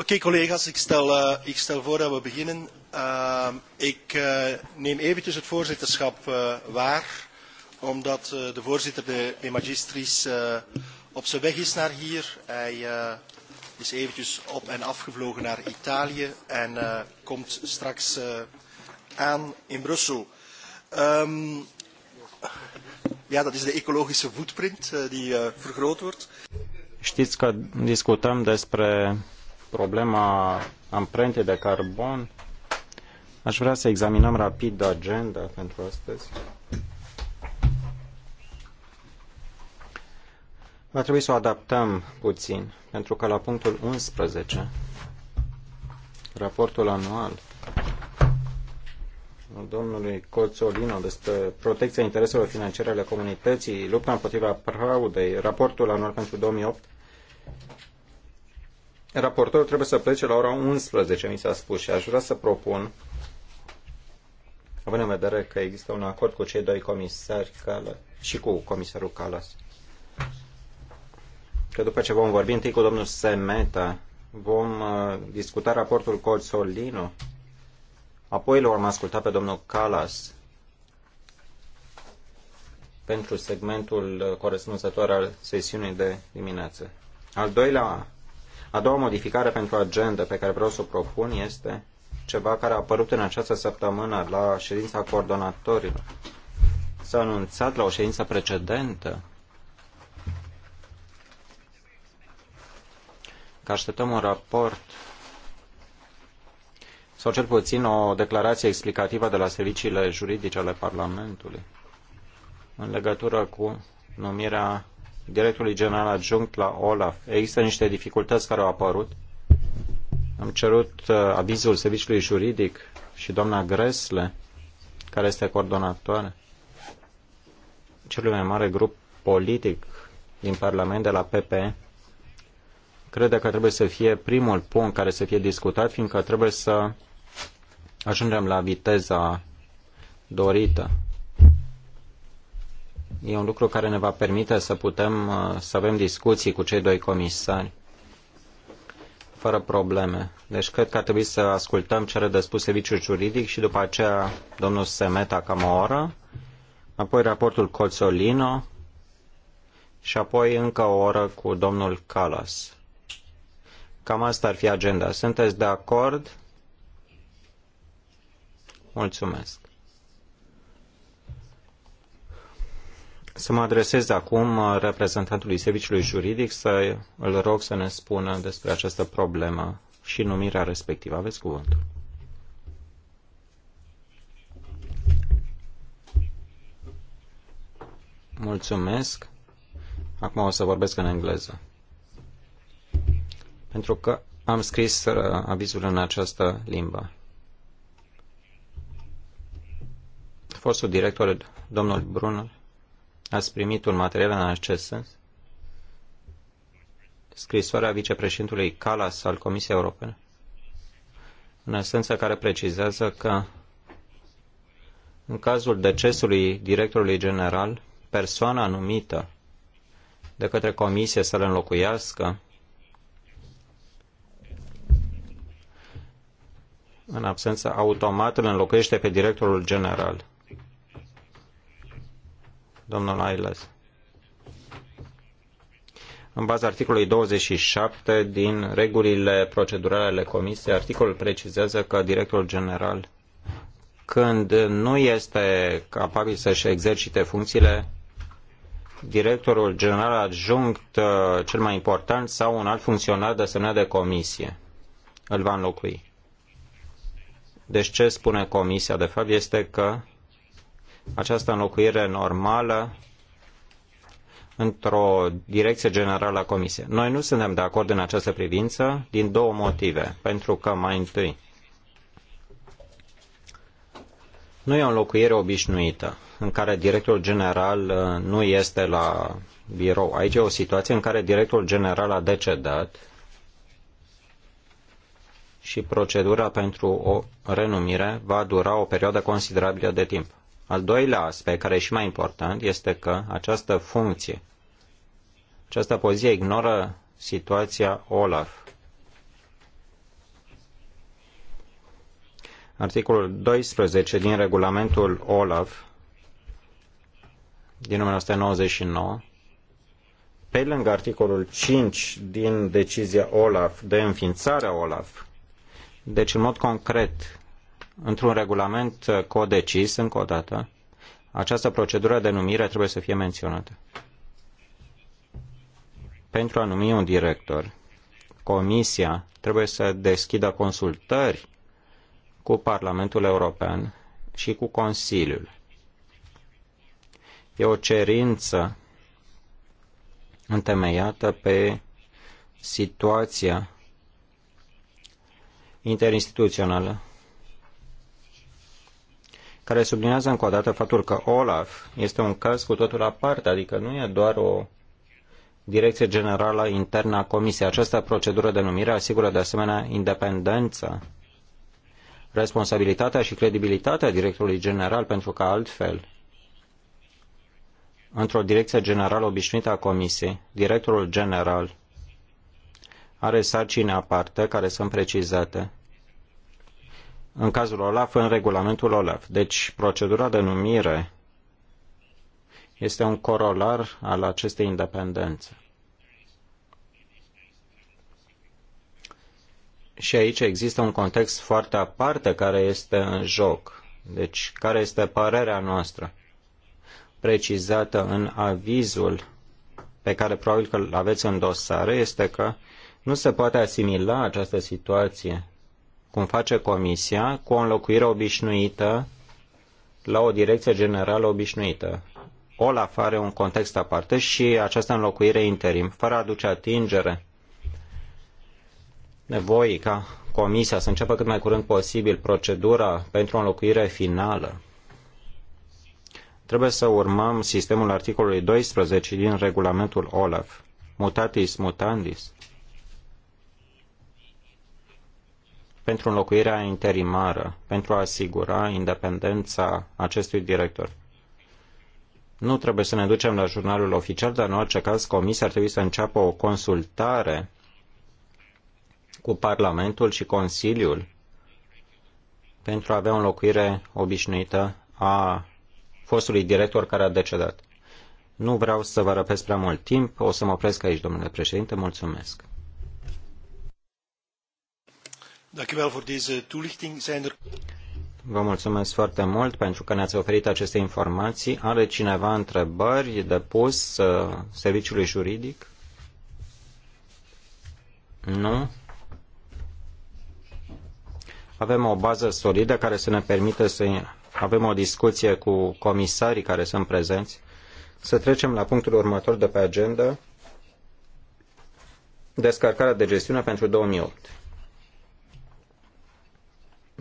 Oké okay, collega's, ik stel, uh, ik stel voor dat we beginnen. Uh, ik uh, neem eventjes het voorzitterschap uh, waar, omdat uh, de voorzitter de, de magistris uh, op zijn weg is naar hier. Hij uh, is eventjes op en afgevlogen naar Italië en uh, komt straks uh, aan in Brussel. Um, ja, dat is de ecologische footprint uh, die uh, vergroot wordt. Știți că discutăm despre problema amprentei de carbon, aș vrea să examinăm rapid agenda pentru astăzi. Va trebui să o adaptăm puțin, pentru că la punctul 11, raportul anual domnului Coțolino despre protecția intereselor financiare ale comunității, lupta împotriva fraudei, raportul anual pentru 2008, Raportorul trebuie să plece la ora 11, mi s-a spus, și aș vrea să propun, având în vedere că există un acord cu cei doi comisari Calas, și cu comisarul Calas, că după ce vom vorbi întâi cu domnul Semeta, vom uh, discuta raportul Colțolino, apoi l-vom asculta pe domnul Calas pentru segmentul uh, corespunzător al sesiunii de dimineață. Al doilea a doua modificare pentru agenda pe care vreau să o propun este ceva care a apărut în această săptămână la ședința coordonatorilor. S-a anunțat la o ședință precedentă că așteptăm un raport sau cel puțin o declarație explicativă de la serviciile juridice ale Parlamentului în legătură cu numirea directorului general adjunct la OLAF. Există niște dificultăți care au apărut. Am cerut uh, avizul serviciului juridic și doamna Gresle, care este coordonatoare celui mai mare grup politic din Parlament de la PP, crede că trebuie să fie primul punct care să fie discutat, fiindcă trebuie să ajungem la viteza dorită. E un lucru care ne va permite să putem uh, să avem discuții cu cei doi comisari fără probleme. Deci cred că ar trebui să ascultăm ce are de spus serviciul juridic și după aceea domnul Semeta cam o oră, apoi raportul Colțolino și apoi încă o oră cu domnul Calas. Cam asta ar fi agenda. Sunteți de acord? Mulțumesc. Să mă adresez acum uh, reprezentantului serviciului juridic să îl rog să ne spună despre această problemă și numirea respectivă. Aveți cuvântul. Mulțumesc. Acum o să vorbesc în engleză. Pentru că am scris uh, avizul în această limbă. Fostul director, domnul Brunner, Ați primit un material în acest sens? Scrisoarea vicepreședintului Calas al Comisiei Europene, în esență care precizează că în cazul decesului directorului general, persoana numită de către comisie să-l înlocuiască în absență automat îl înlocuiește pe directorul general domnul Ailes. În baza articolului 27 din regulile procedurale ale Comisiei, articolul precizează că directorul general, când nu este capabil să-și exercite funcțiile, directorul general adjunct uh, cel mai important sau un alt funcționar desemnat de comisie îl va înlocui. Deci ce spune comisia de fapt este că această înlocuire normală într-o direcție generală a Comisiei. Noi nu suntem de acord în această privință din două motive. Pentru că, mai întâi, nu e o înlocuire obișnuită în care directorul general uh, nu este la birou. Aici e o situație în care directorul general a decedat și procedura pentru o renumire va dura o perioadă considerabilă de timp. Al doilea aspect, care e și mai important, este că această funcție, această poziție ignoră situația OLAF. Articolul 12 din regulamentul OLAF din 1999, pe lângă articolul 5 din decizia OLAF de înființarea OLAF, deci în mod concret într-un regulament uh, codecis, încă o dată, această procedură de numire trebuie să fie menționată. Pentru a numi un director, Comisia trebuie să deschidă consultări cu Parlamentul European și cu Consiliul. E o cerință întemeiată pe situația interinstituțională care sublinează încă o dată faptul că OLAF este un caz cu totul aparte, adică nu e doar o direcție generală internă a Comisiei. Această procedură de numire asigură de asemenea independența, responsabilitatea și credibilitatea directorului general, pentru că altfel, într-o direcție generală obișnuită a Comisiei, directorul general are sarcini aparte care sunt precizate în cazul OLAF, în regulamentul OLAF. Deci, procedura de numire este un corolar al acestei independențe. Și aici există un context foarte aparte care este în joc. Deci, care este părerea noastră precizată în avizul pe care probabil că îl aveți în dosare, este că nu se poate asimila această situație cum face Comisia, cu o înlocuire obișnuită la o direcție generală obișnuită. Olaf are un context aparte și această înlocuire interim, fără a duce atingere nevoii ca Comisia să înceapă cât mai curând posibil procedura pentru o înlocuire finală. Trebuie să urmăm sistemul articolului 12 din regulamentul OLAF, mutatis mutandis, pentru înlocuirea interimară, pentru a asigura independența acestui director. Nu trebuie să ne ducem la jurnalul oficial, dar în orice caz comisia ar trebui să înceapă o consultare cu Parlamentul și Consiliul pentru a avea o înlocuire obișnuită a fostului director care a decedat. Nu vreau să vă răpesc prea mult timp, o să mă opresc aici, domnule președinte, mulțumesc. Er- Vă mulțumesc foarte mult pentru că ne-ați oferit aceste informații. Are cineva întrebări de pus uh, serviciului juridic? Nu? Avem o bază solidă care să ne permită să avem o discuție cu comisarii care sunt prezenți. Să trecem la punctul următor de pe agenda, descărcarea de gestiune pentru 2008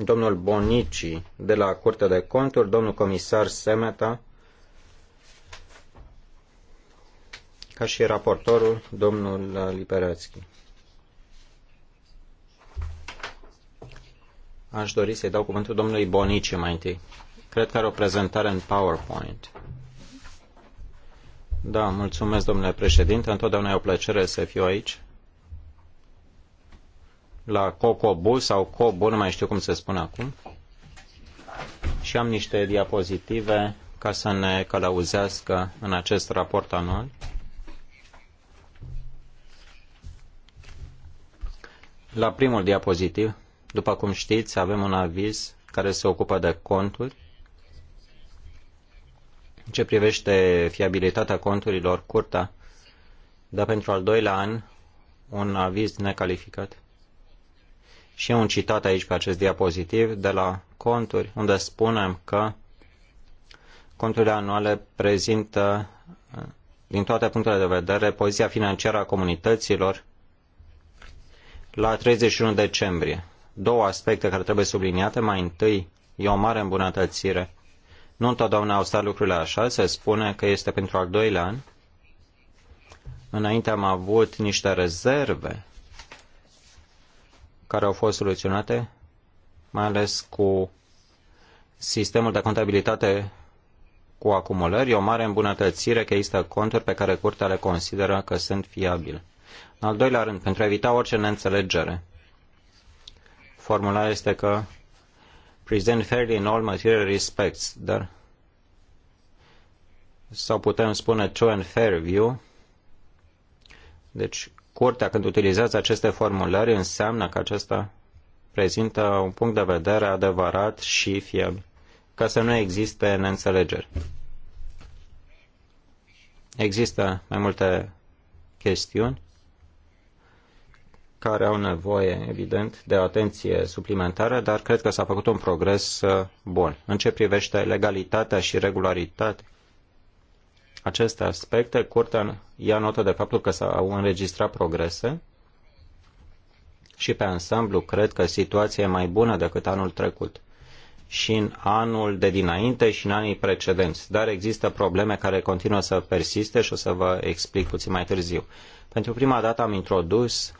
domnul Bonici de la Curtea de Conturi, domnul comisar Semeta, ca și raportorul, domnul Liberățchi. Aș dori să-i dau cuvântul domnului Bonici mai întâi. Cred că are o prezentare în PowerPoint. Da, mulțumesc, domnule președinte. Întotdeauna e o plăcere să fiu aici la Cocobu sau Cobu, nu mai știu cum se spune acum. Și am niște diapozitive ca să ne călăuzească în acest raport anual. La primul diapozitiv, după cum știți, avem un aviz care se ocupă de conturi. În ce privește fiabilitatea conturilor, curta, dar pentru al doilea an un aviz necalificat și un citat aici pe acest diapozitiv de la conturi, unde spunem că conturile anuale prezintă, din toate punctele de vedere, poziția financiară a comunităților la 31 decembrie. Două aspecte care trebuie subliniate. Mai întâi, e o mare îmbunătățire. Nu întotdeauna au stat lucrurile așa, se spune că este pentru al doilea an. Înainte am avut niște rezerve care au fost soluționate, mai ales cu sistemul de contabilitate cu acumulări, e o mare îmbunătățire că există conturi pe care curtea le consideră că sunt fiabile. În al doilea rând, pentru a evita orice neînțelegere, formula este că present fairly in all material respects, dar sau putem spune true and fair view, deci Curtea, când utilizează aceste formulări, înseamnă că acesta prezintă un punct de vedere adevărat și fiabil, ca să nu existe neînțelegeri. Există mai multe chestiuni care au nevoie, evident, de atenție suplimentară, dar cred că s-a făcut un progres uh, bun. În ce privește legalitatea și regularitatea, aceste aspecte, Curtea ia notă de faptul că s-au înregistrat progrese și pe ansamblu cred că situația e mai bună decât anul trecut și în anul de dinainte și în anii precedenți. Dar există probleme care continuă să persiste și o să vă explic puțin mai târziu. Pentru prima dată am introdus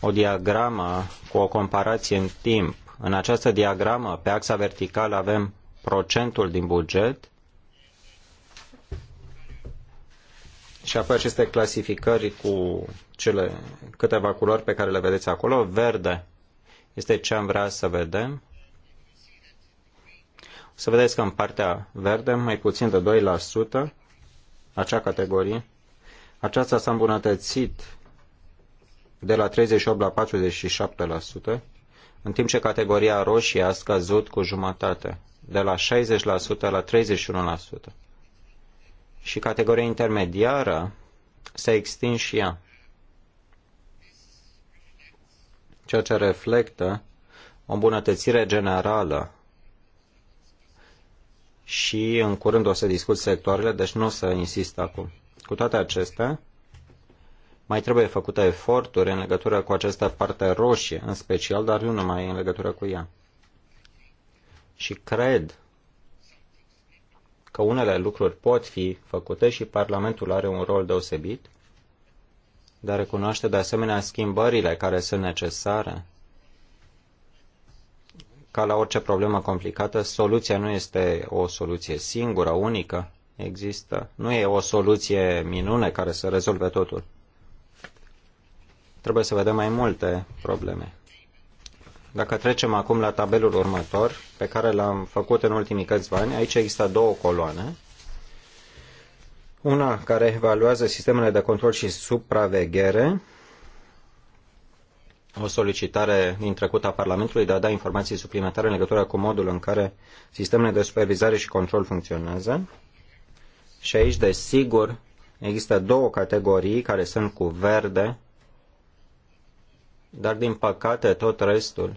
o diagramă cu o comparație în timp. În această diagramă, pe axa verticală, avem procentul din buget și apoi aceste clasificări cu cele câteva culori pe care le vedeți acolo. Verde este ce am vrea să vedem. O să vedeți că în partea verde, mai puțin de 2%, acea categorie, aceasta s-a îmbunătățit de la 38 la 47%, în timp ce categoria roșie a scăzut cu jumătate, de la 60% la 31% și categoria intermediară s-a extins și ea. Ceea ce reflectă o îmbunătățire generală și în curând o să discut sectoarele, deci nu o să insist acum. Cu toate acestea, mai trebuie făcute eforturi în legătură cu această parte roșie, în special, dar nu numai în legătură cu ea. Și cred că unele lucruri pot fi făcute și Parlamentul are un rol deosebit, dar recunoaște de asemenea schimbările care sunt necesare. Ca la orice problemă complicată, soluția nu este o soluție singură, unică, există. Nu e o soluție minune care să rezolve totul. Trebuie să vedem mai multe probleme. Dacă trecem acum la tabelul următor, pe care l-am făcut în ultimii câțiva ani, aici există două coloane. Una care evaluează sistemele de control și supraveghere, o solicitare din trecut a Parlamentului de a da informații suplimentare în legătură cu modul în care sistemele de supervizare și control funcționează. Și aici, desigur, există două categorii care sunt cu verde, dar din păcate tot restul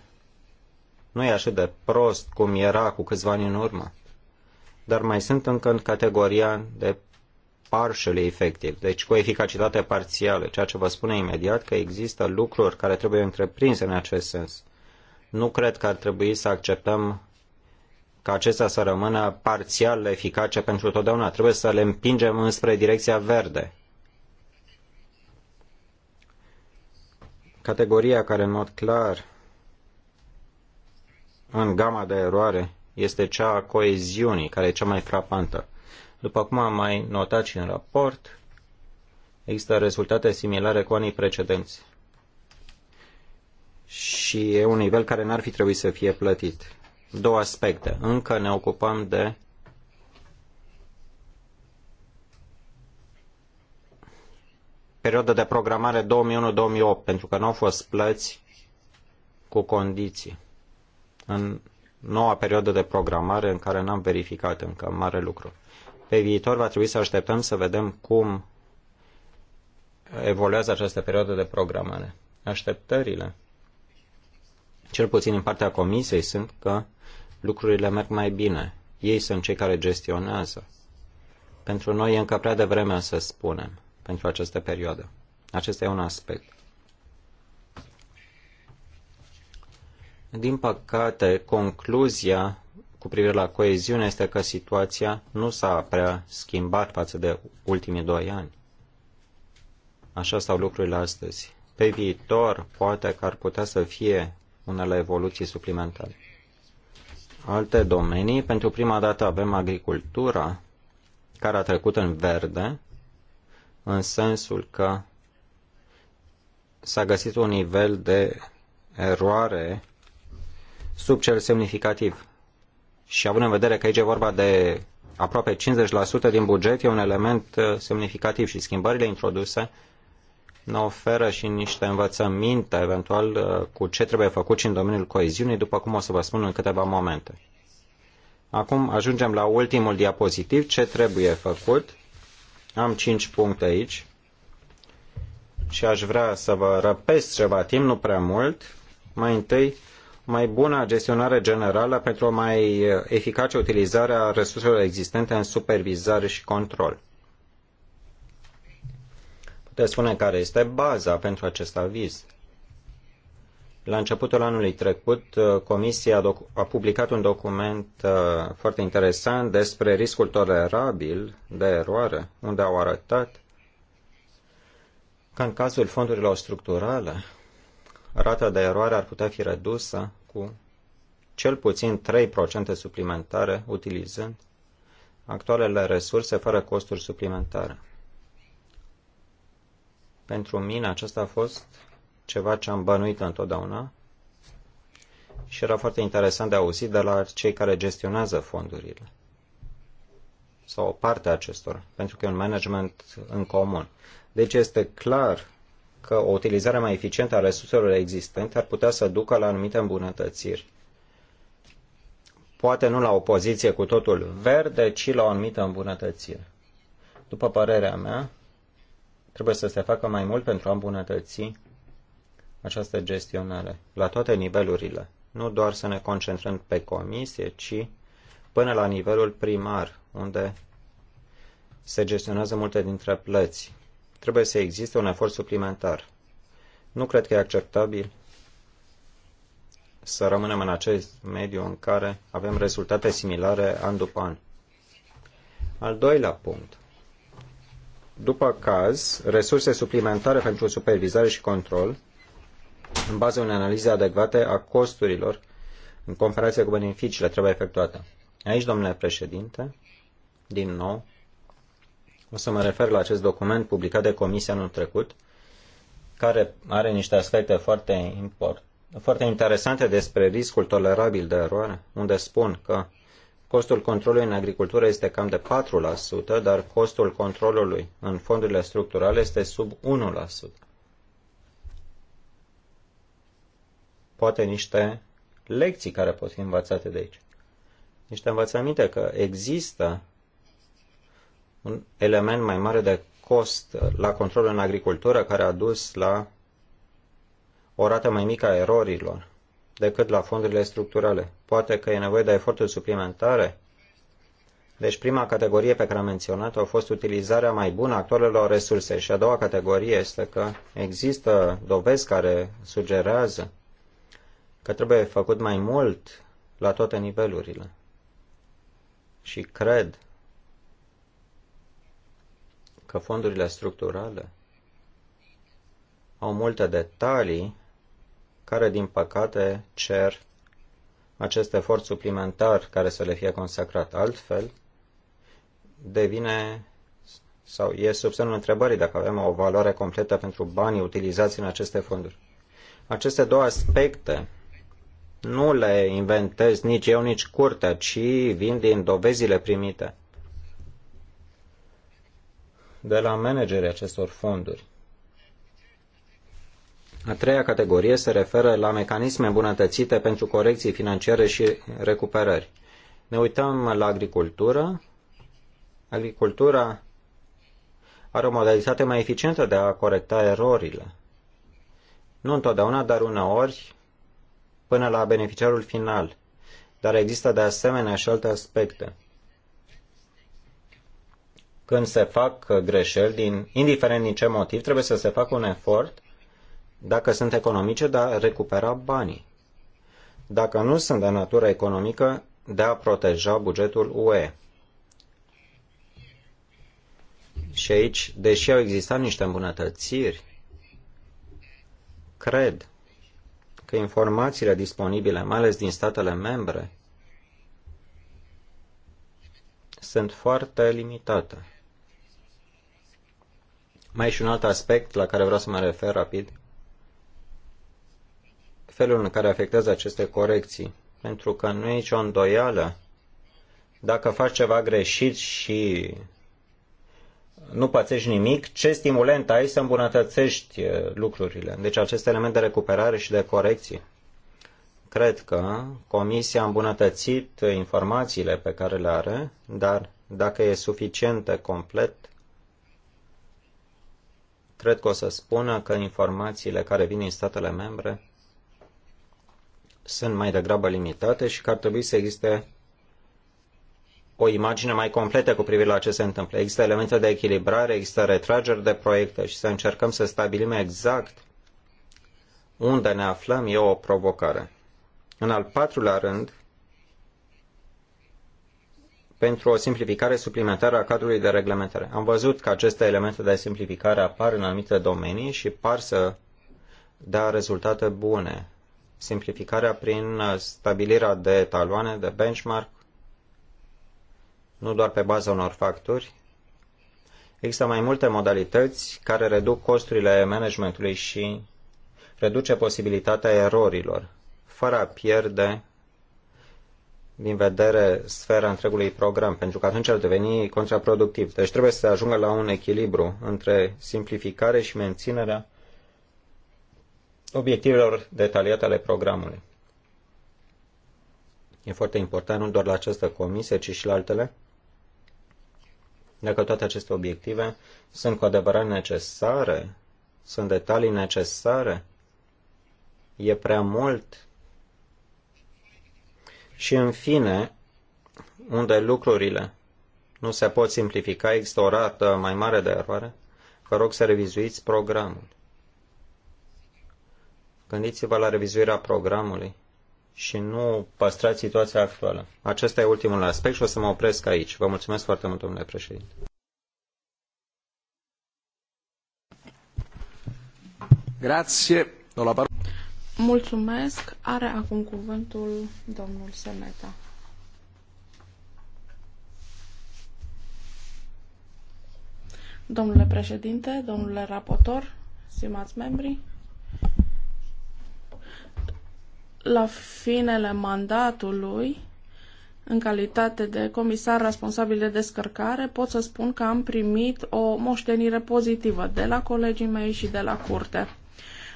nu e așa de prost cum era cu câțiva ani în urmă. Dar mai sunt încă în categoria de partially efectiv, deci cu eficacitate parțială, ceea ce vă spune imediat că există lucruri care trebuie întreprinse în acest sens. Nu cred că ar trebui să acceptăm ca acestea să rămână parțial eficace pentru totdeauna. Trebuie să le împingem înspre direcția verde. Categoria care în mod clar în gama de eroare este cea a coeziunii, care e cea mai frapantă. După cum am mai notat și în raport, există rezultate similare cu anii precedenți. Și e un nivel care n-ar fi trebuit să fie plătit. Două aspecte. Încă ne ocupăm de perioada de programare 2001-2008, pentru că nu au fost plăți cu condiții în noua perioadă de programare în care n-am verificat încă mare lucru. Pe viitor va trebui să așteptăm să vedem cum evoluează această perioadă de programare. Așteptările, cel puțin în partea comisiei, sunt că lucrurile merg mai bine. Ei sunt cei care gestionează. Pentru noi e încă prea devreme să spunem pentru această perioadă. Acesta e un aspect. Din păcate, concluzia cu privire la coeziune este că situația nu s-a prea schimbat față de ultimii doi ani. Așa stau lucrurile astăzi. Pe viitor, poate că ar putea să fie unele evoluții suplimentare. Alte domenii, pentru prima dată avem agricultura, care a trecut în verde, în sensul că s-a găsit un nivel de eroare sub cel semnificativ. Și având în vedere că aici e vorba de aproape 50% din buget, e un element uh, semnificativ și schimbările introduse ne oferă și niște învățăminte, eventual, uh, cu ce trebuie făcut și în domeniul coeziunii, după cum o să vă spun în câteva momente. Acum ajungem la ultimul diapozitiv, ce trebuie făcut. Am 5 puncte aici și aș vrea să vă răpesc ceva timp, nu prea mult. Mai întâi, mai bună gestionare generală pentru o mai eficace utilizare a resurselor existente în supervizare și control. Puteți spune care este baza pentru acest aviz. La începutul anului trecut, uh, Comisia a publicat un document uh, foarte interesant despre riscul tolerabil de eroare, unde au arătat că în cazul fondurilor structurale, rata de eroare ar putea fi redusă cu cel puțin 3% suplimentare utilizând actualele resurse fără costuri suplimentare. Pentru mine acesta a fost ceva ce am bănuit întotdeauna și era foarte interesant de auzit de la cei care gestionează fondurile sau o parte a acestora, pentru că e un management în comun. Deci este clar că o utilizare mai eficientă a resurselor existente ar putea să ducă la anumite îmbunătățiri. Poate nu la o poziție cu totul verde, ci la o anumită îmbunătățire. După părerea mea, trebuie să se facă mai mult pentru a îmbunătăți această gestionare la toate nivelurile. Nu doar să ne concentrăm pe comisie, ci până la nivelul primar, unde se gestionează multe dintre plăți trebuie să existe un efort suplimentar. Nu cred că e acceptabil să rămânem în acest mediu în care avem rezultate similare an după an. Al doilea punct. După caz, resurse suplimentare pentru supervizare și control, în baza unei analize adecvate a costurilor în comparație cu beneficiile trebuie efectuată. Aici, domnule președinte, din nou, o să mă refer la acest document publicat de Comisia anul trecut, care are niște aspecte foarte, import, foarte interesante despre riscul tolerabil de eroare, unde spun că costul controlului în agricultură este cam de 4%, dar costul controlului în fondurile structurale este sub 1%. Poate niște lecții care pot fi învățate de aici. Niște învățăminte că există un element mai mare de cost la control în agricultură care a dus la o rată mai mică a erorilor decât la fondurile structurale. Poate că e nevoie de eforturi suplimentare. Deci prima categorie pe care am menționat-o a fost utilizarea mai bună a actualelor resurse și a doua categorie este că există dovezi care sugerează că trebuie făcut mai mult la toate nivelurile. Și cred că fondurile structurale au multe detalii care, din păcate, cer acest efort suplimentar care să le fie consacrat. Altfel, devine sau e sub semnul întrebării dacă avem o valoare completă pentru banii utilizați în aceste fonduri. Aceste două aspecte nu le inventez nici eu, nici curtea, ci vin din dovezile primite – de la managerii acestor fonduri. A treia categorie se referă la mecanisme îmbunătățite pentru corecții financiare și recuperări. Ne uităm la agricultură. Agricultura are o modalitate mai eficientă de a corecta erorile. Nu întotdeauna, dar uneori până la beneficiarul final. Dar există de asemenea și alte aspecte când se fac uh, greșeli, din, indiferent din ce motiv, trebuie să se facă un efort, dacă sunt economice, de a recupera banii. Dacă nu sunt de natură economică, de a proteja bugetul UE. Și aici, deși au existat niște îmbunătățiri, cred că informațiile disponibile, mai ales din statele membre, sunt foarte limitate. Mai e și un alt aspect la care vreau să mă refer rapid. Felul în care afectează aceste corecții. Pentru că nu e nicio îndoială. Dacă faci ceva greșit și nu pățești nimic, ce stimulent ai să îmbunătățești lucrurile. Deci acest element de recuperare și de corecție. Cred că comisia a îmbunătățit informațiile pe care le are, dar dacă e suficient de complet, cred că o să spună că informațiile care vin din statele membre sunt mai degrabă limitate și că ar trebui să existe o imagine mai completă cu privire la ce se întâmplă. Există elemente de echilibrare, există retrageri de proiecte și să încercăm să stabilim exact unde ne aflăm e o provocare. În al patrulea rând, pentru o simplificare suplimentară a cadrului de reglementare. Am văzut că aceste elemente de simplificare apar în anumite domenii și par să dea rezultate bune. Simplificarea prin stabilirea de taloane, de benchmark, nu doar pe baza unor factori. Există mai multe modalități care reduc costurile managementului și reduce posibilitatea erorilor, fără a pierde din vedere sfera întregului program, pentru că atunci ar deveni contraproductiv. Deci trebuie să ajungă la un echilibru între simplificare și menținerea obiectivelor detaliate ale programului. E foarte important nu doar la această comisie, ci și la altele. Dacă toate aceste obiective sunt cu adevărat necesare, sunt detalii necesare, e prea mult și în fine, unde lucrurile nu se pot simplifica, există o rată mai mare de eroare, vă rog să revizuiți programul. Gândiți-vă la revizuirea programului și nu păstrați situația actuală. Acesta e ultimul aspect și o să mă opresc aici. Vă mulțumesc foarte mult, domnule președinte. Grazie. Mulțumesc. Are acum cuvântul domnul Semeta. Domnule președinte, domnule raportor, stimați membri, la finele mandatului, în calitate de comisar responsabil de descărcare, pot să spun că am primit o moștenire pozitivă de la colegii mei și de la curte.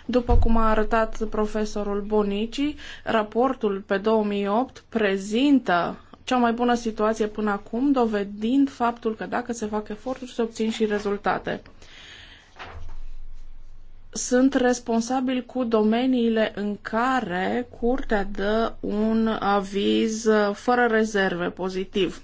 După cum a arătat profesorul Bonici, raportul pe 2008 prezintă cea mai bună situație până acum, dovedind faptul că dacă se fac eforturi, se obțin și rezultate sunt responsabili cu domeniile în care curtea dă un aviz uh, fără rezerve pozitiv.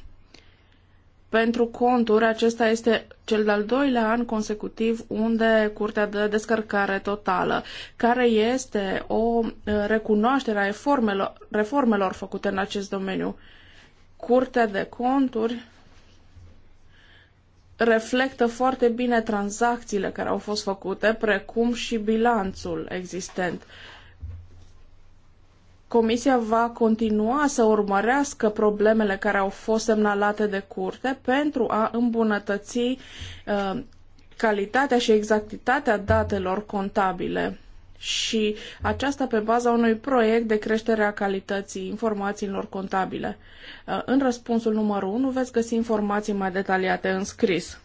Pentru conturi, acesta este cel de-al doilea an consecutiv unde Curtea de Descărcare Totală, care este o eh, recunoaștere a reformelor, reformelor făcute în acest domeniu. Curtea de Conturi reflectă foarte bine tranzacțiile care au fost făcute, precum și bilanțul existent. Comisia va continua să urmărească problemele care au fost semnalate de curte pentru a îmbunătăți uh, calitatea și exactitatea datelor contabile și aceasta pe baza unui proiect de creștere a calității informațiilor contabile. Uh, în răspunsul numărul 1 veți găsi informații mai detaliate în scris.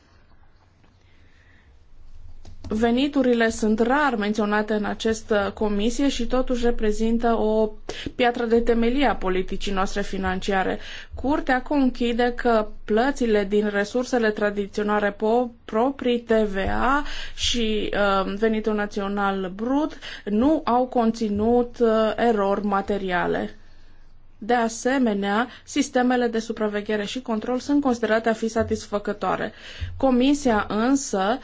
Veniturile sunt rar menționate în această comisie și totuși reprezintă o piatră de temelie a politicii noastre financiare. Curtea conchide că plățile din resursele tradiționale proprii, TVA și uh, venitul național brut nu au conținut uh, erori materiale. De asemenea, sistemele de supraveghere și control sunt considerate a fi satisfăcătoare. Comisia însă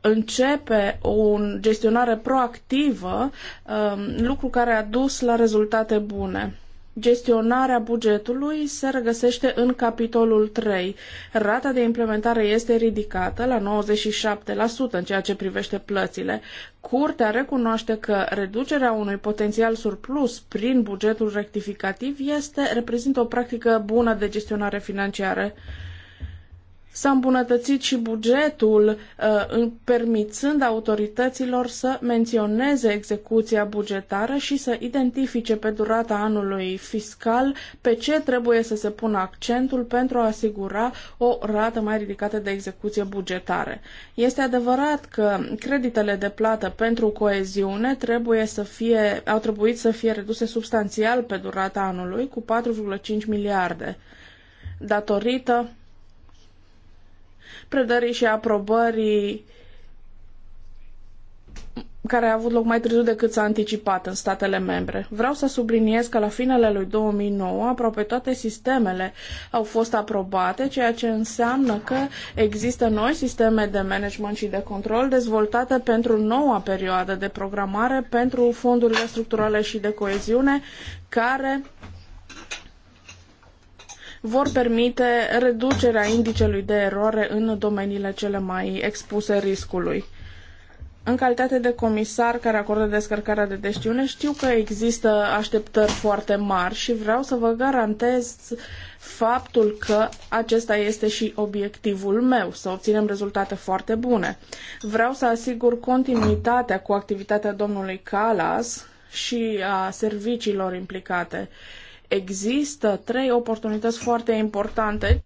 începe o gestionare proactivă, um, lucru care a dus la rezultate bune. Gestionarea bugetului se regăsește în capitolul 3. Rata de implementare este ridicată la 97% în ceea ce privește plățile. Curtea recunoaște că reducerea unui potențial surplus prin bugetul rectificativ este reprezintă o practică bună de gestionare financiară. S-a îmbunătățit și bugetul, uh, permițând autorităților să menționeze execuția bugetară și să identifice pe durata anului fiscal pe ce trebuie să se pună accentul pentru a asigura o rată mai ridicată de execuție bugetare. Este adevărat că creditele de plată pentru coeziune trebuie să fie, au trebuit să fie reduse substanțial pe durata anului cu 4,5 miliarde datorită predării și aprobării care a avut loc mai târziu decât s-a anticipat în statele membre. Vreau să subliniez că la finele lui 2009 aproape toate sistemele au fost aprobate, ceea ce înseamnă că există noi sisteme de management și de control dezvoltate pentru noua perioadă de programare pentru fondurile structurale și de coeziune, care vor permite reducerea indicelui de eroare în domeniile cele mai expuse riscului. În calitate de comisar care acordă descărcarea de deștiune, știu că există așteptări foarte mari și vreau să vă garantez faptul că acesta este și obiectivul meu, să obținem rezultate foarte bune. Vreau să asigur continuitatea cu activitatea domnului Calas și a serviciilor implicate Există trei oportunități foarte importante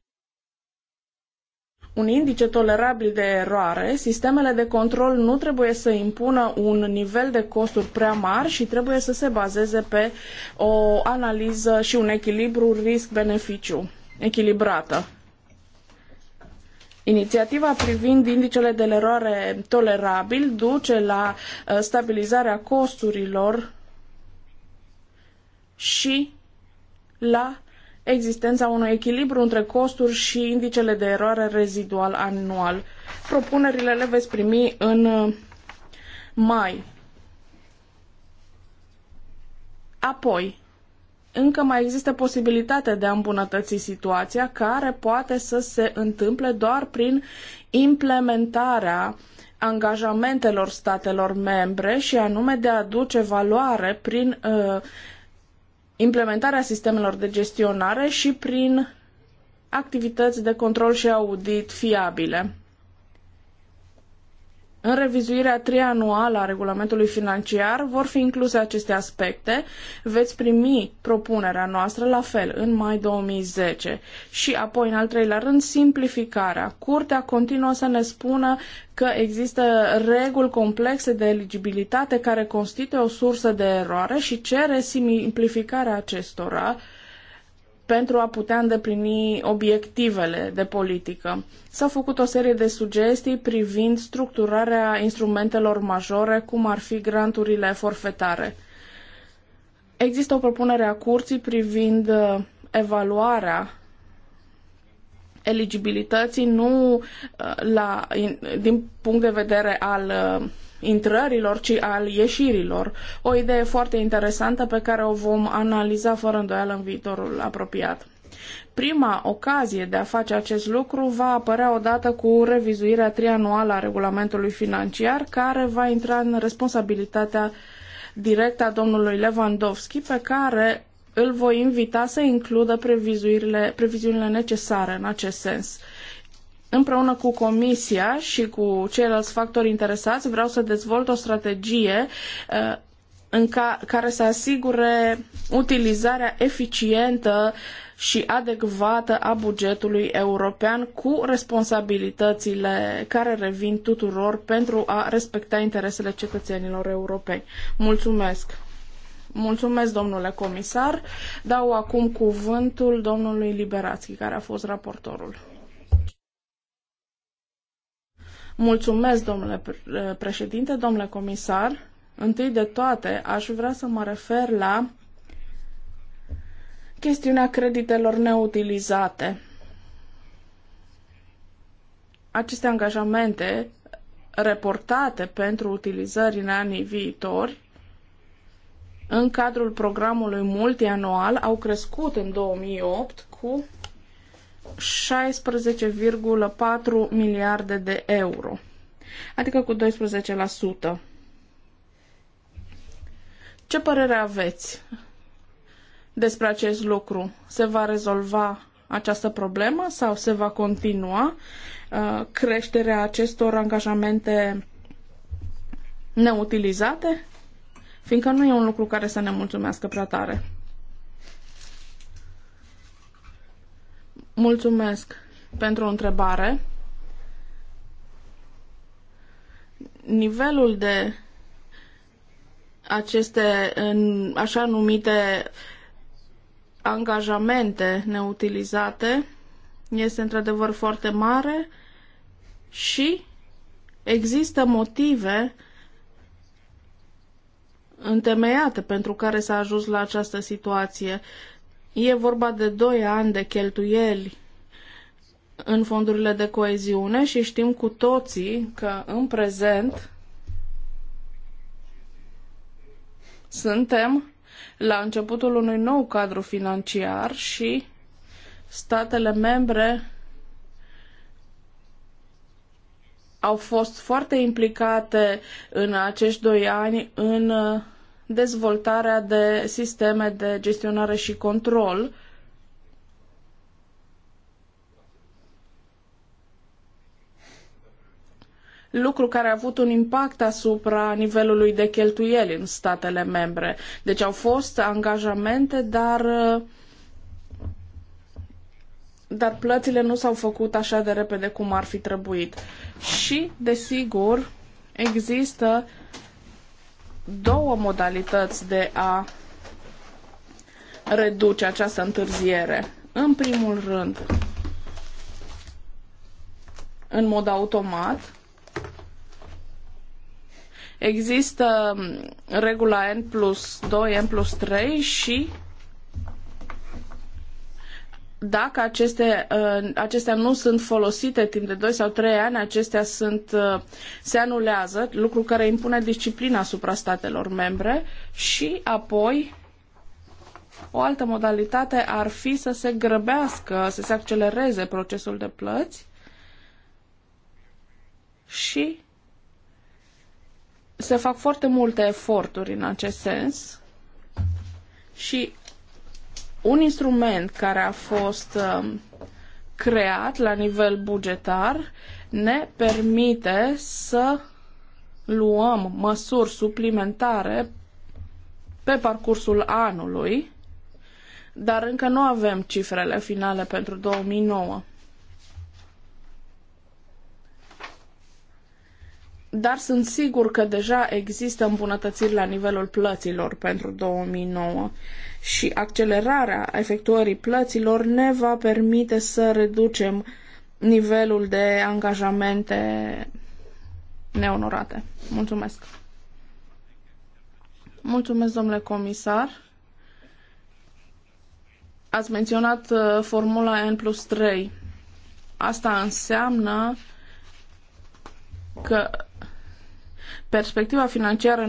un indice tolerabil de eroare, sistemele de control nu trebuie să impună un nivel de costuri prea mari și trebuie să se bazeze pe o analiză și un echilibru risc-beneficiu echilibrată. Inițiativa privind indicele de eroare tolerabil duce la uh, stabilizarea costurilor și la existența unui echilibru între costuri și indicele de eroare rezidual anual. Propunerile le veți primi în uh, mai. Apoi, încă mai există posibilitatea de a îmbunătăți situația care poate să se întâmple doar prin implementarea angajamentelor statelor membre și anume de a aduce valoare prin uh, implementarea sistemelor de gestionare și prin activități de control și audit fiabile. În revizuirea trianuală a regulamentului financiar vor fi incluse aceste aspecte. Veți primi propunerea noastră la fel în mai 2010 și apoi în al treilea rând simplificarea. Curtea continuă să ne spună că există reguli complexe de eligibilitate care constituie o sursă de eroare și cere simplificarea acestora pentru a putea îndeplini obiectivele de politică. s a făcut o serie de sugestii privind structurarea instrumentelor majore, cum ar fi granturile forfetare. Există o propunere a curții privind uh, evaluarea eligibilității nu uh, la, din punct de vedere al uh, intrărilor, ci al ieșirilor. O idee foarte interesantă pe care o vom analiza fără îndoială în viitorul apropiat. Prima ocazie de a face acest lucru va apărea odată cu revizuirea trianuală a regulamentului financiar, care va intra în responsabilitatea directă a domnului Lewandowski, pe care îl voi invita să includă previziunile necesare în acest sens. Împreună cu Comisia și cu ceilalți factori interesați, vreau să dezvolt o strategie uh, în ca, care să asigure utilizarea eficientă și adecvată a bugetului european cu responsabilitățile care revin tuturor pentru a respecta interesele cetățenilor europeni. Mulțumesc! Mulțumesc, domnule comisar. Dau acum cuvântul domnului Liberațchi, care a fost raportorul. Mulțumesc, domnule președinte, domnule comisar. Întâi de toate, aș vrea să mă refer la chestiunea creditelor neutilizate. Aceste angajamente reportate pentru utilizări în anii viitori în cadrul programului multianual au crescut în 2008 cu 16,4 miliarde de euro, adică cu 12%. Ce părere aveți despre acest lucru? Se va rezolva această problemă sau se va continua uh, creșterea acestor angajamente neutilizate? Fiindcă nu e un lucru care să ne mulțumească prea tare. Mulțumesc pentru o întrebare. Nivelul de aceste în așa numite angajamente neutilizate este într-adevăr foarte mare și există motive întemeiate pentru care s-a ajuns la această situație. E vorba de 2 ani de cheltuieli în fondurile de coeziune și știm cu toții că în prezent suntem la începutul unui nou cadru financiar și statele membre au fost foarte implicate în acești doi ani în uh, dezvoltarea de sisteme de gestionare și control lucru care a avut un impact asupra nivelului de cheltuieli în statele membre. Deci au fost angajamente, dar dar plățile nu s-au făcut așa de repede cum ar fi trebuit. Și, desigur, există două modalități de a reduce această întârziere. În primul rând, în mod automat, există regula N plus 2, N plus 3 și dacă aceste, uh, acestea nu sunt folosite timp de 2 sau 3 ani, acestea sunt, uh, se anulează, lucru care impune disciplina asupra statelor membre și apoi o altă modalitate ar fi să se grăbească, să se accelereze procesul de plăți și se fac foarte multe eforturi în acest sens și un instrument care a fost um, creat la nivel bugetar ne permite să luăm măsuri suplimentare pe parcursul anului, dar încă nu avem cifrele finale pentru 2009. dar sunt sigur că deja există îmbunătățiri la nivelul plăților pentru 2009 și accelerarea efectuării plăților ne va permite să reducem nivelul de angajamente neonorate. Mulțumesc! Mulțumesc, domnule comisar! Ați menționat uh, formula N plus 3. Asta înseamnă că Perspectiva financiară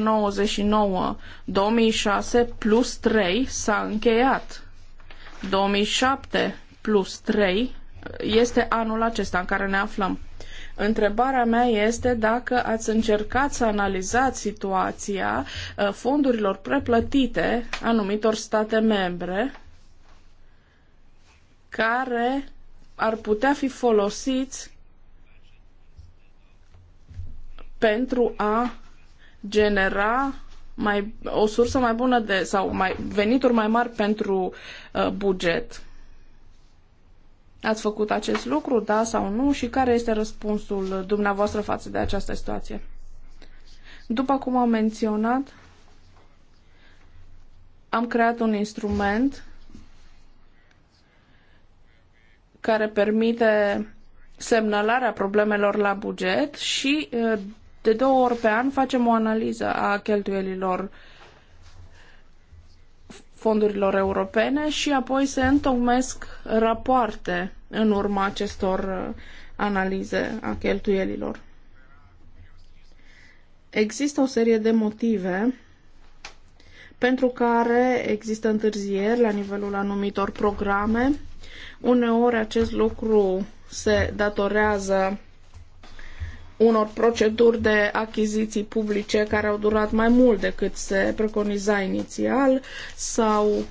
99-2006 plus 3 s-a încheiat. 2007 plus 3 este anul acesta în care ne aflăm. Întrebarea mea este dacă ați încercat să analizați situația uh, fondurilor preplătite anumitor state membre care ar putea fi folosiți pentru a genera mai, o sursă mai bună de sau mai, venituri mai mari pentru uh, buget. Ați făcut acest lucru, da sau nu, și care este răspunsul dumneavoastră față de această situație? După cum am menționat, am creat un instrument care permite semnalarea problemelor la buget și uh, de două ori pe an facem o analiză a cheltuielilor fondurilor europene și apoi se întocmesc rapoarte în urma acestor uh, analize a cheltuielilor. Există o serie de motive pentru care există întârzieri la nivelul anumitor programe. Uneori acest lucru se datorează unor proceduri de achiziții publice care au durat mai mult decât se preconiza inițial sau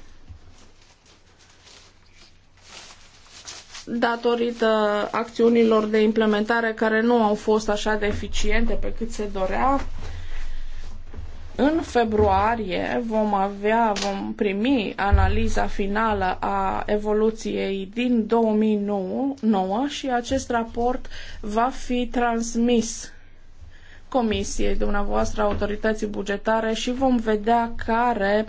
datorită acțiunilor de implementare care nu au fost așa de eficiente pe cât se dorea în februarie vom avea, vom primi analiza finală a evoluției din 2009 și acest raport va fi transmis Comisiei dumneavoastră, autorității bugetare și vom vedea care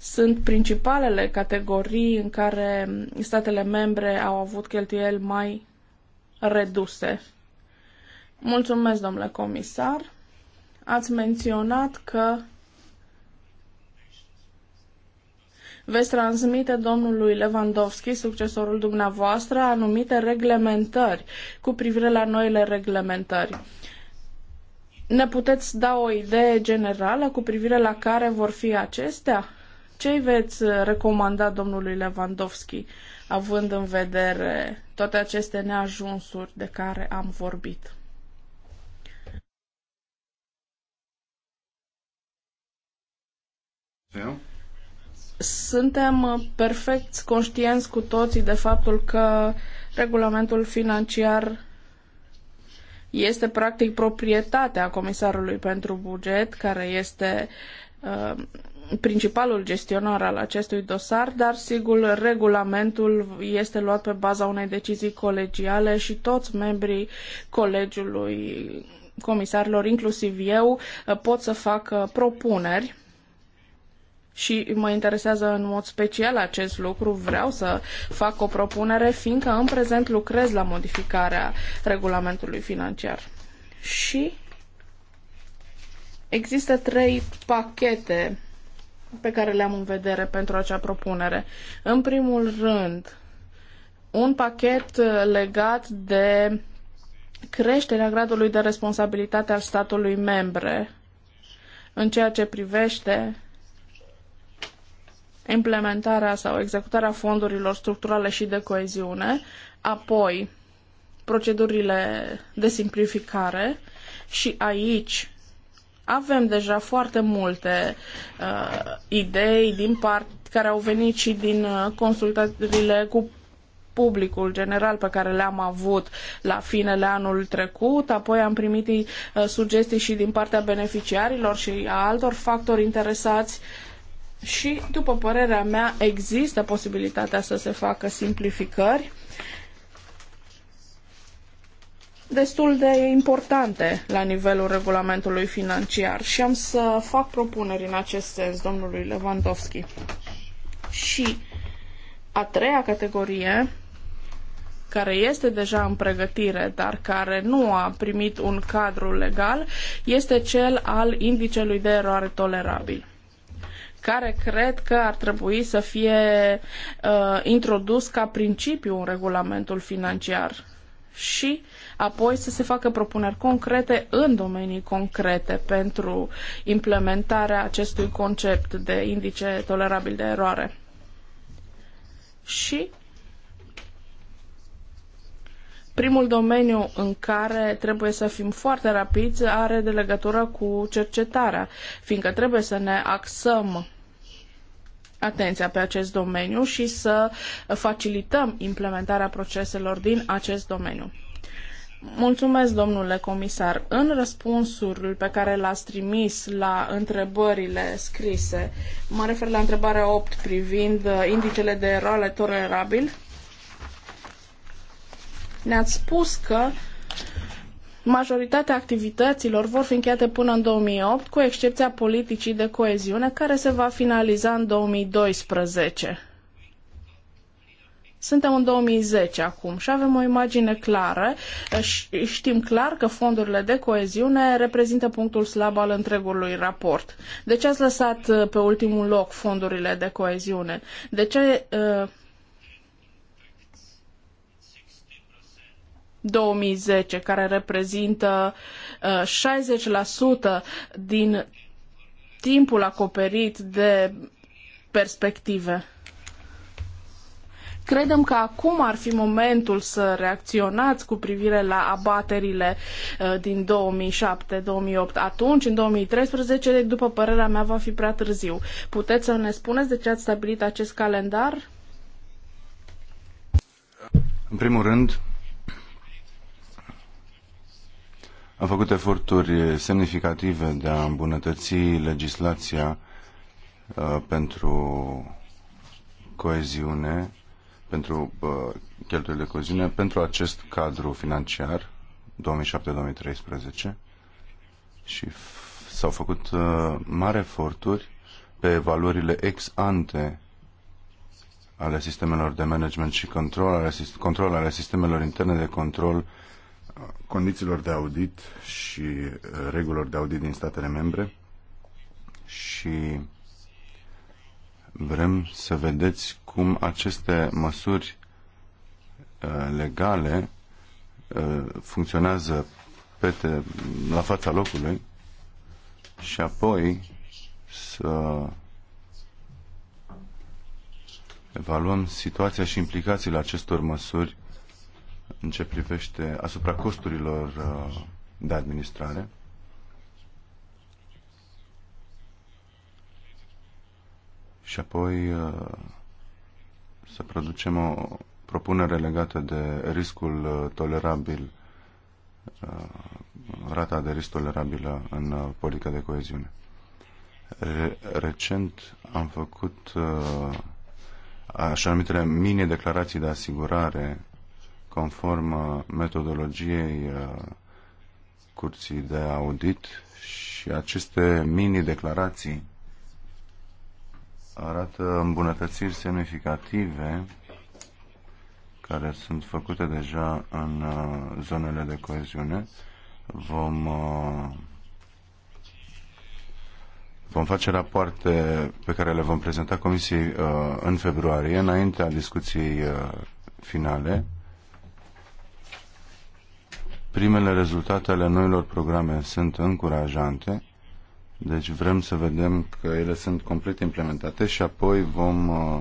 sunt principalele categorii în care statele membre au avut cheltuieli mai reduse. Mulțumesc, domnule comisar ați menționat că veți transmite domnului Lewandowski, succesorul dumneavoastră, anumite reglementări cu privire la noile reglementări. Ne puteți da o idee generală cu privire la care vor fi acestea? Ce veți recomanda domnului Lewandowski, având în vedere toate aceste neajunsuri de care am vorbit? Suntem uh, perfect conștienți cu toții de faptul că regulamentul financiar este practic proprietatea comisarului pentru buget, care este uh, principalul gestionar al acestui dosar, dar sigur regulamentul este luat pe baza unei decizii colegiale și toți membrii colegiului comisarilor, inclusiv eu, uh, pot să fac propuneri și mă interesează în mod special acest lucru, vreau să fac o propunere, fiindcă în prezent lucrez la modificarea regulamentului financiar. Și există trei pachete pe care le-am în vedere pentru acea propunere. În primul rând, un pachet legat de creșterea gradului de responsabilitate al statului membre în ceea ce privește implementarea sau executarea fondurilor structurale și de coeziune, apoi procedurile de simplificare și aici avem deja foarte multe uh, idei din part care au venit și din uh, consultările cu publicul general pe care le-am avut la finele anul trecut, apoi am primit uh, sugestii și din partea beneficiarilor și a altor factori interesați uh, și, după părerea mea, există posibilitatea să se facă simplificări destul de importante la nivelul regulamentului financiar și am să fac propuneri în acest sens domnului Lewandowski. Și a treia categorie, care este deja în pregătire, dar care nu a primit un cadru legal, este cel al indicelui de eroare tolerabil care cred că ar trebui să fie uh, introdus ca principiu în regulamentul financiar și apoi să se facă propuneri concrete în domenii concrete pentru implementarea acestui concept de indice tolerabil de eroare. Și Primul domeniu în care trebuie să fim foarte rapizi are de legătură cu cercetarea, fiindcă trebuie să ne axăm atenția pe acest domeniu și să facilităm implementarea proceselor din acest domeniu. Mulțumesc, domnule comisar. În răspunsul pe care l-ați trimis la întrebările scrise, mă refer la întrebarea 8 privind uh, indicele de eroare tolerabil, ne-ați spus că majoritatea activităților vor fi încheiate până în 2008, cu excepția politicii de coeziune, care se va finaliza în 2012. Suntem în 2010 acum și avem o imagine clară. Știm clar că fondurile de coeziune reprezintă punctul slab al întregului raport. De ce ați lăsat uh, pe ultimul loc fondurile de coeziune? De ce uh, 2010, care reprezintă uh, 60% din timpul acoperit de perspective. Credem că acum ar fi momentul să reacționați cu privire la abaterile uh, din 2007-2008. Atunci, în 2013, după părerea mea, va fi prea târziu. Puteți să ne spuneți de ce ați stabilit acest calendar? În primul rând, a făcut eforturi semnificative de a îmbunătăți legislația uh, pentru coeziune, pentru uh, cheltuielile de coeziune, pentru acest cadru financiar 2007-2013 și s-au făcut uh, mari eforturi pe valorile ex ante ale sistemelor de management și control ale, control ale sistemelor interne de control condițiilor de audit și uh, regulilor de audit din statele membre și vrem să vedeți cum aceste măsuri uh, legale uh, funcționează te, la fața locului și apoi să evaluăm situația și implicațiile acestor măsuri în ce privește asupra costurilor uh, de administrare. Și apoi uh, să producem o propunere legată de riscul uh, tolerabil, rata de risc tolerabilă în politica de coeziune. Re recent am făcut așa numitele mini-declarații de asigurare conform uh, metodologiei uh, curții de audit și aceste mini-declarații arată îmbunătățiri semnificative care sunt făcute deja în uh, zonele de coeziune. Vom, vom face rapoarte pe care le vom prezenta Comisiei în februarie, înaintea discuției finale Primele rezultate ale noilor programe sunt încurajante, deci vrem să vedem că ele sunt complet implementate și apoi vom uh,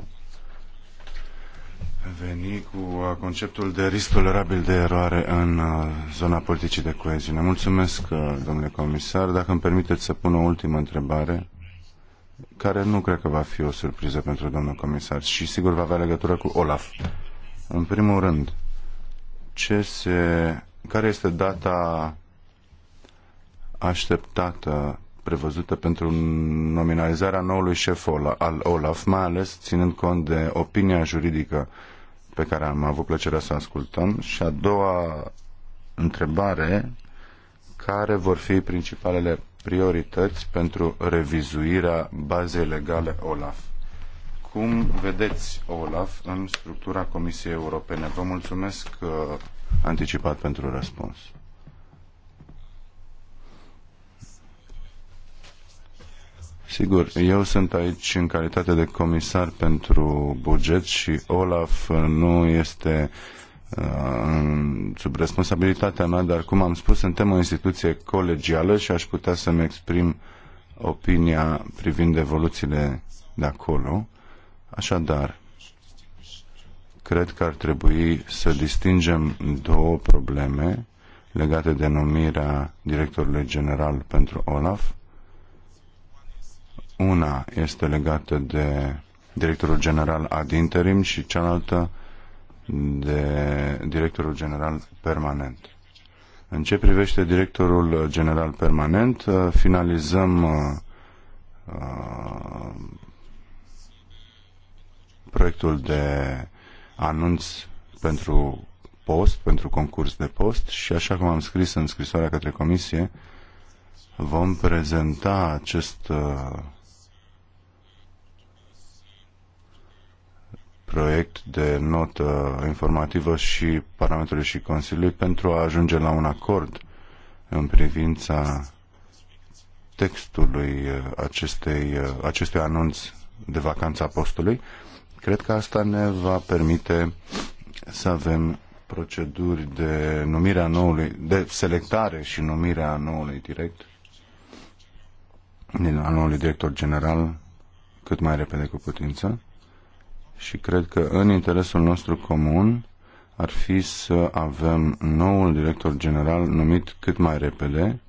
veni cu uh, conceptul de risc tolerabil de eroare în uh, zona politicii de coeziune. Mulțumesc, domnule comisar. Dacă îmi permiteți să pun o ultimă întrebare, care nu cred că va fi o surpriză pentru domnul comisar și sigur va avea legătură cu Olaf. În primul rând, ce se care este data așteptată, prevăzută pentru nominalizarea noului șef al OLAF, mai ales ținând cont de opinia juridică pe care am avut plăcerea să ascultăm. Și a doua întrebare, care vor fi principalele priorități pentru revizuirea bazei legale OLAF? Cum vedeți OLAF în structura Comisiei Europene? Vă mulțumesc uh, anticipat pentru răspuns. Sigur, eu sunt aici în calitate de comisar pentru buget și Olaf nu este uh, sub responsabilitatea mea, dar cum am spus, suntem o instituție colegială și aș putea să-mi exprim opinia privind evoluțiile de acolo. Așadar, cred că ar trebui să distingem două probleme legate de numirea directorului general pentru OLAF. Una este legată de directorul general ad interim și cealaltă de directorul general permanent. În ce privește directorul general permanent, uh, finalizăm uh, uh, proiectul de anunț pentru post, pentru concurs de post și așa cum am scris în scrisoarea către comisie, vom prezenta acest uh, proiect de notă informativă și Parlamentului și Consiliului pentru a ajunge la un acord în privința textului uh, acestei, uh, acestui anunț de vacanța postului Cred că asta ne va permite să avem proceduri de numirea noului, de selectare și numirea noului direct, a noului director general, cât mai repede cu putință. Și cred că în interesul nostru comun ar fi să avem noul director general numit cât mai repede,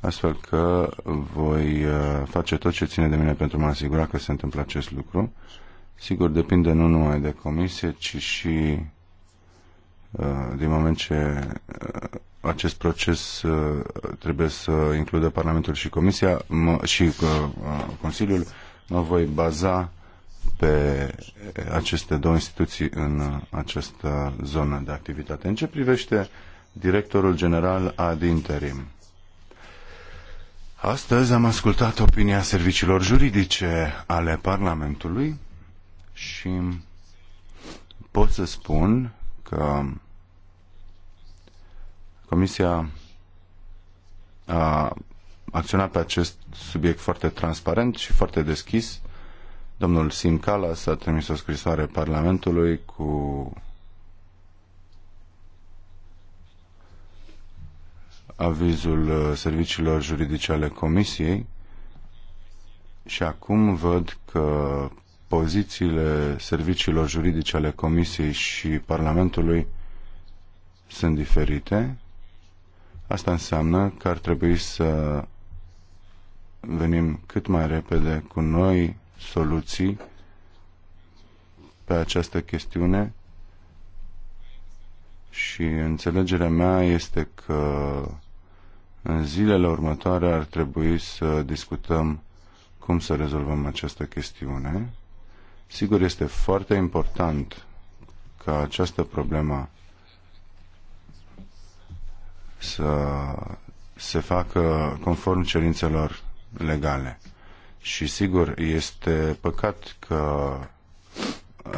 astfel că voi uh, face tot ce ține de mine pentru a mă asigura că se întâmplă acest lucru Sigur, depinde nu numai de comisie, ci și uh, din moment ce uh, acest proces uh, trebuie să includă Parlamentul și Comisia și Consiliul, mă voi baza pe aceste două instituții în această zonă de activitate. În ce privește directorul general ad interim? Astăzi am ascultat opinia serviciilor juridice ale Parlamentului și pot să spun că Comisia a acționat pe acest subiect foarte transparent și foarte deschis. Domnul Sim Calas a trimis o scrisoare Parlamentului cu avizul uh, serviciilor juridice ale Comisiei și acum văd că pozițiile serviciilor juridice ale Comisiei și Parlamentului sunt diferite. Asta înseamnă că ar trebui să venim cât mai repede cu noi soluții pe această chestiune și înțelegerea mea este că în zilele următoare ar trebui să discutăm cum să rezolvăm această chestiune Sigur, este foarte important ca această problemă să se facă conform cerințelor legale. Și sigur, este păcat că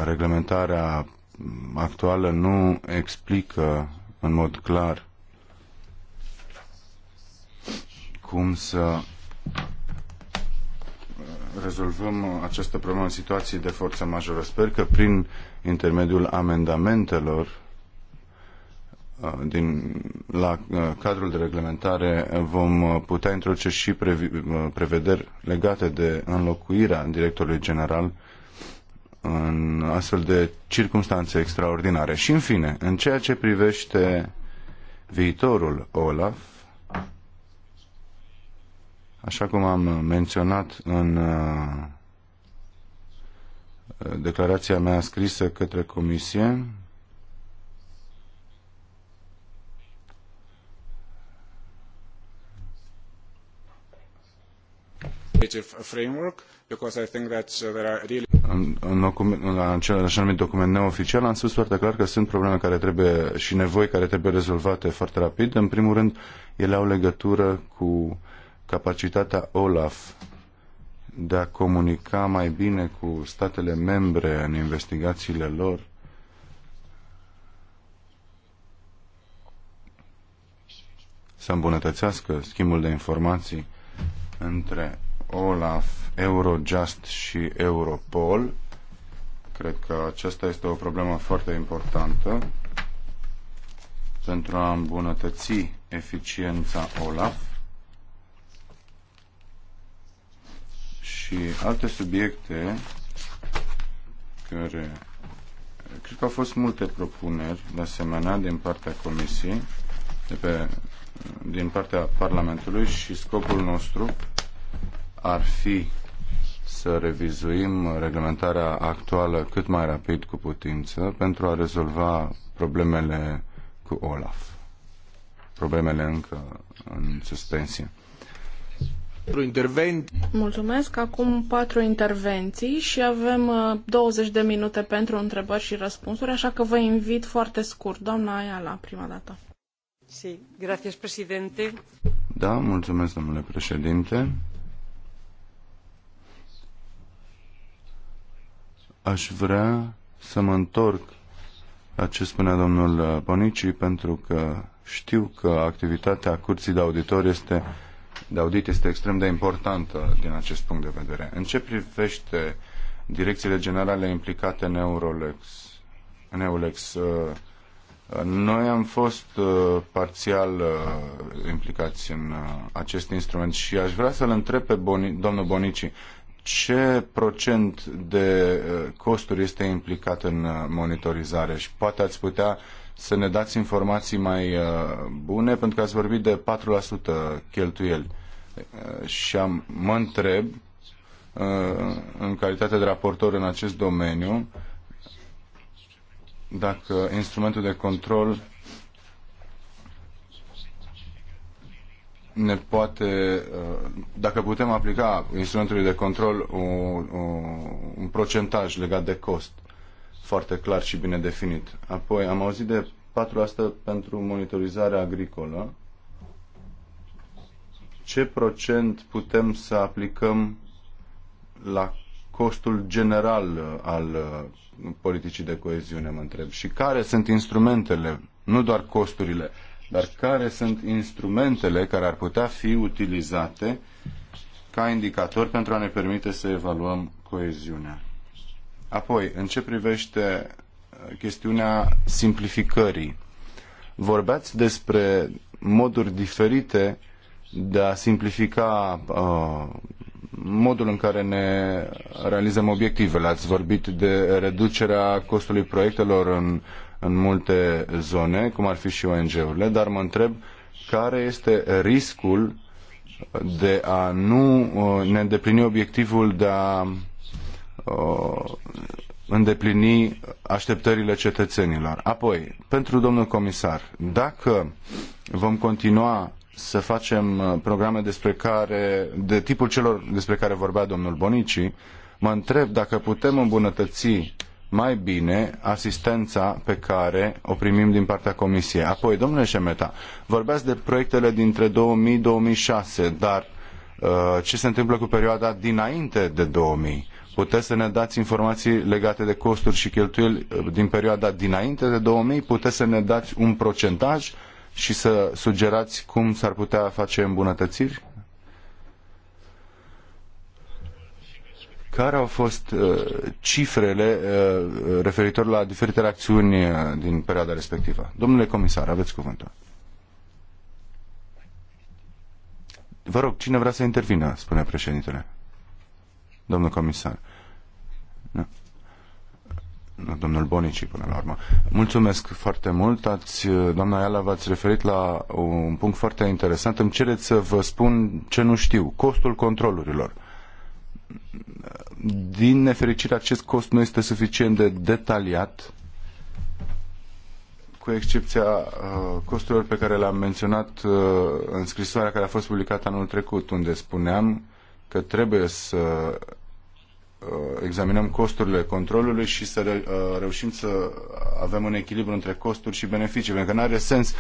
reglementarea actuală nu explică în mod clar cum să rezolvăm această problemă în situații de forță majoră. Sper că prin intermediul amendamentelor uh, din, la uh, cadrul de reglementare vom putea introduce și uh, prevederi legate de înlocuirea directorului general în astfel de circunstanțe extraordinare. Și în fine, în ceea ce privește viitorul Olaf, Așa cum am menționat în uh, declarația mea scrisă către Comisie, framework because I think that uh, there are really în, document, acel document neoficial am spus foarte clar că sunt probleme care trebuie și nevoi care trebuie rezolvate foarte rapid. În primul rând, ele au legătură cu capacitatea OLAF de a comunica mai bine cu statele membre în investigațiile lor să îmbunătățească schimbul de informații între OLAF, Eurojust și Europol. Cred că aceasta este o problemă foarte importantă pentru a îmbunătăți eficiența OLAF și alte subiecte care cred că au fost multe propuneri de asemenea din partea Comisiei de pe, din partea Parlamentului și scopul nostru ar fi să revizuim reglementarea actuală cât mai rapid cu putință pentru a rezolva problemele cu OLAF. Problemele încă în suspensie. Mulțumesc. Acum patru intervenții și avem 20 uh, de minute pentru întrebări și răspunsuri, așa că vă invit foarte scurt. Doamna la prima dată. Sí, gracias, presidente. Da, mulțumesc, domnule președinte. Aș vrea să mă întorc la ce spunea domnul Bonici, pentru că știu că activitatea Curții de Auditor este de audit este extrem de importantă din acest punct de vedere. În ce privește direcțiile generale implicate în Eurolex, în Eulex, uh, noi am fost uh, parțial uh, implicați în acest instrument și aș vrea să-l întreb pe Boni, domnul Bonici ce procent de costuri este implicat în monitorizare și poate ați putea uh, să ne dați informații mai uh, bune, pentru că ați vorbit de 4% cheltuieli. Uh, și am, mă întreb, uh, în calitate de raportor în acest domeniu, dacă instrumentul de control ne poate, dacă putem aplica instrumentului de control un, un procentaj legat de cost foarte clar și bine definit. Apoi am auzit de 4% pentru monitorizarea agricolă. Ce procent putem să aplicăm la costul general al uh, politicii de coeziune, mă întreb. Și care sunt instrumentele, nu doar costurile, dar care sunt instrumentele care ar putea fi utilizate ca indicator pentru a ne permite să evaluăm coeziunea. Apoi, în ce privește uh, chestiunea simplificării, vorbeați despre moduri diferite de a simplifica uh, modul în care ne realizăm obiectivele. Ați vorbit de reducerea costului proiectelor în, în multe zone, cum ar fi și ONG-urile, dar mă întreb care este riscul de a nu uh, ne îndeplini obiectivul de a Uh, îndeplini așteptările cetățenilor. Apoi, pentru domnul comisar, dacă vom continua să facem uh, programe despre care, de tipul celor despre care vorbea domnul Bonici, mă întreb dacă putem îmbunătăți mai bine asistența pe care o primim din partea Comisiei. Apoi, domnule Șemeta, vorbeați de proiectele dintre 2000-2006, dar uh, ce se întâmplă cu perioada dinainte de 2000? Puteți să ne dați informații legate de costuri și cheltuieli uh, din perioada dinainte de 2000? Puteți să ne dați un procentaj și să sugerați cum s-ar putea face îmbunătățiri? Care au fost uh, cifrele uh, referitor la diferitele acțiuni uh, din perioada respectivă? Domnule comisar, aveți cuvântul. Vă rog, cine vrea să intervină, spune președintele domnul comisar. Domnul Bonici, până la urmă. Mulțumesc foarte mult. Ați, doamna Iala, v-ați referit la un punct foarte interesant. Îmi cereți să vă spun ce nu știu. Costul controlurilor. Din nefericire, acest cost nu este suficient de detaliat cu excepția uh, costurilor pe care le-am menționat uh, în scrisoarea care a fost publicată anul trecut, unde spuneam că trebuie să uh, examinăm costurile controlului și să uh, reușim să avem un echilibru între costuri și beneficii, pentru că nu are sens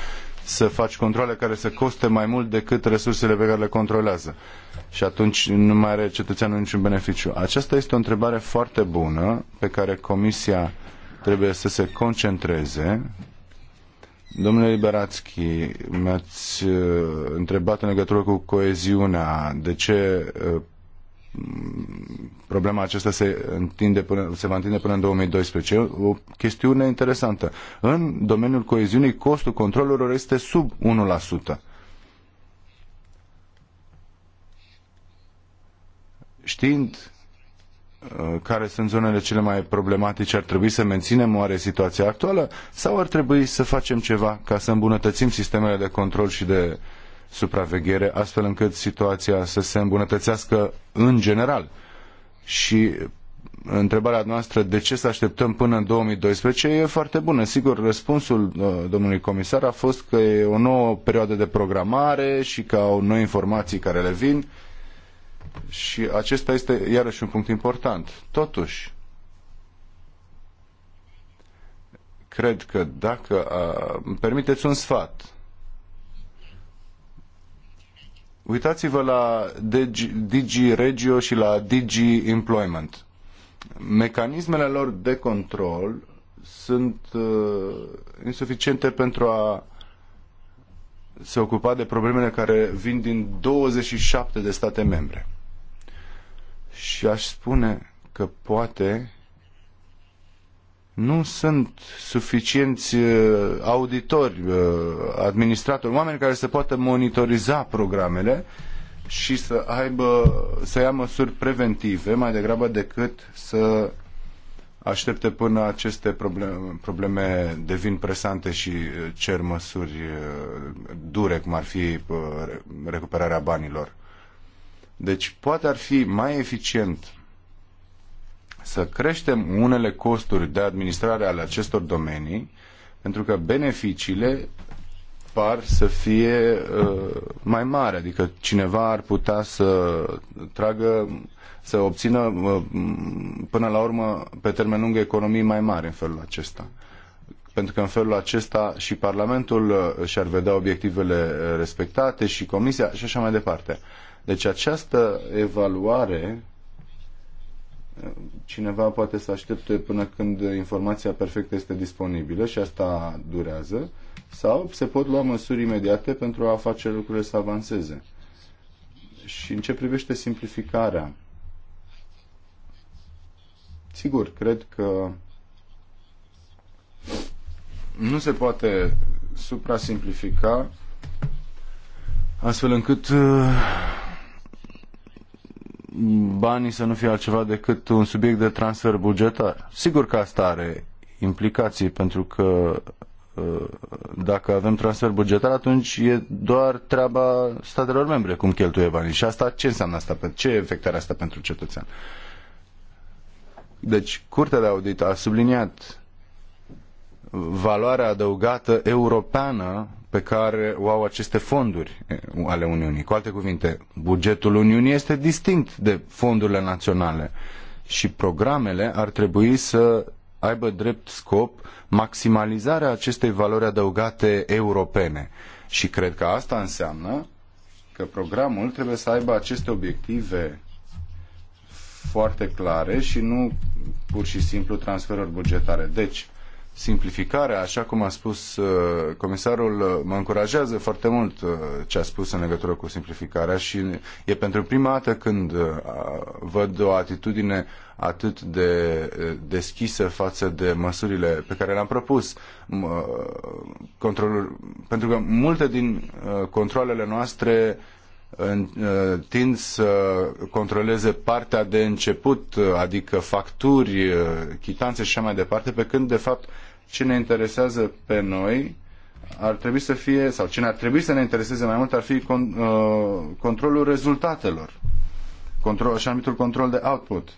să faci controle care să coste mai mult decât resursele pe care le controlează. Și atunci nu mai are cetățeanul niciun beneficiu. Aceasta este o întrebare foarte bună pe care Comisia trebuie să se concentreze Domnule Liberațchi, mi-ați uh, întrebat în legătură cu coeziunea, de ce uh, problema aceasta se, întinde până, se va întinde până în 2012. O chestiune interesantă. În domeniul coeziunii, costul controlurilor este sub 1%. Știind Uh, care sunt zonele cele mai problematice, ar trebui să menținem oare situația actuală sau ar trebui să facem ceva ca să îmbunătățim sistemele de control și de supraveghere, astfel încât situația să se îmbunătățească în general. Și întrebarea noastră de ce să așteptăm până în 2012 e foarte bună. Sigur, răspunsul uh, domnului comisar a fost că e o nouă perioadă de programare și că au noi informații care le vin și acesta este iarăși un punct important. Totuși, cred că dacă a, îmi permiteți un sfat, uitați-vă la Digi, Digi Regio și la Digi Employment. Mecanismele lor de control sunt uh, insuficiente pentru a se ocupa de problemele care vin din 27 de state membre și aș spune că poate nu sunt suficienți uh, auditori, uh, administratori, oameni care să poată monitoriza programele și să aibă, să ia măsuri preventive mai degrabă decât să aștepte până aceste probleme, probleme devin presante și uh, cer măsuri dure, cum ar fi recuperarea banilor. Deci poate ar fi mai eficient să creștem unele costuri de administrare ale acestor domenii, pentru că beneficiile par să fie uh, mai mari, adică cineva ar putea să tragă, să obțină uh, până la urmă pe termen lung economii mai mari în felul acesta. Pentru că în felul acesta și Parlamentul uh, și-ar vedea obiectivele uh, respectate și Comisia și așa mai departe. Uh, deci această evaluare cineva poate să aștepte până când informația perfectă este disponibilă și asta durează, sau se pot lua măsuri imediate pentru a face lucrurile să avanseze. Și în ce privește simplificarea, sigur, cred că nu se poate suprasimplifica astfel încât uh, banii să nu fie altceva decât un subiect de transfer bugetar. Sigur că asta are implicații, pentru că uh, dacă avem transfer bugetar, atunci e doar treaba statelor membre cum cheltuie banii. Și asta ce înseamnă asta? Ce efect are asta pentru cetățean? Deci, Curtea de Audit a subliniat valoarea adăugată europeană pe care o au aceste fonduri eh, ale Uniunii. Cu alte cuvinte, bugetul Uniunii este distinct de fondurile naționale și programele ar trebui să aibă drept scop maximalizarea acestei valori adăugate europene. Și cred că asta înseamnă că programul trebuie să aibă aceste obiective foarte clare și nu pur și simplu transferuri bugetare. Deci, simplificarea, așa cum a spus uh, comisarul, uh, mă încurajează foarte mult uh, ce a spus în legătură cu simplificarea și e pentru prima dată când văd o atitudine atât de deschisă față de măsurile pe care le-am propus. Controlul, pentru că multe din controlele noastre Uh, tind să controleze partea de început, uh, adică facturi, uh, chitanțe și așa mai departe, pe când, de fapt, ce ne interesează pe noi ar trebui să fie, sau ce ar trebui să ne intereseze mai mult ar fi con, uh, controlul rezultatelor. Control, așa numitul control de output.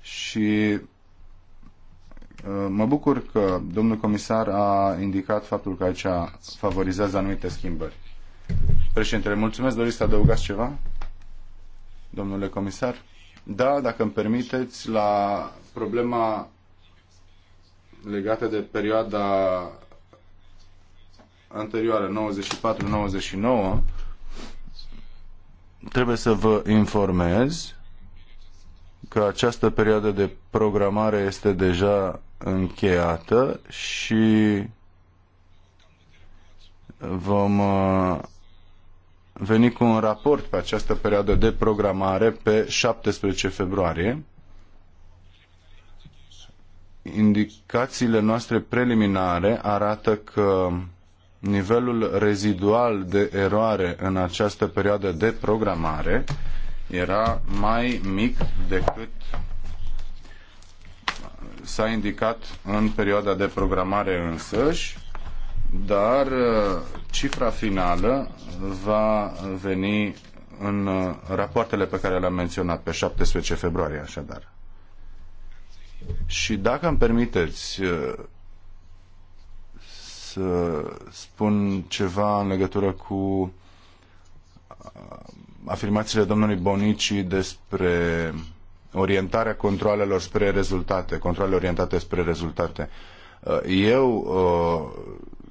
Și uh, mă bucur că domnul comisar a indicat faptul că aici favorizează anumite schimbări. Președintele, mulțumesc. Doriți să adăugați ceva? Domnule comisar? Da, dacă îmi permiteți, la problema legată de perioada anterioară, 94-99, trebuie să vă informez că această perioadă de programare este deja încheiată și vom uh, veni cu un raport pe această perioadă de programare pe 17 februarie. Indicațiile noastre preliminare arată că nivelul rezidual de eroare în această perioadă de programare era mai mic decât s-a indicat în perioada de programare însăși dar uh, cifra finală va veni în uh, rapoartele pe care le-am menționat pe 17 februarie, așadar. Și dacă îmi permiteți uh, să spun ceva în legătură cu afirmațiile domnului Bonici despre orientarea controlelor spre rezultate, controlele orientate spre rezultate. Eu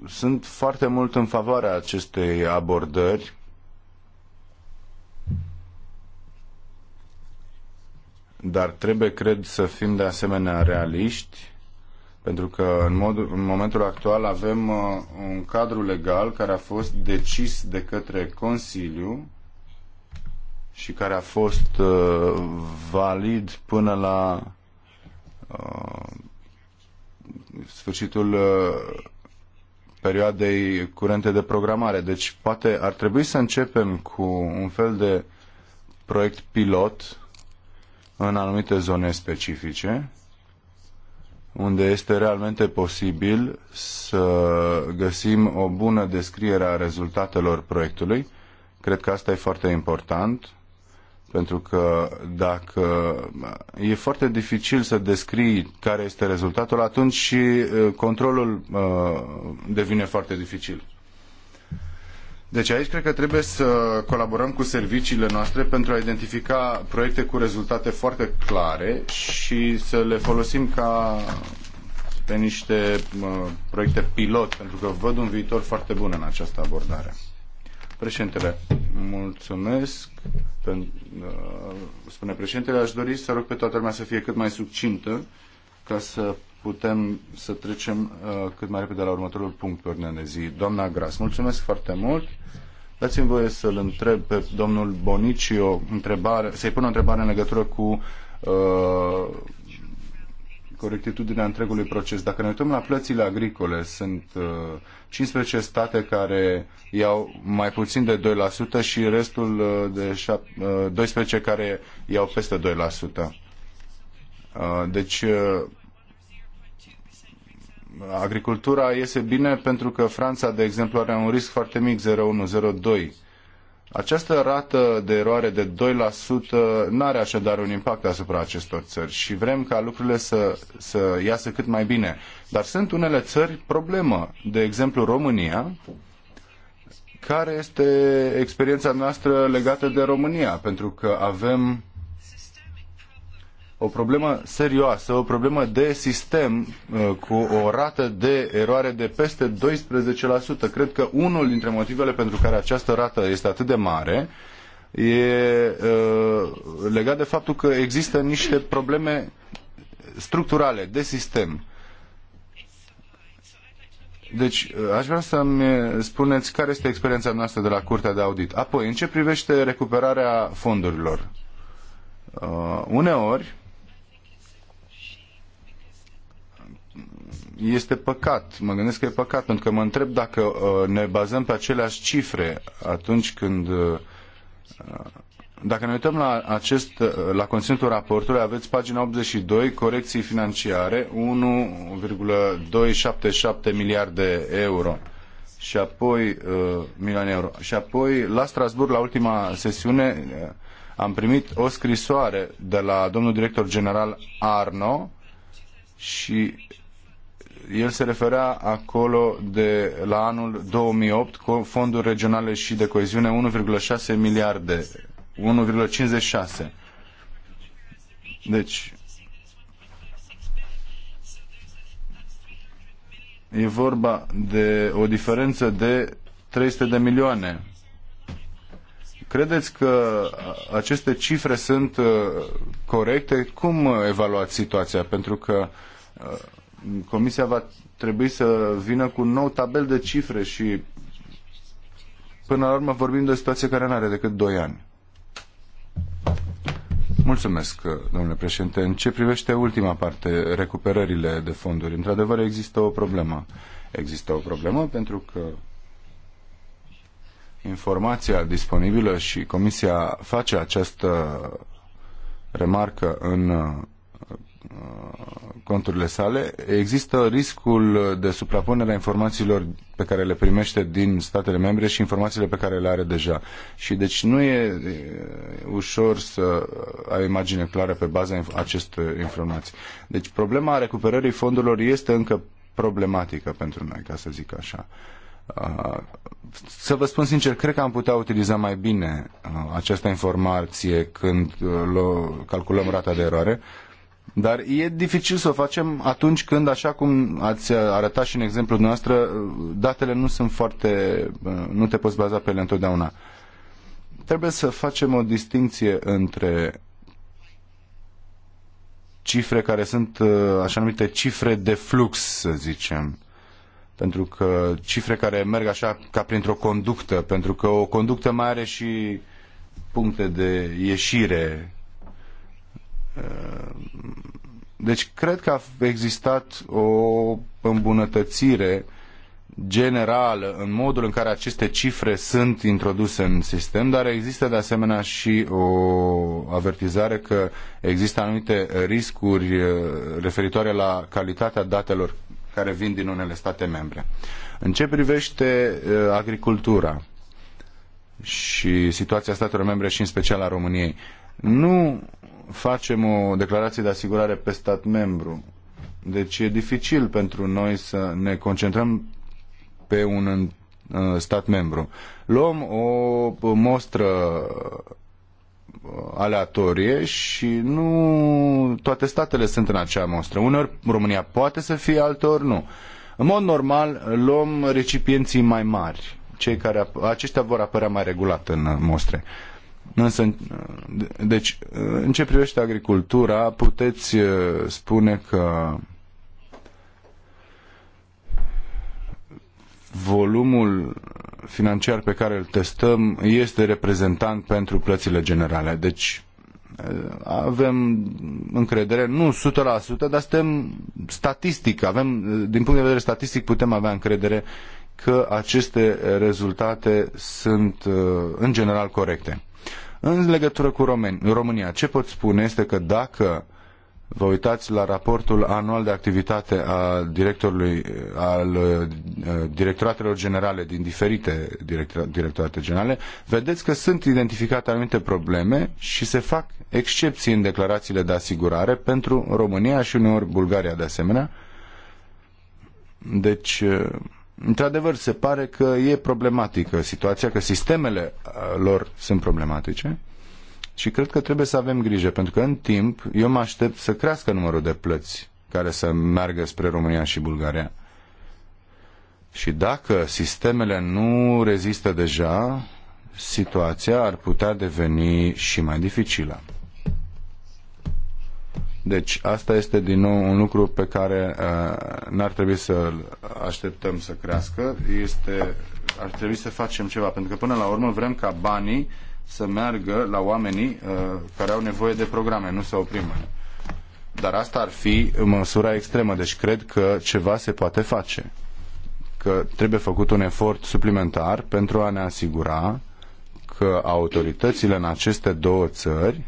sunt foarte mult în favoarea acestei abordări. Dar trebuie, cred, să fim de asemenea realiști, pentru că în, mod, în momentul actual avem uh, un cadru legal care a fost decis de către Consiliu și care a fost uh, valid până la uh, sfârșitul uh, perioadei curente de programare. Deci poate ar trebui să începem cu un fel de proiect pilot în anumite zone specifice, unde este realmente posibil să găsim o bună descriere a rezultatelor proiectului. Cred că asta e foarte important pentru că dacă e foarte dificil să descrii care este rezultatul, atunci și controlul devine foarte dificil. Deci aici cred că trebuie să colaborăm cu serviciile noastre pentru a identifica proiecte cu rezultate foarte clare și să le folosim ca pe niște proiecte pilot, pentru că văd un viitor foarte bun în această abordare. Președintele, mulțumesc. Uh, spune președintele, aș dori să rog pe toată lumea să fie cât mai succintă ca să putem să trecem uh, cât mai repede la următorul punct pe ordinea de zi. Doamna Gras, mulțumesc foarte mult. Dați-mi voie să-l întreb pe domnul Bonici o întrebare, să-i pun o întrebare în legătură cu uh, corectitudinea întregului proces. Dacă ne uităm la plățile agricole, sunt 15 uh, state care iau mai puțin de 2% și restul uh, de 12 uh, care iau peste 2%. Deci agricultura iese bine pentru că Franța, de exemplu, are un risc foarte mic, 0,1, 0,2 această rată de eroare de 2% nu are așadar un impact asupra acestor țări și vrem ca lucrurile să, să iasă cât mai bine. Dar sunt unele țări problemă, de exemplu România, care este experiența noastră legată de România, pentru că avem o problemă serioasă, o problemă de sistem uh, cu o rată de eroare de peste 12%. Cred că unul dintre motivele pentru care această rată este atât de mare e uh, legat de faptul că există niște probleme structurale de sistem. Deci, uh, aș vrea să-mi spuneți care este experiența noastră de la Curtea de Audit. Apoi, în ce privește recuperarea fondurilor? Uh, uneori, este păcat, mă gândesc că e păcat, pentru că mă întreb dacă uh, ne bazăm pe aceleași cifre atunci când uh, uh, dacă ne uităm la, acest, la conținutul raportului, aveți pagina 82, corecții financiare, 1,277 miliarde euro și apoi uh, milioane euro. Și apoi la Strasburg, la ultima sesiune, am primit o scrisoare de la domnul director general Arno și el se referea acolo de la anul 2008 cu fonduri regionale și de coeziune 1,6 miliarde, 1,56. Deci, e vorba de o diferență de 300 de milioane. Credeți că aceste cifre sunt uh, corecte? Cum evaluați situația? Pentru că uh, Comisia va trebui să vină cu un nou tabel de cifre și până la urmă vorbim de o situație care nu are decât 2 ani. Mulțumesc, domnule președinte. În ce privește ultima parte, recuperările de fonduri, într-adevăr există o problemă. Există o problemă pentru că informația disponibilă și Comisia face această remarcă în conturile sale, există riscul de suprapunere a informațiilor pe care le primește din statele membre și informațiile pe care le are deja. Și deci nu e ușor să ai imagine clară pe baza acestor informații. Deci problema recuperării fondurilor este încă problematică pentru noi, ca să zic așa. Să vă spun sincer, cred că am putea utiliza mai bine această informație când calculăm rata de eroare, dar e dificil să o facem atunci când, așa cum ați arătat și în exemplul noastră, datele nu sunt foarte... nu te poți baza pe ele întotdeauna. Trebuie să facem o distinție între cifre care sunt așa numite cifre de flux, să zicem. Pentru că cifre care merg așa ca printr-o conductă, pentru că o conductă mai are și puncte de ieșire deci cred că a existat o îmbunătățire generală în modul în care aceste cifre sunt introduse în sistem, dar există de asemenea și o avertizare că există anumite riscuri uh, referitoare la calitatea datelor care vin din unele state membre. În ce privește uh, agricultura și situația statelor membre și în special a României, nu facem o declarație de asigurare pe stat membru. Deci e dificil pentru noi să ne concentrăm pe un uh, stat membru. Luăm o mostră uh, aleatorie și nu toate statele sunt în acea mostră. Uneori România poate să fie, alteori nu. În mod normal, luăm recipienții mai mari, cei care aceștia vor apărea mai regulat în uh, mostre. Însă, deci, în ce privește agricultura, puteți uh, spune că volumul financiar pe care îl testăm este reprezentant pentru plățile generale. Deci uh, avem încredere, nu 100%, dar suntem statistic, avem, uh, din punct de vedere statistic putem avea încredere că aceste rezultate sunt în general corecte. În legătură cu România, ce pot spune este că dacă vă uitați la raportul anual de activitate a directorului, al uh, directoratelor generale din diferite directorate generale, vedeți că sunt identificate anumite probleme și se fac excepții în declarațiile de asigurare pentru România și uneori Bulgaria de asemenea. Deci, uh, Într-adevăr, se pare că e problematică situația, că sistemele uh, lor sunt problematice și cred că trebuie să avem grijă, pentru că în timp eu mă aștept să crească numărul de plăți care să meargă spre România și Bulgaria. Și dacă sistemele nu rezistă deja, situația ar putea deveni și mai dificilă. Deci asta este din nou un lucru pe care uh, n-ar trebui să așteptăm să crească. Este, ar trebui să facem ceva, pentru că până la urmă vrem ca banii să meargă la oamenii uh, care au nevoie de programe, nu să oprimă. Dar asta ar fi măsura extremă, deci cred că ceva se poate face. Că trebuie făcut un efort suplimentar pentru a ne asigura că autoritățile în aceste două țări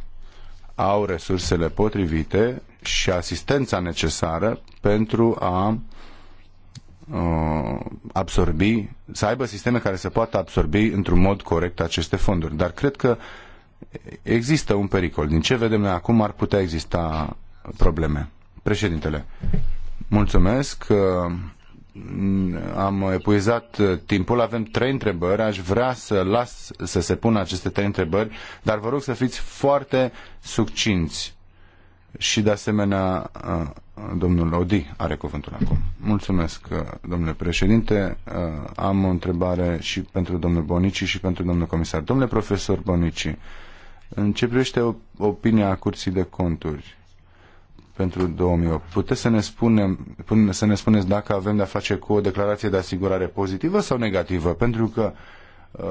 au resursele potrivite și asistența necesară pentru a uh, absorbi, să aibă sisteme care să poată absorbi într-un mod corect aceste fonduri. Dar cred că există un pericol. Din ce vedem noi acum ar putea exista probleme. Președintele, mulțumesc am epuizat timpul, avem trei întrebări, aș vrea să las să se pună aceste trei întrebări, dar vă rog să fiți foarte succinți. Și de asemenea, domnul Odi are cuvântul acum. Mulțumesc, domnule președinte. Am o întrebare și pentru domnul Bonici și pentru domnul comisar. Domnule profesor Bonici, în ce privește opinia Curții de Conturi, pentru 2008. Puteți să ne, spunem, să ne spuneți dacă avem de-a face cu o declarație de asigurare pozitivă sau negativă? Pentru că uh,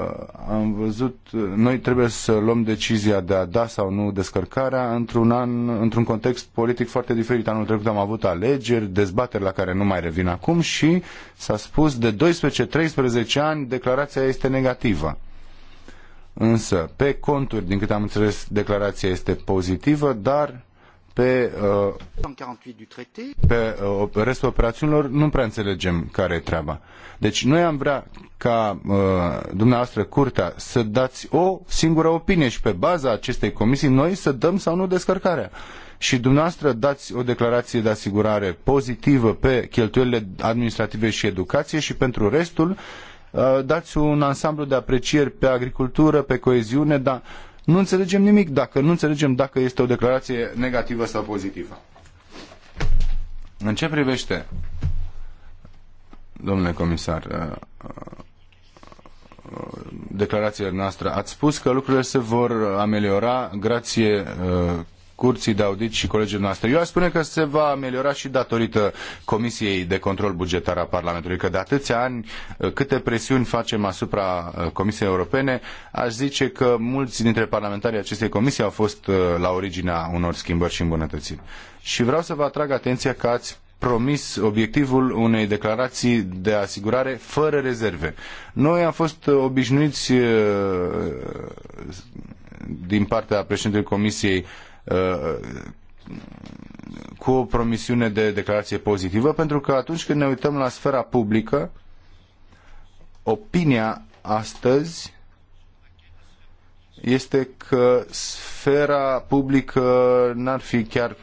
am văzut, noi trebuie să luăm decizia de a da sau nu descărcarea într-un an, într-un context politic foarte diferit. Anul trecut am avut alegeri, dezbateri la care nu mai revin acum și s-a spus de 12-13 ani declarația este negativă. Însă, pe conturi, din câte am înțeles, declarația este pozitivă, dar pe, uh, pe uh, restul operațiunilor, nu prea înțelegem care e treaba. Deci noi am vrea ca uh, dumneavoastră curtea să dați o singură opinie și pe baza acestei comisii noi să dăm sau nu descărcarea și dumneavoastră dați o declarație de asigurare pozitivă pe cheltuielile administrative și educație și pentru restul dați un ansamblu de aprecieri pe agricultură, pe coeziune, dar nu înțelegem nimic dacă nu înțelegem dacă este o declarație negativă sau pozitivă. În ce privește, domnule comisar, uh, uh, declarația noastră ați spus că lucrurile se vor ameliora grație uh, curții de audit și colegii noastre. Eu aș spune că se va ameliora și datorită Comisiei de Control Bugetar a Parlamentului, că de atâția ani uh, câte presiuni facem asupra uh, Comisiei Europene, aș zice că mulți dintre parlamentarii acestei comisii au fost uh, la originea unor schimbări și îmbunătățiri. Și vreau să vă atrag atenția că ați promis obiectivul unei declarații de asigurare fără rezerve. Noi am fost obișnuiți din partea președintelui Comisiei Uh, cu o promisiune de declarație pozitivă, pentru că atunci când ne uităm la sfera publică, opinia astăzi este că sfera publică n-ar fi chiar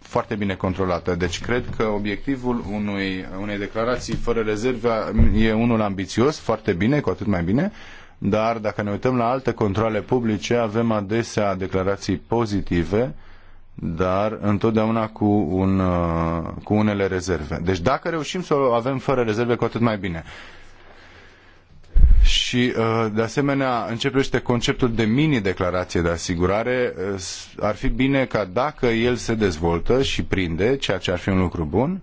foarte bine controlată. Deci cred că obiectivul unui, unei declarații fără rezerve e unul ambițios, foarte bine, cu atât mai bine, dar dacă ne uităm la alte controle publice, avem adesea declarații pozitive, dar întotdeauna cu, un, uh, cu unele rezerve. Deci dacă reușim să o avem fără rezerve, cu atât mai bine. Și, uh, de asemenea, începește conceptul de mini-declarație de asigurare. Uh, ar fi bine ca dacă el se dezvoltă și prinde, ceea ce ar fi un lucru bun,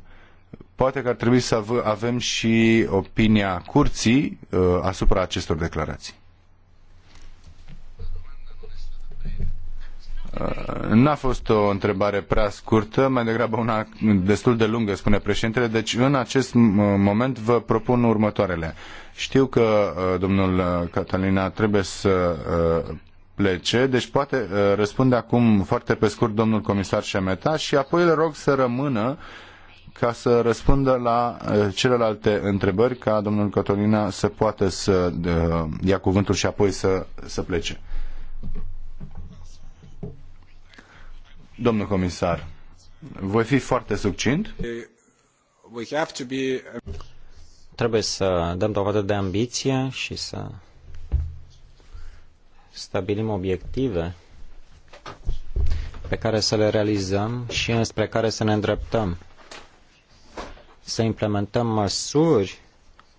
poate că ar trebui să avem și opinia curții uh, asupra acestor declarații. Uh, n-a fost o întrebare prea scurtă, mai degrabă una destul de lungă, spune președintele. Deci, în acest moment, vă propun următoarele. Știu că uh, domnul uh, Catalina trebuie să plece, deci poate răspunde acum foarte pe scurt domnul comisar Șemeta și apoi le rog să rămână uh, ca să răspundă la eh, celelalte întrebări, ca domnul Cătălina să poată să ia cuvântul și apoi să, să plece. Domnul comisar, voi fi foarte succint. Be... Trebuie să dăm dovadă de ambiție și să stabilim obiective pe care să le realizăm și înspre care să ne îndreptăm să implementăm măsuri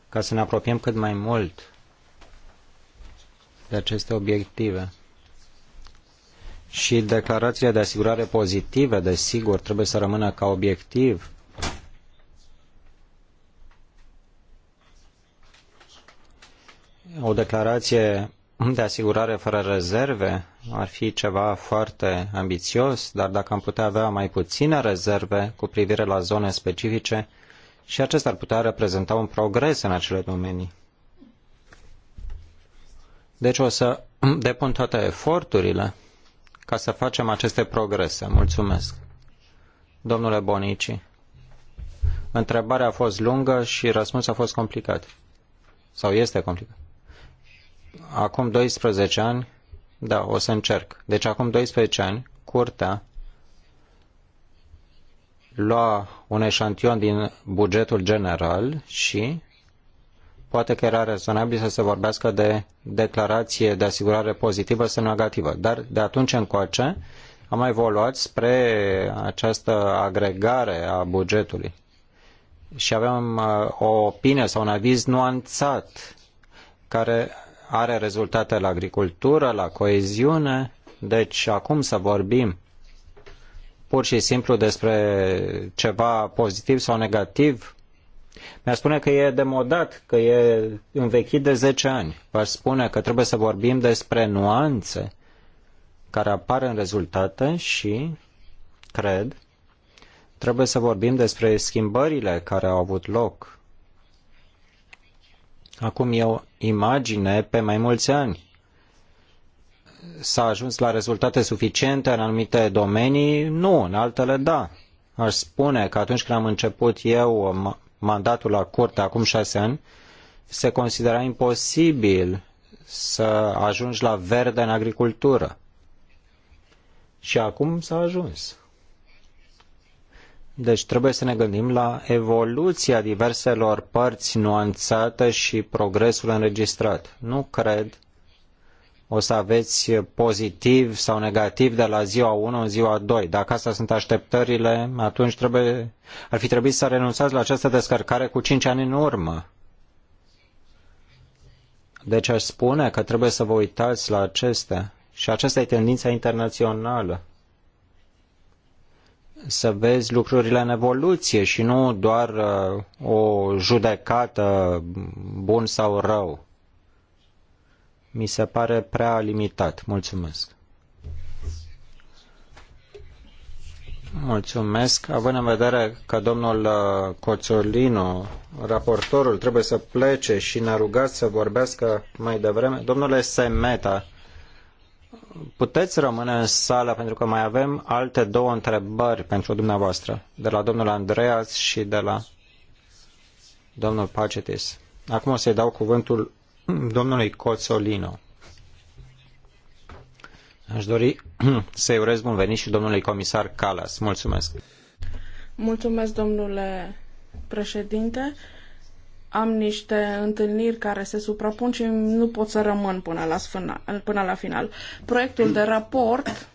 ca să ne apropiem cât mai mult de aceste obiective. Și declarațiile de asigurare pozitive, desigur, trebuie să rămână ca obiectiv. O declarație de asigurare fără rezerve ar fi ceva foarte ambițios, dar dacă am putea avea mai puține rezerve cu privire la zone specifice, și acesta ar putea reprezenta un progres în acele domenii. Deci o să depun toate eforturile ca să facem aceste progrese. Mulțumesc. Domnule Bonici, întrebarea a fost lungă și răspunsul a fost complicat. Sau este complicat. Acum 12 ani, da, o să încerc. Deci acum 12 ani, curtea lua un eșantion din bugetul general și poate că era rezonabil să se vorbească de declarație de asigurare pozitivă sau negativă. Dar de atunci încoace am mai evoluat spre această agregare a bugetului. Și avem uh, o opinie sau un aviz nuanțat care are rezultate la agricultură, la coeziune. Deci acum să vorbim pur și simplu despre ceva pozitiv sau negativ, mi a spune că e demodat, că e învechit de 10 ani. V-aș spune că trebuie să vorbim despre nuanțe care apar în rezultate și, cred, trebuie să vorbim despre schimbările care au avut loc. Acum e o imagine pe mai mulți ani s-a ajuns la rezultate suficiente în anumite domenii? Nu, în altele da. Aș spune că atunci când am început eu mandatul la curte, acum șase ani, se considera imposibil să ajungi la verde în agricultură. Și acum s-a ajuns. Deci trebuie să ne gândim la evoluția diverselor părți nuanțate și progresul înregistrat. Nu cred o să aveți pozitiv sau negativ de la ziua 1 în ziua 2. Dacă astea sunt așteptările, atunci trebuie, ar fi trebuit să renunțați la această descărcare cu 5 ani în urmă. Deci aș spune că trebuie să vă uitați la acestea. Și aceasta e tendința internațională. Să vezi lucrurile în evoluție și nu doar uh, o judecată bun sau rău mi se pare prea limitat. Mulțumesc. Mulțumesc. Având în vedere că domnul uh, Coțolino, raportorul, trebuie să plece și ne-a rugat să vorbească mai devreme, domnule Semeta, puteți rămâne în sală pentru că mai avem alte două întrebări pentru dumneavoastră, de la domnul Andreas și de la domnul Pacetis. Acum o să-i dau cuvântul domnului Coțolino. Aș dori să-i urez bun venit și domnului comisar Calas. Mulțumesc. Mulțumesc, domnule președinte. Am niște întâlniri care se suprapun și nu pot să rămân până la, sfâna, până la final. Proiectul de raport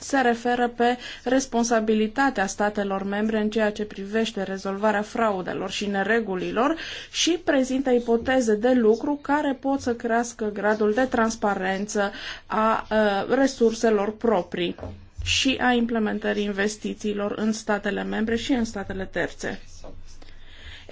se referă pe responsabilitatea statelor membre în ceea ce privește rezolvarea fraudelor și neregulilor și prezintă ipoteze de lucru care pot să crească gradul de transparență a uh, resurselor proprii și a implementării investițiilor în statele membre și în statele terțe.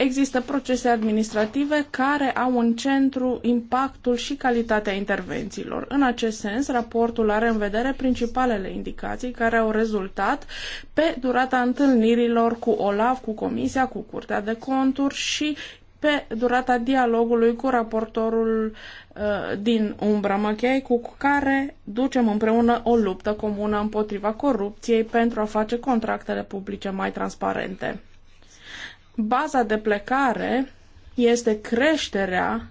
Există procese administrative care au în centru impactul și calitatea intervențiilor. În acest sens, raportul are în vedere principalele indicații care au rezultat pe durata întâlnirilor cu OLAF, cu Comisia, cu Curtea de Conturi și pe durata dialogului cu raportorul uh, din Umbra Machei, cu care ducem împreună o luptă comună împotriva corupției pentru a face contractele publice mai transparente baza de plecare este creșterea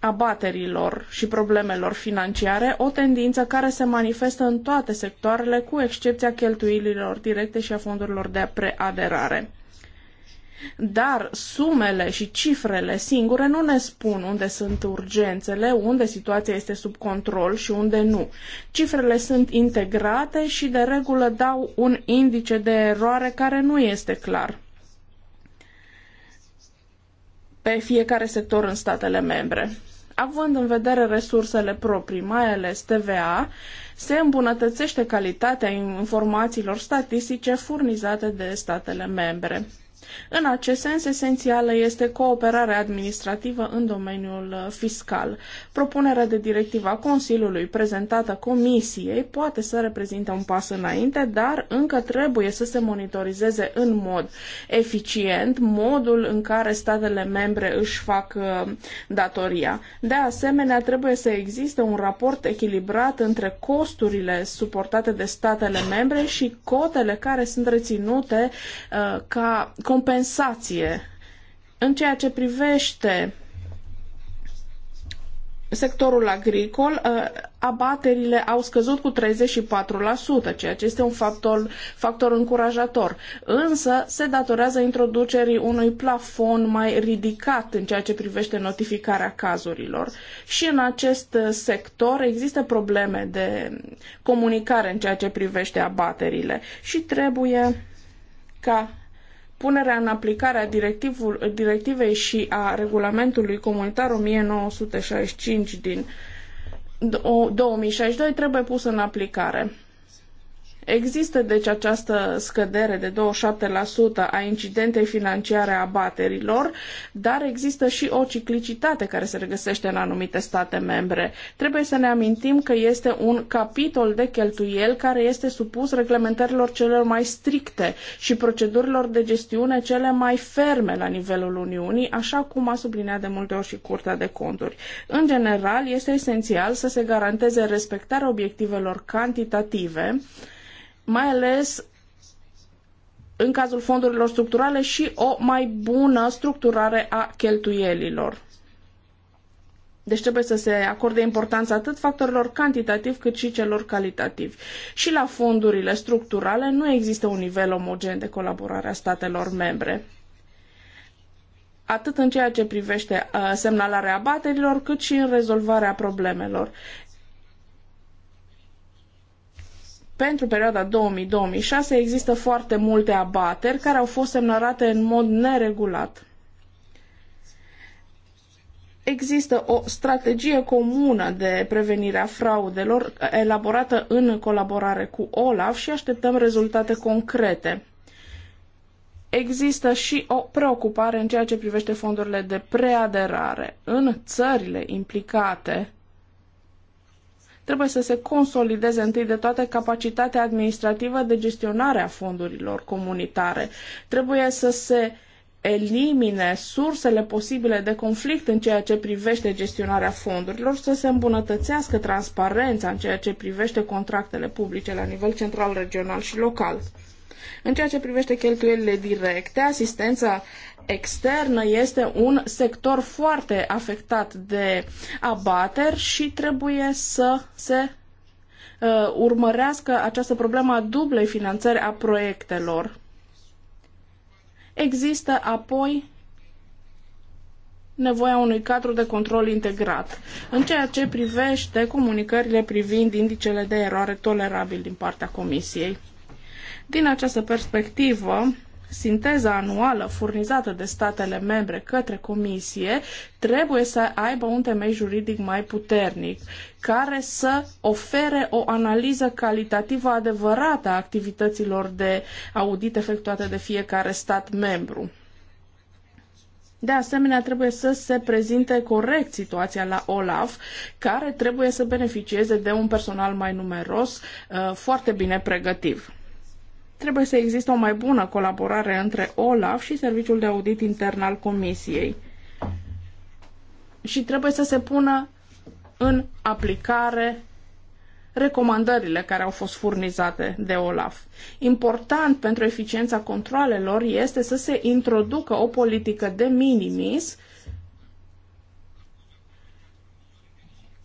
abaterilor și problemelor financiare, o tendință care se manifestă în toate sectoarele, cu excepția cheltuielilor directe și a fondurilor de preaderare. Dar sumele și cifrele singure nu ne spun unde sunt urgențele, unde situația este sub control și unde nu. Cifrele sunt integrate și de regulă dau un indice de eroare care nu este clar pe fiecare sector în statele membre. Având în vedere resursele proprii, mai ales TVA, se îmbunătățește calitatea informațiilor statistice furnizate de statele membre. În acest sens, esențială este cooperarea administrativă în domeniul uh, fiscal. Propunerea de directivă a Consiliului prezentată Comisiei poate să reprezinte un pas înainte, dar încă trebuie să se monitorizeze în mod eficient modul în care statele membre își fac uh, datoria. De asemenea, trebuie să existe un raport echilibrat între costurile suportate de statele membre și cotele care sunt reținute uh, ca comp- compensație. În ceea ce privește sectorul agricol, uh, abaterile au scăzut cu 34%, ceea ce este un factor, factor încurajator. Însă se datorează introducerii unui plafon mai ridicat în ceea ce privește notificarea cazurilor. Și în acest sector există probleme de comunicare în ceea ce privește abaterile și trebuie ca Punerea în aplicare a directivei și a regulamentului comunitar 1965 din 2062 trebuie pusă în aplicare. Există deci această scădere de 27% a incidentei financiare a baterilor, dar există și o ciclicitate care se regăsește în anumite state membre. Trebuie să ne amintim că este un capitol de cheltuiel care este supus reglementărilor celor mai stricte și procedurilor de gestiune cele mai ferme la nivelul Uniunii, așa cum a subliniat de multe ori și Curtea de Conturi. În general, este esențial să se garanteze respectarea obiectivelor cantitative, mai ales în cazul fondurilor structurale și o mai bună structurare a cheltuielilor. Deci trebuie să se acorde importanță atât factorilor cantitativi cât și celor calitativi. Și la fondurile structurale nu există un nivel omogen de colaborare a statelor membre atât în ceea ce privește uh, semnalarea abaterilor, cât și în rezolvarea problemelor. pentru perioada 2000-2006 există foarte multe abateri care au fost semnalate în mod neregulat. Există o strategie comună de prevenire a fraudelor elaborată în colaborare cu OLAF și așteptăm rezultate concrete. Există și o preocupare în ceea ce privește fondurile de preaderare. În țările implicate Trebuie să se consolideze întâi de toate capacitatea administrativă de gestionare a fondurilor comunitare. Trebuie să se elimine sursele posibile de conflict în ceea ce privește gestionarea fondurilor, să se îmbunătățească transparența în ceea ce privește contractele publice la nivel central, regional și local. În ceea ce privește cheltuielile directe, asistența externă este un sector foarte afectat de abateri și trebuie să se uh, urmărească această problemă a dublei finanțări a proiectelor. Există apoi nevoia unui cadru de control integrat, în ceea ce privește comunicările privind indicele de eroare tolerabil din partea Comisiei. Din această perspectivă, sinteza anuală furnizată de statele membre către Comisie trebuie să aibă un temei juridic mai puternic, care să ofere o analiză calitativă adevărată a activităților de audit efectuate de fiecare stat membru. De asemenea, trebuie să se prezinte corect situația la OLAF, care trebuie să beneficieze de un personal mai numeros, uh, foarte bine pregătit. Trebuie să existe o mai bună colaborare între OLAF și Serviciul de Audit Intern al Comisiei. Și trebuie să se pună în aplicare recomandările care au fost furnizate de OLAF. Important pentru eficiența controalelor este să se introducă o politică de minimis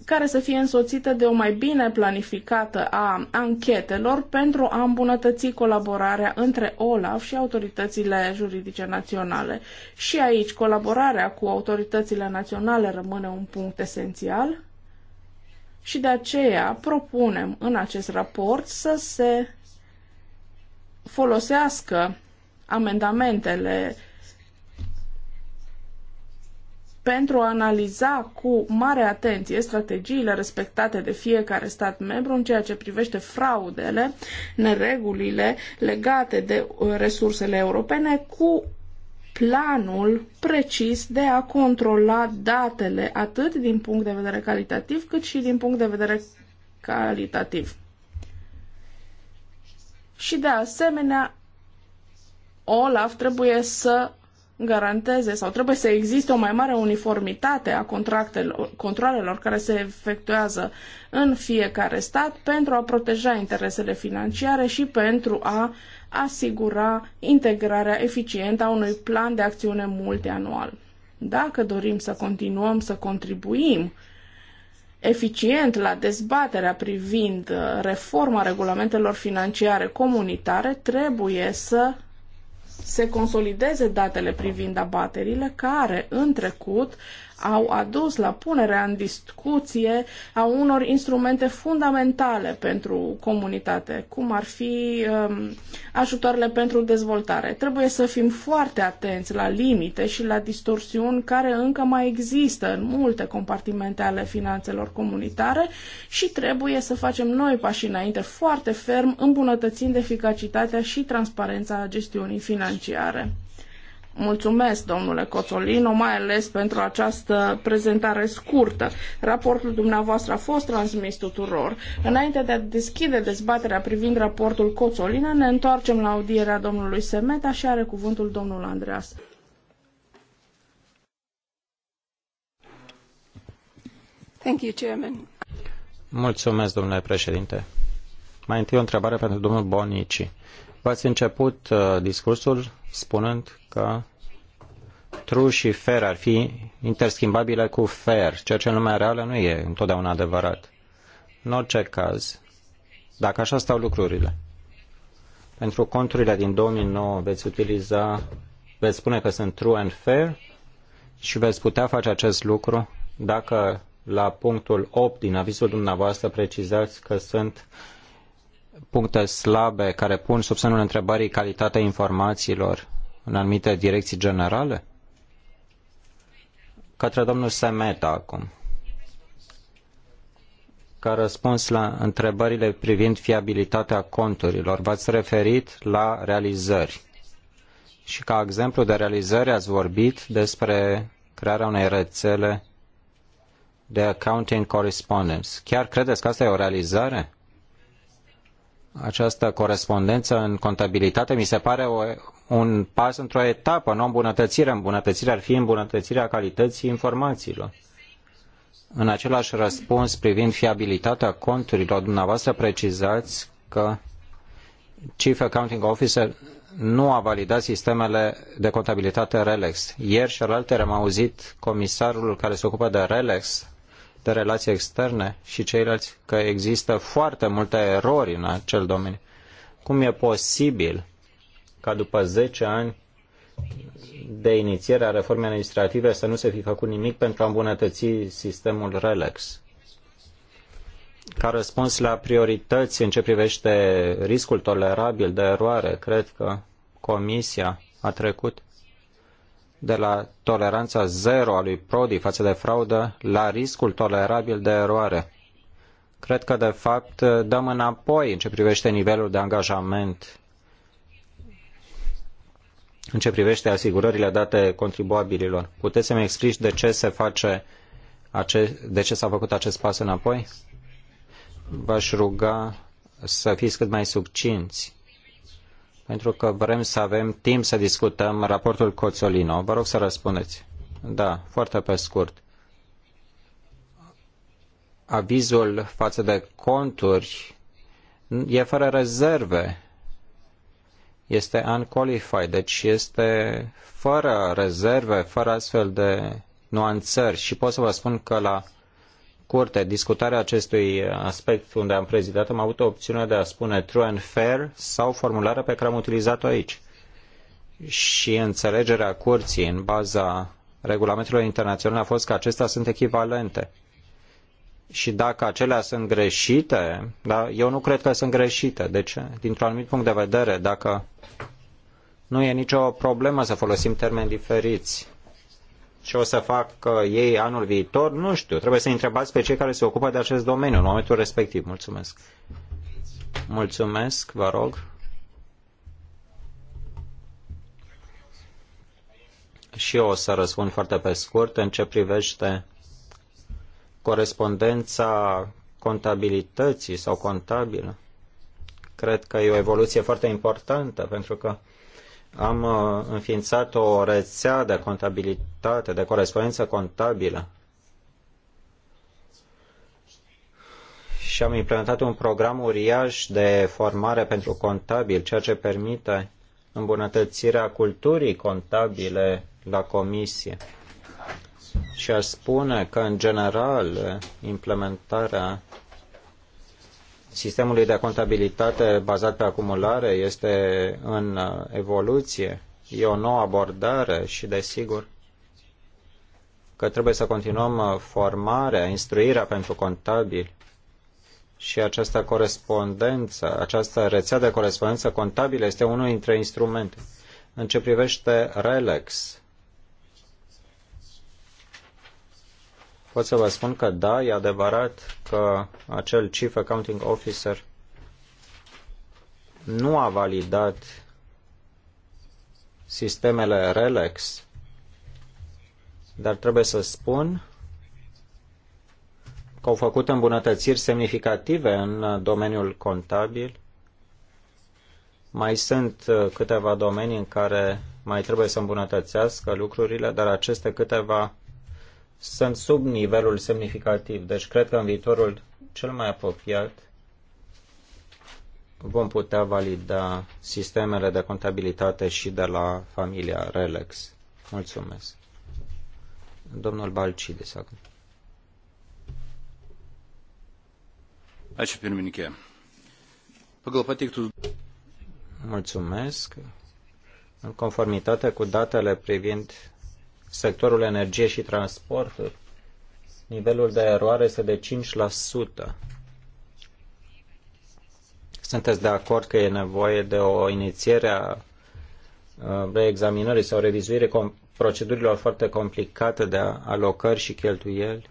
care să fie însoțită de o mai bine planificată a anchetelor pentru a îmbunătăți colaborarea între OLAF și autoritățile juridice naționale. Și aici colaborarea cu autoritățile naționale rămâne un punct esențial și de aceea propunem în acest raport să se folosească amendamentele pentru a analiza cu mare atenție strategiile respectate de fiecare stat membru în ceea ce privește fraudele, neregulile legate de uh, resursele europene cu planul precis de a controla datele atât din punct de vedere calitativ cât și din punct de vedere calitativ. Și de asemenea, Olaf trebuie să garanteze sau trebuie să existe o mai mare uniformitate a controalelor controlelor care se efectuează în fiecare stat pentru a proteja interesele financiare și pentru a asigura integrarea eficientă a unui plan de acțiune multianual. Dacă dorim să continuăm să contribuim eficient la dezbaterea privind uh, reforma regulamentelor financiare comunitare, trebuie să se consolideze datele privind abaterile care în trecut au adus la punerea în discuție a unor instrumente fundamentale pentru comunitate, cum ar fi um, ajutoarele pentru dezvoltare. Trebuie să fim foarte atenți la limite și la distorsiuni care încă mai există în multe compartimente ale finanțelor comunitare și trebuie să facem noi pași înainte foarte ferm, îmbunătățind eficacitatea și transparența gestiunii financiare. Mulțumesc, domnule Cotolino, mai ales pentru această prezentare scurtă. Raportul dumneavoastră a fost transmis tuturor. Înainte de a deschide dezbaterea privind raportul Cotolino, ne întoarcem la audierea domnului Semeta și are cuvântul domnul Andreas. Thank you, Chairman. Mulțumesc, domnule președinte. Mai întâi o întrebare pentru domnul Bonici. V-ați început uh, discursul spunând că true și fair ar fi interschimbabile cu fair, ceea ce în lumea reală nu e întotdeauna adevărat. În orice caz, dacă așa stau lucrurile, pentru conturile din 2009 veți utiliza, veți spune că sunt true and fair și veți putea face acest lucru dacă la punctul 8 din avizul dumneavoastră precizați că sunt puncte slabe care pun sub semnul întrebării calitatea informațiilor în anumite direcții generale? Către domnul Semeta acum ca răspuns la întrebările privind fiabilitatea conturilor. V-ați referit la realizări. Și ca exemplu de realizări ați vorbit despre crearea unei rețele de accounting correspondence. Chiar credeți că asta e o realizare? Această corespondență în contabilitate mi se pare o un pas într-o etapă, nu o îmbunătățire. Îmbunătățirea ar fi îmbunătățirea calității informațiilor. În același răspuns privind fiabilitatea conturilor, dumneavoastră precizați că Chief Accounting Officer nu a validat sistemele de contabilitate RELEX. Ieri și alaltă am auzit comisarul care se ocupă de RELEX, de relații externe și ceilalți că există foarte multe erori în acel domeniu. Cum e posibil ca după 10 ani de inițiere a reformei administrative să nu se fi făcut nimic pentru a îmbunătăți sistemul RELEX. Ca răspuns la priorități în ce privește riscul tolerabil de eroare, cred că Comisia a trecut de la toleranța zero a lui Prodi față de fraudă la riscul tolerabil de eroare. Cred că, de fapt, dăm înapoi în ce privește nivelul de angajament în ce privește asigurările date contribuabililor. Puteți să-mi explici de ce se face acest, de ce s-a făcut acest pas înapoi? V-aș ruga să fiți cât mai succinți, pentru că vrem să avem timp să discutăm raportul Coțolino. Vă rog să răspundeți. Da, foarte pe scurt. Avizul față de conturi e fără rezerve este unqualified, deci este fără rezerve, fără astfel de nuanțări și pot să vă spun că la curte discutarea acestui aspect unde am prezidat am avut opțiunea de a spune true and fair sau formularea pe care am utilizat-o aici. Și înțelegerea curții în baza regulamentelor internaționale a fost că acestea sunt echivalente și dacă acelea sunt greșite, da, eu nu cred că sunt greșite. Deci, dintr-un anumit punct de vedere, dacă nu e nicio problemă să folosim termeni diferiți, ce o să fac ei anul viitor, nu știu. Trebuie să întrebați pe cei care se ocupă de acest domeniu în momentul respectiv. Mulțumesc. Mulțumesc, vă rog. Și eu o să răspund foarte pe scurt în ce privește corespondența contabilității sau contabilă. Cred că e o evoluție foarte importantă pentru că am uh, înființat o rețea de contabilitate, de corespondență contabilă și am implementat un program uriaș de formare pentru contabil, ceea ce permite îmbunătățirea culturii contabile la comisie și aș spune că, în general, implementarea sistemului de contabilitate bazat pe acumulare este în evoluție, e o nouă abordare și, desigur, că trebuie să continuăm formarea, instruirea pentru contabili și această corespondență, această rețea de corespondență contabilă este unul dintre instrumente. În ce privește RELEX, pot să vă spun că da, e adevărat că acel Chief Accounting Officer nu a validat sistemele RELEX, dar trebuie să spun că au făcut îmbunătățiri semnificative în domeniul contabil. Mai sunt uh, câteva domenii în care mai trebuie să îmbunătățească lucrurile, dar aceste câteva sunt sub nivelul semnificativ. Deci cred că în viitorul cel mai apropiat vom putea valida sistemele de contabilitate și de la familia Relex. Mulțumesc. Domnul Balcides acum. Ačiū pirmininkė. Mulțumesc. În conformitate cu datele privind sectorul energie și transporturi, nivelul de eroare este de 5%. Sunteți de acord că e nevoie de o inițiere a reexaminării sau revizuire procedurilor foarte complicate de alocări și cheltuieli?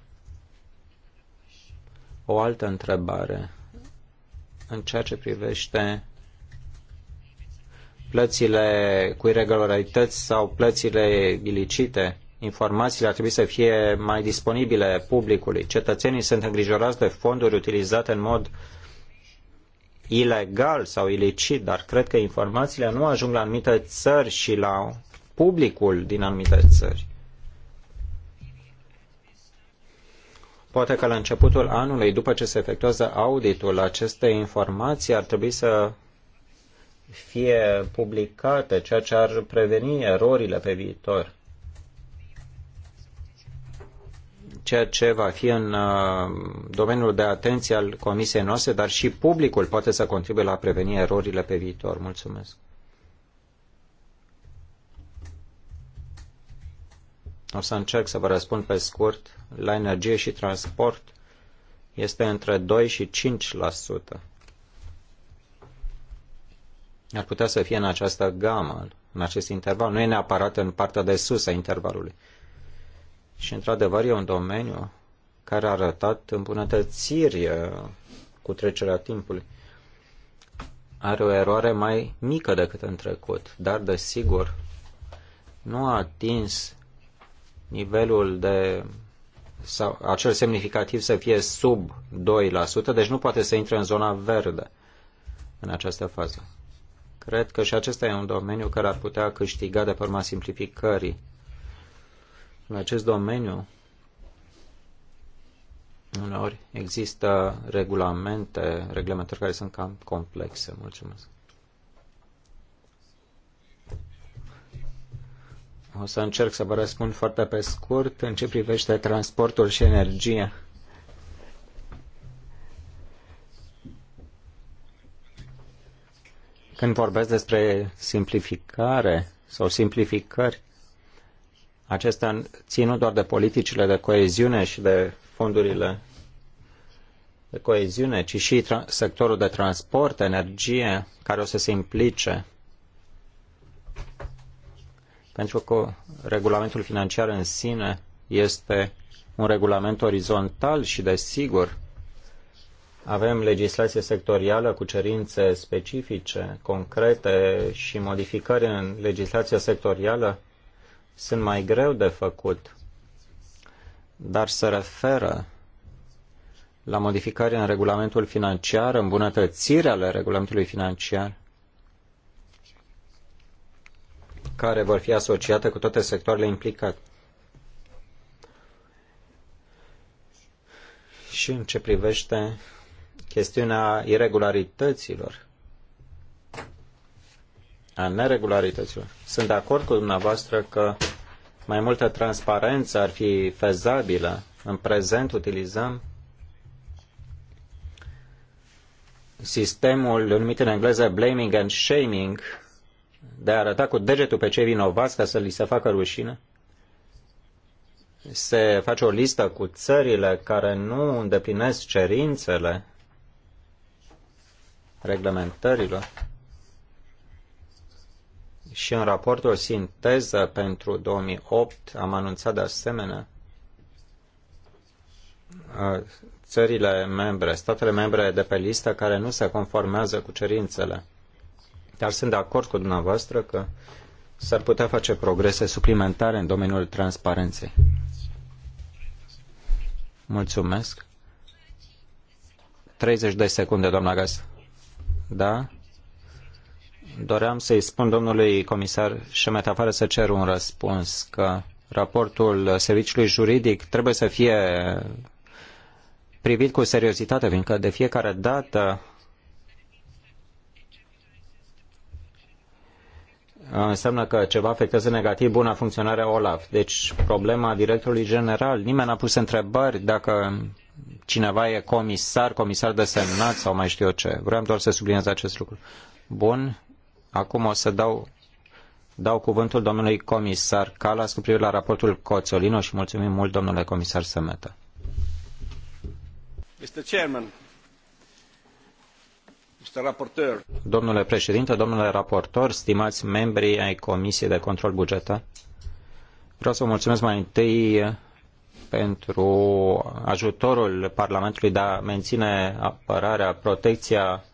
O altă întrebare în ceea ce privește plățile cu irregularități sau plățile ilicite, informațiile ar trebui să fie mai disponibile publicului. Cetățenii sunt îngrijorați de fonduri utilizate în mod ilegal sau ilicit, dar cred că informațiile nu ajung la anumite țări și la publicul din anumite țări. Poate că la începutul anului, după ce se efectuează auditul, aceste informații ar trebui să fie publicate, ceea ce ar preveni erorile pe viitor. Ceea ce va fi în uh, domeniul de atenție al comisiei noastre, dar și publicul poate să contribuie la preveni erorile pe viitor. Mulțumesc. O să încerc să vă răspund pe scurt. La energie și transport este între 2 și 5% ar putea să fie în această gamă, în acest interval. Nu e neapărat în partea de sus a intervalului. Și, într-adevăr, e un domeniu care a arătat îmbunătățiri uh, cu trecerea timpului. Are o eroare mai mică decât în trecut, dar, desigur, nu a atins nivelul de sau acel semnificativ să fie sub 2%, deci nu poate să intre în zona verde în această fază. Cred că și acesta e un domeniu care ar putea câștiga de pe urma simplificării. În acest domeniu, uneori, există regulamente, reglementări care sunt cam complexe. Mulțumesc. O să încerc să vă răspund foarte pe scurt în ce privește transportul și energia. Când vorbesc despre simplificare sau simplificări, acestea țin nu doar de politicile de coeziune și de fondurile de coeziune, ci și sectorul de transport, energie, care o să se implice. Pentru că regulamentul financiar în sine este un regulament orizontal și, desigur, avem legislație sectorială cu cerințe specifice, concrete și modificări în legislația sectorială sunt mai greu de făcut, dar se referă la modificări în regulamentul financiar, îmbunătățirea ale regulamentului financiar, care vor fi asociate cu toate sectoarele implicate. Și în ce privește chestiunea irregularităților, a neregularităților. Sunt de acord cu dumneavoastră că mai multă transparență ar fi fezabilă. În prezent utilizăm sistemul numit în engleză blaming and shaming, de a arăta cu degetul pe cei vinovați ca să li se facă rușine. Se face o listă cu țările care nu îndeplinesc cerințele reglementărilor și în raportul sinteză pentru 2008 am anunțat de asemenea țările membre, statele membre de pe listă care nu se conformează cu cerințele. Dar sunt de acord cu dumneavoastră că s-ar putea face progrese suplimentare în domeniul transparenței. Mulțumesc. 30 de secunde, doamna Gas. Da? Doream să-i spun domnului comisar Șemeta, fără să cer un răspuns, că raportul serviciului juridic trebuie să fie privit cu seriozitate, fiindcă de fiecare dată înseamnă că ceva afectează negativ buna funcționare a OLAF. Deci problema directorului general, nimeni n-a pus întrebări dacă cineva e comisar, comisar desemnat sau mai știu eu ce. Vreau doar să subliniez acest lucru. Bun, acum o să dau, dau cuvântul domnului comisar Calas cu privire la raportul Coțolino și mulțumim mult domnule comisar Semeta. Mr. Chairman, Mr. Raporteur. Domnule președinte, domnule raportor, stimați membri ai Comisiei de Control Bugetar, vreau să vă mulțumesc mai întâi pentru ajutorul Parlamentului de a menține apărarea, protecția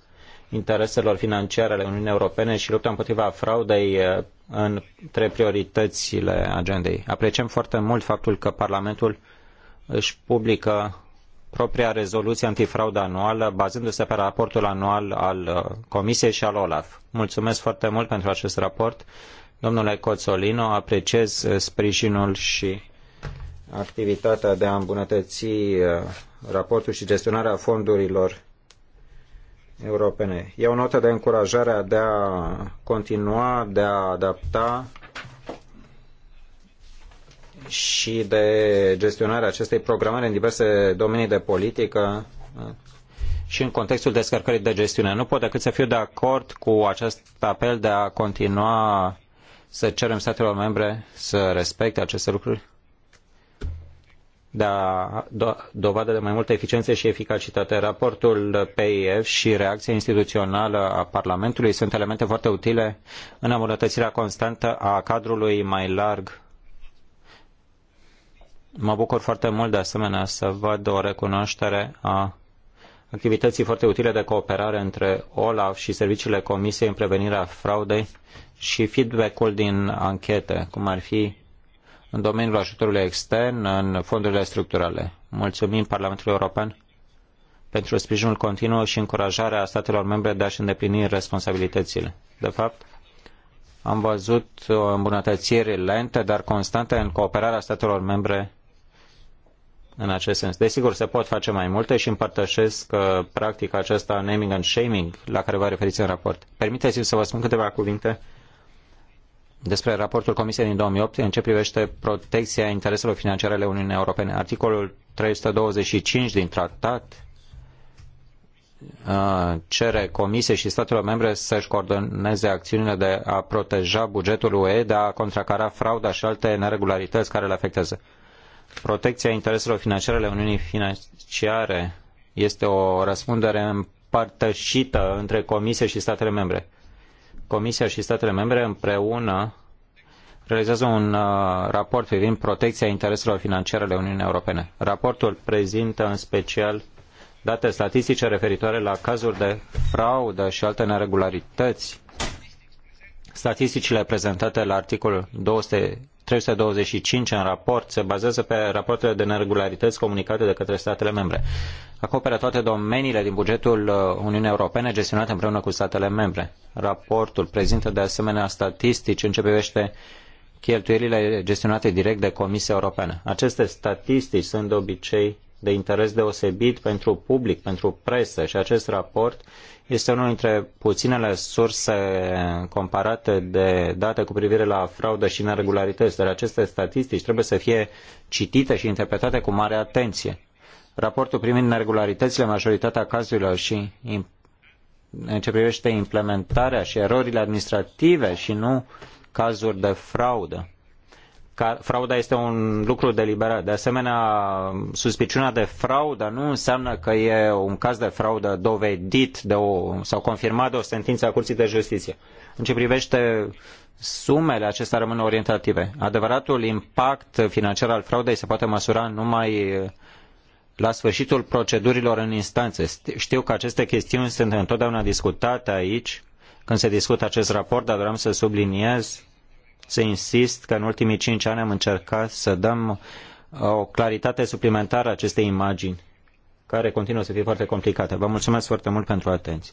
intereselor financiare ale Uniunii Europene și lupta împotriva fraudei eh, între prioritățile agendei. Apreciem foarte mult faptul că Parlamentul își publică propria rezoluție antifraudă anuală, bazându-se pe raportul anual al eh, Comisiei și al OLAF. Mulțumesc foarte mult pentru acest raport. Domnule Coțolino, apreciez eh, sprijinul și activitatea de a îmbunătăți uh, raportul și gestionarea fondurilor europene. E o notă de încurajare de a continua, de a adapta și de gestionarea acestei programări în diverse domenii de politică uh, și în contextul descărcării de gestiune. Nu pot decât să fiu de acord cu acest apel de a continua să cerem statelor membre să respecte aceste lucruri de a do, dovadă de mai multă eficiență și eficacitate. Raportul PIF și reacția instituțională a Parlamentului sunt elemente foarte utile în îmbunătățirea constantă a cadrului mai larg. Mă bucur foarte mult de asemenea să văd o recunoaștere a activității foarte utile de cooperare între OLAF și serviciile Comisiei în prevenirea fraudei și feedback-ul din anchete, cum ar fi în domeniul ajutorului extern, în fondurile structurale. Mulțumim Parlamentului European pentru sprijinul continuu și încurajarea statelor membre de a-și îndeplini responsabilitățile. De fapt, am văzut o îmbunătățire lentă, dar constantă în cooperarea statelor membre în acest sens. Desigur, se pot face mai multe și împărtășesc uh, practica aceasta naming and shaming la care vă referiți în raport. Permiteți-mi să vă spun câteva cuvinte despre raportul Comisiei din 2008 în ce privește protecția intereselor financiare ale Uniunii Europene. Articolul 325 din tratat uh, cere Comisiei și statelor membre să-și coordoneze acțiunile de a proteja bugetul UE, de a contracara frauda și alte neregularități care le afectează. Protecția intereselor financiare ale Uniunii Financiare este o răspundere împărtășită între Comisie și statele membre Comisia și statele membre împreună realizează un uh, raport privind protecția intereselor financiare ale Uniunii Europene. Raportul prezintă în special date statistice referitoare la cazuri de fraudă și alte neregularități. Statisticile prezentate la articolul 200 325 în raport se bazează pe rapoartele de neregularități comunicate de către statele membre. Acoperă toate domeniile din bugetul uh, Uniunii Europene gestionate împreună cu statele membre. Raportul prezintă de asemenea statistici în ce privește cheltuielile gestionate direct de Comisia Europeană. Aceste statistici sunt de obicei de interes deosebit pentru public, pentru presă și acest raport este unul dintre puținele surse comparate de date cu privire la fraudă și neregularități, dar aceste statistici trebuie să fie citite și interpretate cu mare atenție. Raportul privind neregularitățile, majoritatea cazurilor și în ce privește implementarea și erorile administrative și nu cazuri de fraudă frauda este un lucru deliberat. De asemenea, suspiciunea de fraudă nu înseamnă că e un caz de fraudă dovedit de o, sau confirmat de o sentință a Curții de Justiție. În ce privește sumele acestea rămân orientative. Adevăratul impact financiar al fraudei se poate măsura numai la sfârșitul procedurilor în instanțe. Știu că aceste chestiuni sunt întotdeauna discutate aici, când se discută acest raport, dar vreau să subliniez să insist că în ultimii cinci ani am încercat să dăm uh, o claritate suplimentară acestei imagini, care continuă să fie foarte complicată. Vă mulțumesc foarte mult pentru atenție.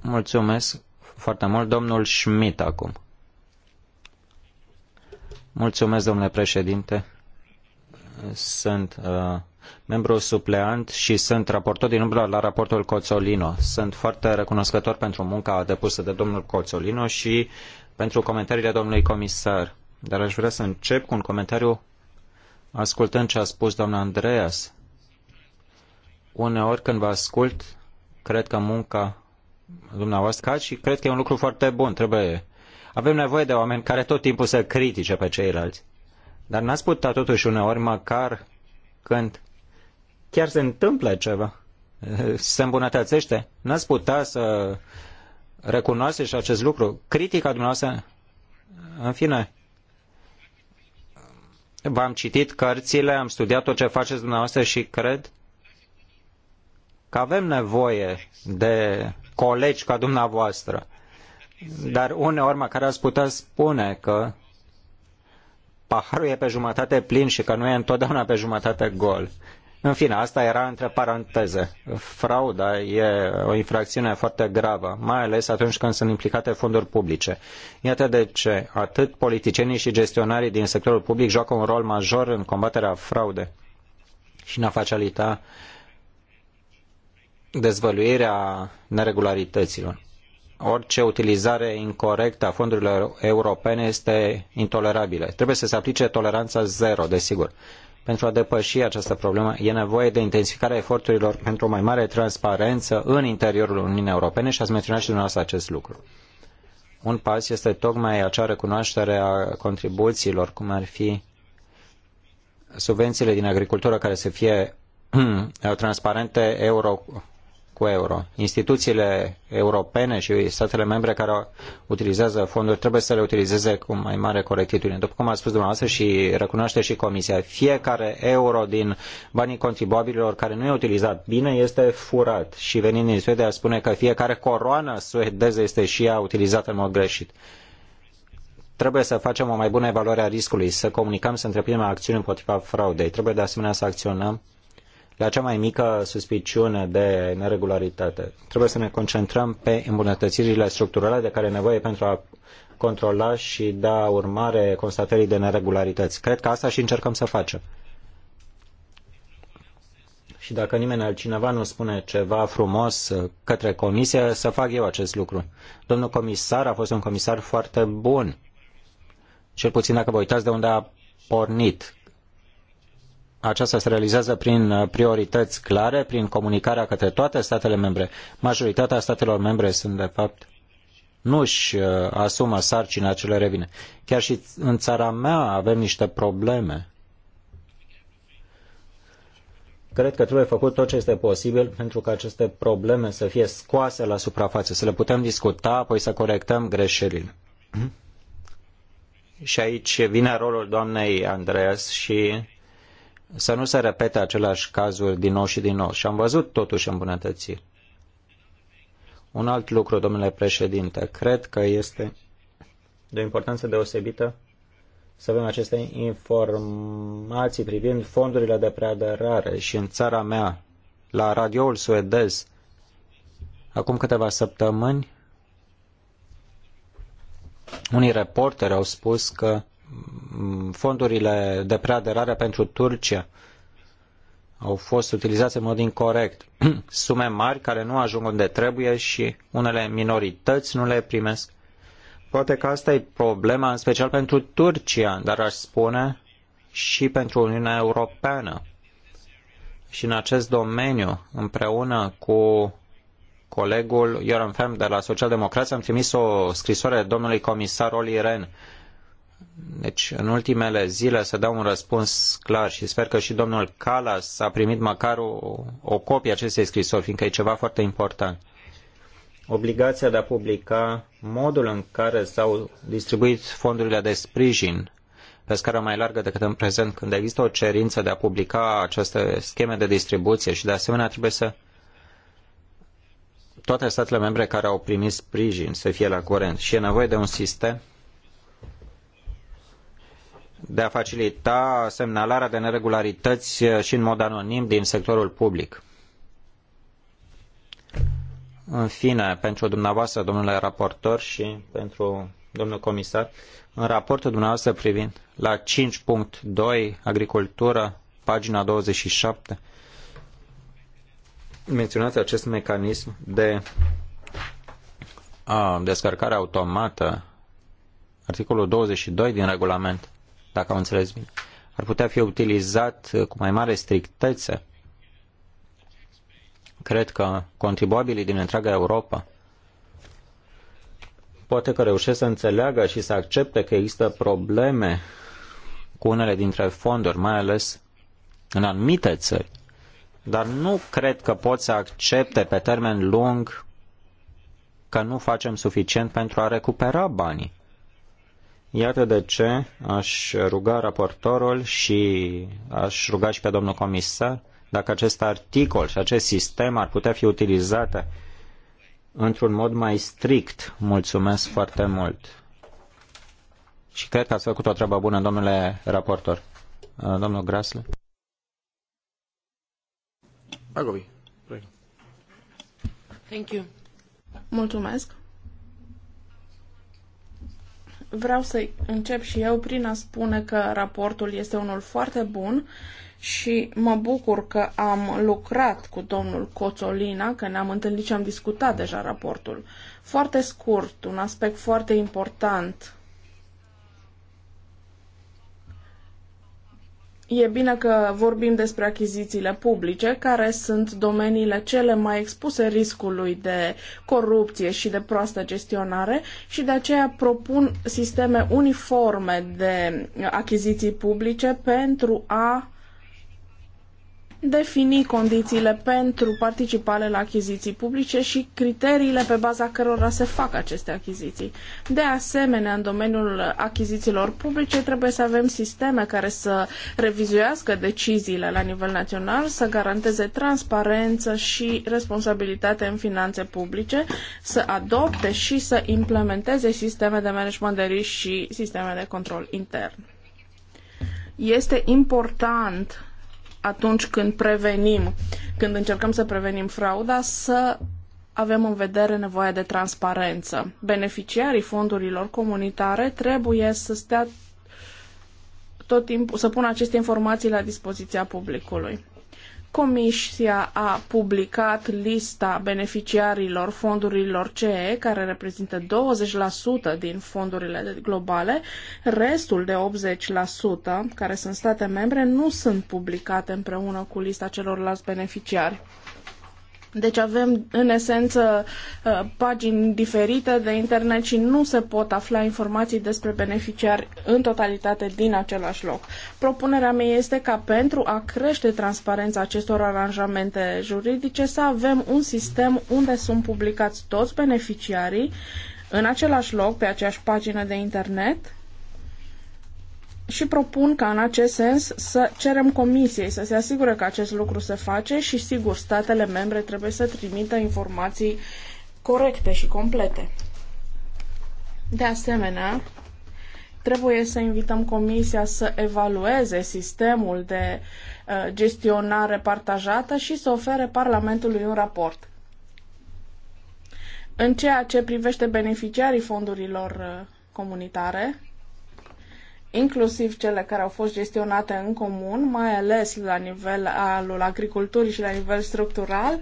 Mulțumesc foarte mult, domnul Schmidt acum. Mulțumesc, domnule președinte. Sunt uh, membru supleant și sunt raportor din umbră la raportul Cozzolino. Sunt foarte recunoscător pentru munca depusă de domnul Cozzolino și pentru comentariile domnului comisar. Dar aș vrea să încep cu un comentariu ascultând ce a spus doamna Andreas. Uneori când vă ascult, cred că munca dumneavoastră și cred că e un lucru foarte bun. Trebuie... Avem nevoie de oameni care tot timpul să critice pe ceilalți. Dar n-ați putea totuși uneori, măcar când chiar se întâmplă ceva, se îmbunătățește. N-ați putea să recunoaște și acest lucru. Critica dumneavoastră, în fine, v-am citit cărțile, am studiat tot ce faceți dumneavoastră și cred că avem nevoie de colegi ca dumneavoastră. Dar uneori măcar ați putea spune că paharul e pe jumătate plin și că nu e întotdeauna pe jumătate gol. În fine, asta era între paranteze. Frauda e o infracțiune foarte gravă, mai ales atunci când sunt implicate fonduri publice. Iată de ce atât politicienii și gestionarii din sectorul public joacă un rol major în combaterea fraudei și în a facilita dezvăluirea neregularităților. Orice utilizare incorrectă a fondurilor europene este intolerabilă. Trebuie să se aplice toleranța zero, desigur. Pentru a depăși această problemă, e nevoie de intensificarea eforturilor pentru o mai mare transparență în interiorul Uniunii Europene și ați menționat și dumneavoastră acest lucru. Un pas este tocmai acea recunoaștere a contribuțiilor, cum ar fi subvențiile din agricultură care să fie transparente euro cu euro. Instituțiile europene și statele membre care utilizează fonduri trebuie să le utilizeze cu mai mare corectitudine. După cum a spus dumneavoastră și recunoaște și Comisia, fiecare euro din banii contribuabililor care nu e utilizat bine este furat și venind din Suedia spune că fiecare coroană suedeză este și ea utilizată în mod greșit trebuie să facem o mai bună evaluare a riscului, să comunicăm, să întreprindem acțiuni împotriva fraudei. Trebuie de asemenea să acționăm la cea mai mică suspiciune de neregularitate. Trebuie să ne concentrăm pe îmbunătățirile structurale de care e nevoie pentru a controla și da urmare constatării de neregularități. Cred că asta și încercăm să facem. Și dacă nimeni altcineva nu spune ceva frumos către comisie, să fac eu acest lucru. Domnul comisar a fost un comisar foarte bun. Cel puțin dacă vă uitați de unde a pornit aceasta se realizează prin uh, priorități clare, prin comunicarea către toate statele membre. Majoritatea statelor membre sunt, de fapt, nu își uh, asumă sarcina ce le revine. Chiar și în țara mea avem niște probleme. Cred că trebuie făcut tot ce este posibil pentru ca aceste probleme să fie scoase la suprafață, să le putem discuta, apoi să corectăm greșelile. Și aici vine rolul doamnei Andreas și să nu se repete aceleași cazuri din nou și din nou. Și am văzut totuși îmbunătățiri. Un alt lucru, domnule președinte, cred că este de o importanță deosebită să avem aceste informații privind fondurile de preaderare și în țara mea, la radioul suedez, acum câteva săptămâni, unii reporteri au spus că fondurile de preaderare pentru Turcia au fost utilizate în mod incorrect. Sume mari care nu ajung unde trebuie și unele minorități nu le primesc. Poate că asta e problema, în special pentru Turcia, dar aș spune și pentru Uniunea Europeană. Și în acest domeniu, împreună cu colegul Ioran Fem de la Socialdemocrație, am trimis o scrisoare domnului comisar Oli Ren, deci, în ultimele zile să dau un răspuns clar și sper că și domnul Calas a primit măcar o, o copie acestei scrisori, fiindcă e ceva foarte important. Obligația de a publica modul în care s-au distribuit fondurile de sprijin pe scară mai largă decât în prezent, când există o cerință de a publica aceste scheme de distribuție și de asemenea trebuie să toate statele membre care au primit sprijin să fie la curent și e nevoie de un sistem de a facilita semnalarea de neregularități uh, și în mod anonim din sectorul public. În fine, pentru dumneavoastră, domnule raportor și pentru domnul comisar, în raportul dumneavoastră privind la 5.2, agricultură, pagina 27, menționați acest mecanism de a, descărcare automată, articolul 22 din regulament dacă am înțeles bine, ar putea fi utilizat cu mai mare strictețe. Cred că contribuabilii din întreaga Europa poate că reușesc să înțeleagă și să accepte că există probleme cu unele dintre fonduri, mai ales în anumite țări. Dar nu cred că pot să accepte pe termen lung că nu facem suficient pentru a recupera banii. Iată de ce aș ruga raportorul și aș ruga și pe domnul comisar dacă acest articol și acest sistem ar putea fi utilizate într-un mod mai strict. Mulțumesc foarte mult. Și cred că ați făcut o treabă bună, domnule raportor. Uh, domnul Grasle. Agovi. Thank you. Mulțumesc. Vreau să încep și eu prin a spune că raportul este unul foarte bun și mă bucur că am lucrat cu domnul Coțolina, că ne-am întâlnit și am discutat deja raportul. Foarte scurt, un aspect foarte important E bine că vorbim despre achizițiile publice, care sunt domeniile cele mai expuse riscului de corupție și de proastă gestionare și de aceea propun sisteme uniforme de achiziții publice pentru a defini condițiile pentru participare la achiziții publice și criteriile pe baza cărora se fac aceste achiziții. De asemenea, în domeniul achizițiilor publice trebuie să avem sisteme care să revizuiască deciziile la nivel național, să garanteze transparență și responsabilitate în finanțe publice, să adopte și să implementeze sisteme de management de risc și sisteme de control intern. Este important atunci când prevenim, când încercăm să prevenim frauda, să avem în vedere nevoia de transparență. Beneficiarii fondurilor comunitare trebuie să stea tot timpul, să pună aceste informații la dispoziția publicului. Comisia a publicat lista beneficiarilor fondurilor CE, care reprezintă 20% din fondurile globale. Restul de 80%, care sunt state membre, nu sunt publicate împreună cu lista celorlalți beneficiari. Deci avem, în esență, uh, pagini diferite de internet și nu se pot afla informații despre beneficiari în totalitate din același loc. Propunerea mea este ca pentru a crește transparența acestor aranjamente juridice să avem un sistem unde sunt publicați toți beneficiarii în același loc, pe aceeași pagină de internet și propun ca în acest sens să cerem comisiei să se asigure că acest lucru se face și sigur statele membre trebuie să trimită informații corecte și complete. De asemenea, trebuie să invităm comisia să evalueze sistemul de uh, gestionare partajată și să ofere Parlamentului un raport. În ceea ce privește beneficiarii fondurilor uh, comunitare, inclusiv cele care au fost gestionate în comun, mai ales la nivel al agriculturii și la nivel structural,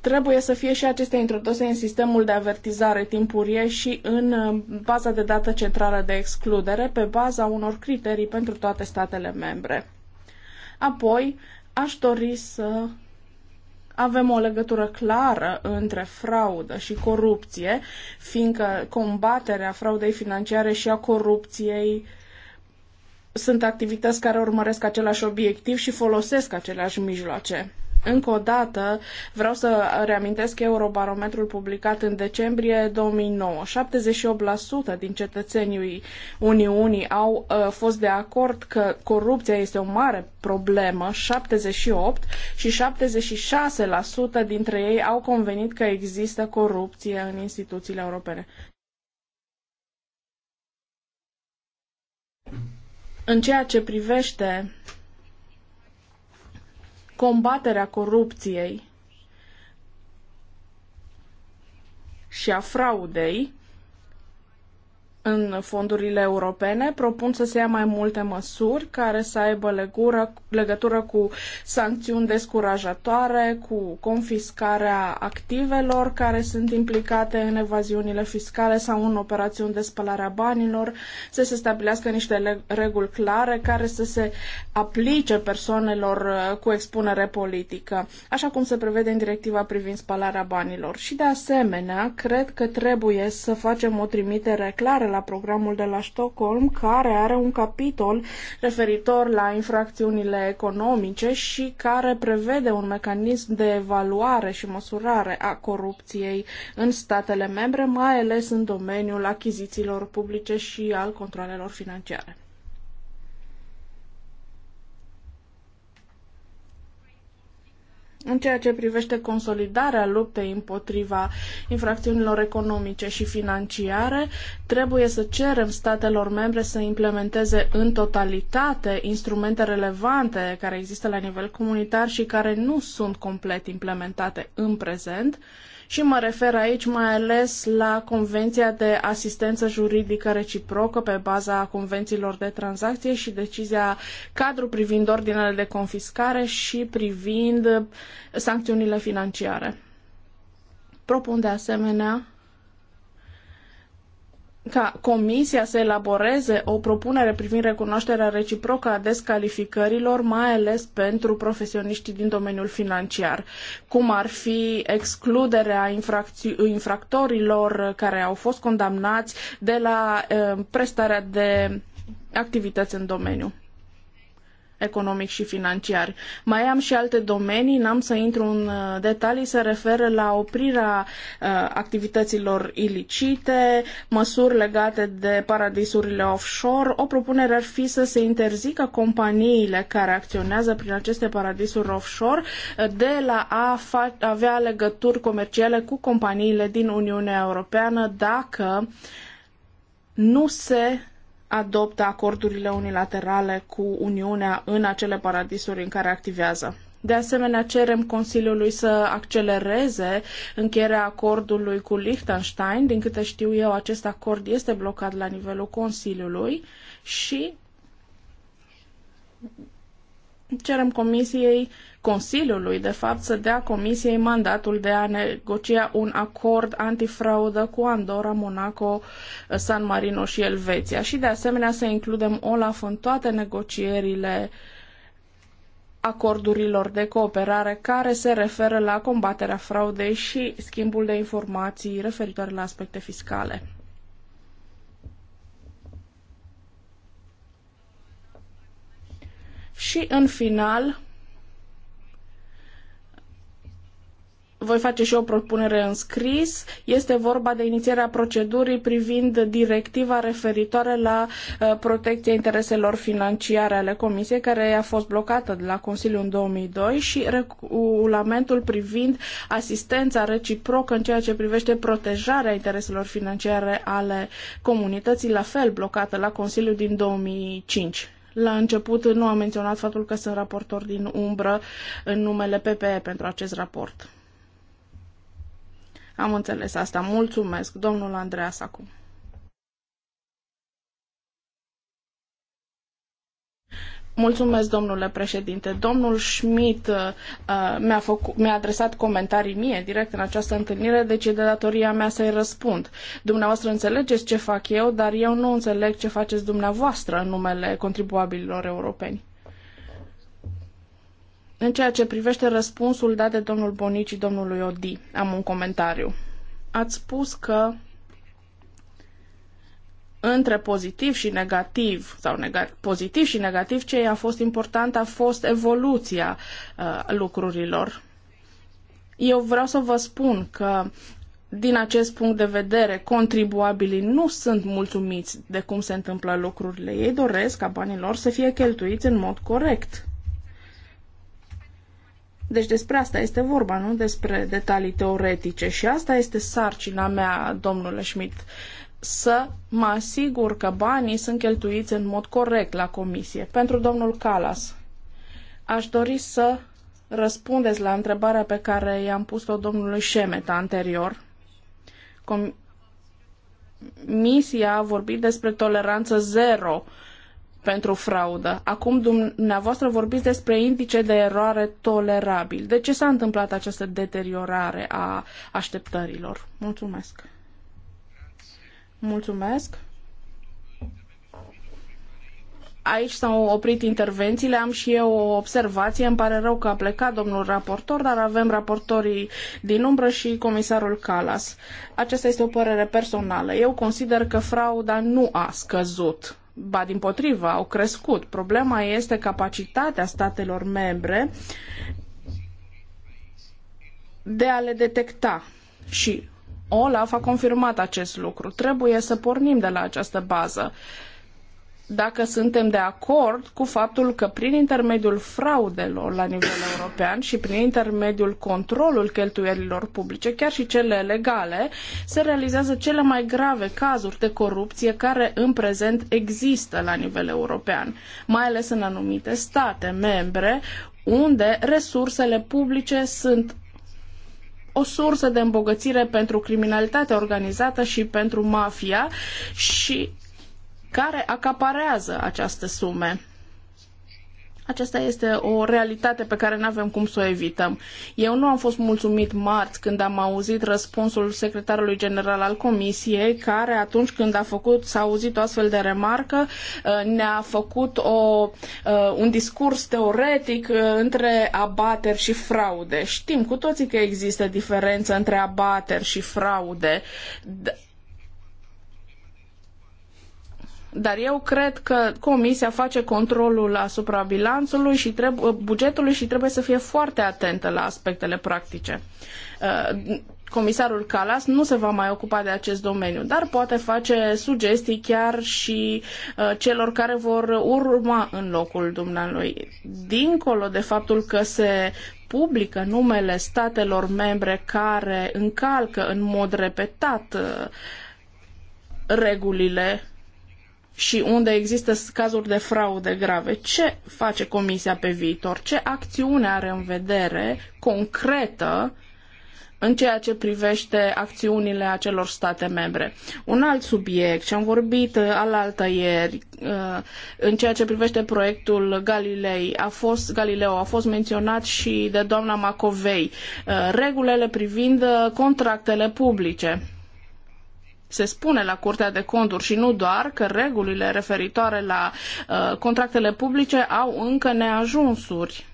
trebuie să fie și acestea introduse în sistemul de avertizare timpurie și în uh, baza de dată centrală de excludere, pe baza unor criterii pentru toate statele membre. Apoi, aș dori să avem o legătură clară între fraudă și corupție, fiindcă combaterea fraudei financiare și a corupției sunt activități care urmăresc același obiectiv și folosesc aceleași mijloace. Încă o dată vreau să reamintesc Eurobarometrul publicat în decembrie 2009. 78% din cetățenii Uniunii au uh, fost de acord că corupția este o mare problemă, 78 și 76% dintre ei au convenit că există corupție în instituțiile europene. În ceea ce privește combaterea corupției și a fraudei în fondurile europene, propun să se ia mai multe măsuri care să aibă legură, legătură cu sancțiuni descurajatoare, cu confiscarea activelor care sunt implicate în evaziunile fiscale sau în operațiuni de spălare a banilor, să se stabilească niște reguli clare care să se aplice persoanelor uh, cu expunere politică, așa cum se prevede în directiva privind spălarea banilor. Și de asemenea, cred că trebuie să facem o trimitere clară la programul de la Stockholm, care are un capitol referitor la infracțiunile economice și care prevede un mecanism de evaluare și măsurare a corupției în statele membre, mai ales în domeniul achizițiilor publice și al controlelor financiare. În ceea ce privește consolidarea luptei împotriva infracțiunilor economice și financiare, trebuie să cerem statelor membre să implementeze în totalitate instrumente relevante care există la nivel comunitar și care nu sunt complet implementate în prezent, și mă refer aici mai ales la Convenția de Asistență Juridică Reciprocă pe baza convențiilor de tranzacție și decizia cadru privind ordinele de confiscare și privind sancțiunile financiare. Propun de asemenea ca Comisia să elaboreze o propunere privind recunoașterea reciprocă a descalificărilor, mai ales pentru profesioniștii din domeniul financiar, cum ar fi excluderea infractorilor care au fost condamnați de la eh, prestarea de activități în domeniu economic și financiar. Mai am și alte domenii, n-am să intru în uh, detalii, se referă la oprirea uh, activităților ilicite, măsuri legate de paradisurile offshore. O propunere ar fi să se interzică companiile care acționează prin aceste paradisuri offshore uh, de la a avea legături comerciale cu companiile din Uniunea Europeană dacă nu se adoptă acordurile unilaterale cu Uniunea în acele paradisuri în care activează. De asemenea, cerem Consiliului să accelereze încheierea acordului cu Liechtenstein. Din câte știu eu, acest acord este blocat la nivelul Consiliului și cerem Comisiei, Consiliului, de fapt, să dea Comisiei mandatul de a negocia un acord antifraudă cu Andorra, Monaco, San Marino și Elveția și, de asemenea, să includem OLAF în toate negocierile acordurilor de cooperare care se referă la combaterea fraudei și schimbul de informații referitoare la aspecte fiscale. Și în final, voi face și o propunere în scris. Este vorba de inițierea procedurii privind directiva referitoare la uh, protecția intereselor financiare ale Comisiei, care a fost blocată de la Consiliu în 2002 și regulamentul privind asistența reciprocă în ceea ce privește protejarea intereselor financiare ale comunității, la fel blocată la Consiliu din 2005. La început nu am menționat faptul că sunt raportor din umbră în numele PPE pentru acest raport. Am înțeles asta. Mulțumesc, domnul Andreas, acum. Mulțumesc, domnule președinte. Domnul Schmidt uh, uh mi-a, mi-a adresat comentarii mie direct în această întâlnire, deci e de datoria mea să-i răspund. Dumneavoastră înțelegeți ce fac eu, dar eu nu înțeleg ce faceți dumneavoastră în numele contribuabililor europeni. În ceea ce privește răspunsul dat de domnul Bonici și domnului Odi, am un comentariu. Ați spus că între pozitiv și negativ, sau neg- pozitiv și negativ, ce a fost important a fost evoluția uh, lucrurilor. Eu vreau să vă spun că din acest punct de vedere, contribuabilii nu sunt mulțumiți de cum se întâmplă lucrurile. Ei doresc ca banii lor să fie cheltuiți în mod corect. Deci despre asta este vorba, nu despre detalii teoretice. Și asta este sarcina mea, domnule Schmidt. Uh, să mă asigur că banii sunt cheltuiți în mod corect la comisie. Pentru domnul Calas, aș dori să răspundeți la întrebarea pe care i-am pus-o domnului Șemeta anterior. Comisia a vorbit despre toleranță zero pentru fraudă. Acum dumneavoastră vorbiți despre indice de eroare tolerabil. De ce s-a întâmplat această deteriorare a așteptărilor? Mulțumesc. Mulțumesc. Aici s-au oprit intervențiile, am și eu o observație, îmi pare rău că a plecat domnul raportor, dar avem raportorii din umbră și comisarul Calas. Aceasta este o părere personală. Eu consider că frauda nu a scăzut ba din potrivă, au crescut. Problema este capacitatea statelor membre de a le detecta. Și Olaf a confirmat acest lucru. Trebuie să pornim de la această bază. Dacă suntem de acord cu faptul că prin intermediul fraudelor la nivel european și prin intermediul controlul cheltuielilor publice, chiar și cele legale, se realizează cele mai grave cazuri de corupție care în prezent există la nivel european, mai ales în anumite state membre unde resursele publice sunt o sursă de îmbogățire pentru criminalitatea organizată și pentru mafia și care acaparează aceste sume. Aceasta este o realitate pe care nu avem cum să o evităm. Eu nu am fost mulțumit marți când am auzit răspunsul secretarului general al Comisiei, care atunci când a făcut, s-a auzit o astfel de remarcă, uh, ne-a făcut o, uh, un discurs teoretic uh, între abateri și fraude. Știm cu toții că există diferență între abateri și fraude dar eu cred că comisia face controlul asupra bilanțului și treb- bugetului și trebuie să fie foarte atentă la aspectele practice. Uh, comisarul Kallas nu se va mai ocupa de acest domeniu, dar poate face sugestii chiar și uh, celor care vor urma în locul dumnealui. Dincolo de faptul că se publică numele statelor membre care încalcă în mod repetat uh, regulile și unde există cazuri de fraude grave, ce face Comisia pe viitor? Ce acțiune are în vedere concretă în ceea ce privește acțiunile acelor state membre. Un alt subiect, și am vorbit uh, alaltă ieri, uh, în ceea ce privește proiectul Galilei, a fost, Galileo a fost menționat și de doamna Macovei, uh, regulile privind contractele publice se spune la Curtea de Conturi și nu doar că regulile referitoare la uh, contractele publice au încă neajunsuri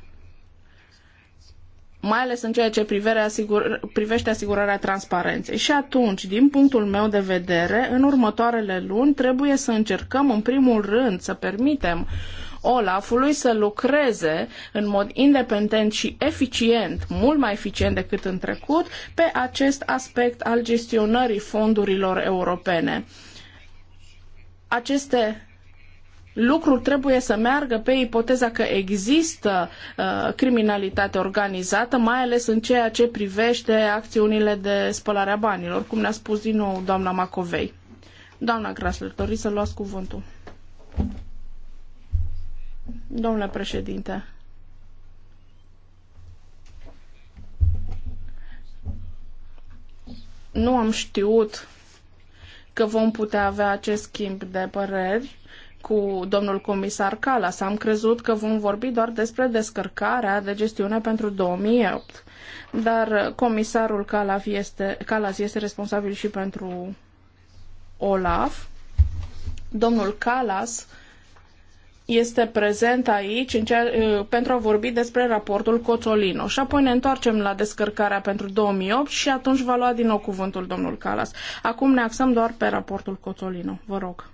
mai ales în ceea ce asigur... privește asigurarea transparenței. Și atunci, din punctul meu de vedere, în următoarele luni trebuie să încercăm în primul rând să permitem uh, Olafului să lucreze în mod independent și eficient, mult mai eficient decât în trecut, pe acest aspect al gestionării fondurilor europene. Aceste lucruri trebuie să meargă pe ipoteza că există uh, criminalitate organizată, mai ales în ceea ce privește acțiunile de spălare a banilor, cum ne-a spus din nou doamna Macovei. Doamna Grasler, doriți să luați cuvântul. Domnule președinte, nu am știut că vom putea avea acest schimb de păreri cu domnul comisar Calas. Am crezut că vom vorbi doar despre descărcarea de gestiune pentru 2008. Dar comisarul Calas este, Calas este responsabil și pentru Olaf. Domnul Calas este prezent aici în cea, uh, pentru a vorbi despre raportul Coțolino. Și apoi ne întoarcem la descărcarea pentru 2008 și atunci va lua din nou cuvântul domnul Calas. Acum ne axăm doar pe raportul Cotolino. Vă rog.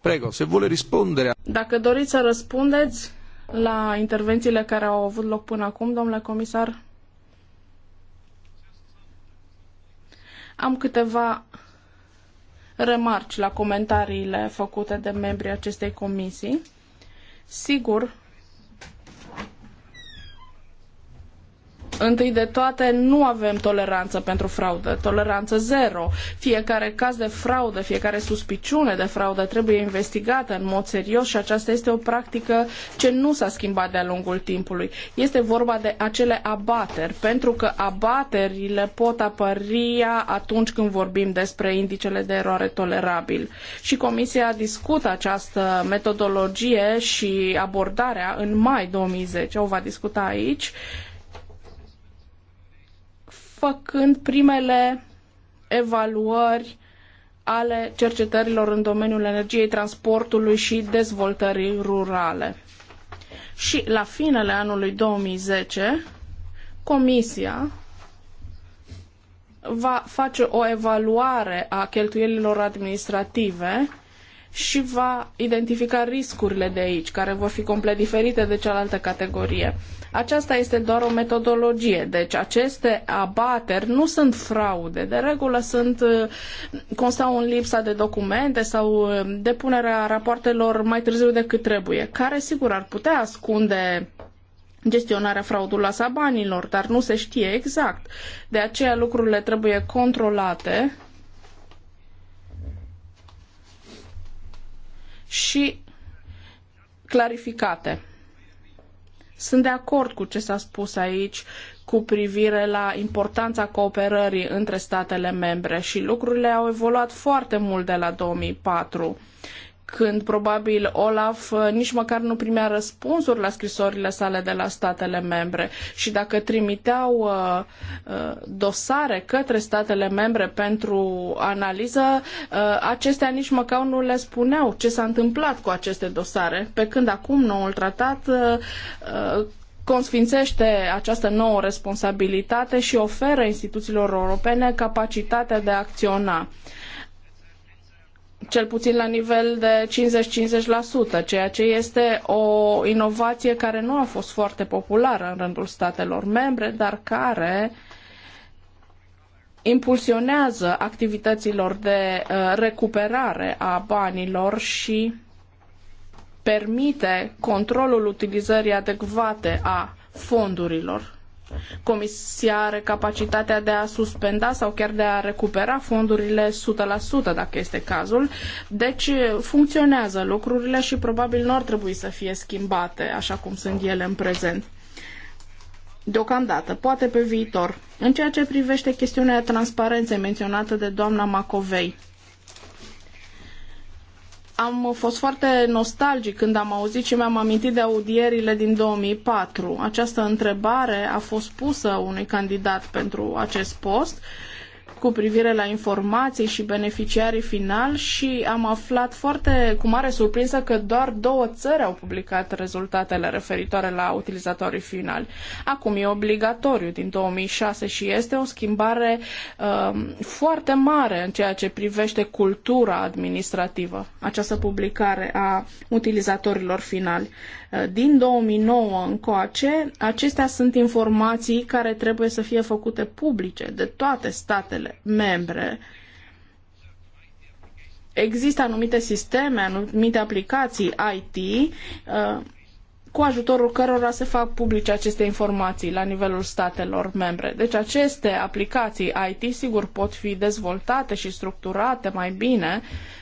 Prego, se vole răspundere. Dacă doriți să răspundeți la intervențiile care au avut loc până acum, domnule comisar. Am câteva remarci la comentariile făcute de membrii acestei comisii. Sigur, Întâi de toate, nu avem toleranță pentru fraudă, toleranță zero. Fiecare caz de fraudă, fiecare suspiciune de fraudă trebuie investigată în mod serios și aceasta este o practică ce nu s-a schimbat de-a lungul timpului. Este vorba de acele abateri, pentru că abaterile pot apărea atunci când vorbim despre indicele de eroare tolerabil. Și Comisia discută această metodologie și abordarea în mai 2010. O va discuta aici făcând primele evaluări ale cercetărilor în domeniul energiei, transportului și dezvoltării rurale. Și la finele anului 2010, Comisia va face o evaluare a cheltuielilor administrative și va identifica riscurile de aici, care vor fi complet diferite de cealaltă categorie. Aceasta este doar o metodologie, deci aceste abateri nu sunt fraude, de regulă sunt, uh, constau în lipsa de documente sau uh, depunerea rapoartelor mai târziu decât trebuie, care sigur ar putea ascunde gestionarea frauduloasă a banilor, dar nu se știe exact. De aceea lucrurile trebuie controlate și clarificate. Sunt de acord cu ce s-a spus aici cu privire la importanța cooperării între statele membre și lucrurile au evoluat foarte mult de la 2004 când probabil Olaf uh, nici măcar nu primea răspunsuri la scrisorile sale de la statele membre și dacă trimiteau uh, uh, dosare către statele membre pentru analiză, acestea nici măcar nu le spuneau ce s-a întâmplat cu aceste dosare, pe când acum noul tratat consfințește această nouă responsabilitate și oferă instituțiilor europene capacitatea de a acționa. Uh, cel puțin la nivel de 50-50%, ceea ce este o inovație care nu a fost foarte populară în rândul statelor membre, dar care impulsionează activităților de uh, recuperare a banilor și permite controlul utilizării adecvate a fondurilor Comisia are capacitatea de a suspenda sau chiar de a recupera fondurile 100% dacă este cazul. Deci funcționează lucrurile și probabil nu ar trebui să fie schimbate așa cum sunt ele în prezent deocamdată, poate pe viitor. În ceea ce privește chestiunea transparenței menționată de doamna Macovei, am fost foarte nostalgic când am auzit și mi-am amintit de audierile din 2004. Această întrebare a fost pusă unui candidat pentru acest post cu privire la informații și beneficiarii final și am aflat foarte cu mare surprinsă că doar două țări au publicat rezultatele referitoare la utilizatorii finali. Acum e obligatoriu din 2006 și este o schimbare um, foarte mare în ceea ce privește cultura administrativă, această publicare a utilizatorilor finali. Din 2009 încoace, acestea sunt informații care trebuie să fie făcute publice de toate statele membre. Există anumite sisteme, anumite aplicații IT uh, cu ajutorul cărora se fac publice aceste informații la nivelul statelor membre. Deci aceste aplicații IT sigur pot fi dezvoltate și structurate mai bine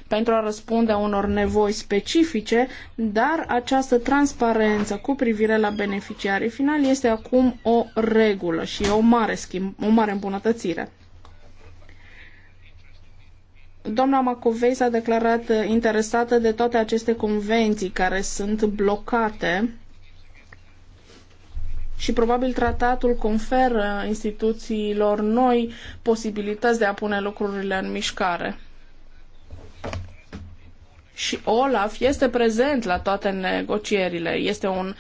pentru a răspunde unor nevoi specifice, dar această transparență cu privire la beneficiarii finali este acum o regulă și o mare schimb, o mare îmbunătățire. Doamna Macovei s-a declarat uh, interesată de toate aceste convenții care sunt blocate și probabil tratatul conferă instituțiilor noi posibilități de a pune lucrurile în mișcare. Și Olaf este prezent la toate negocierile, este un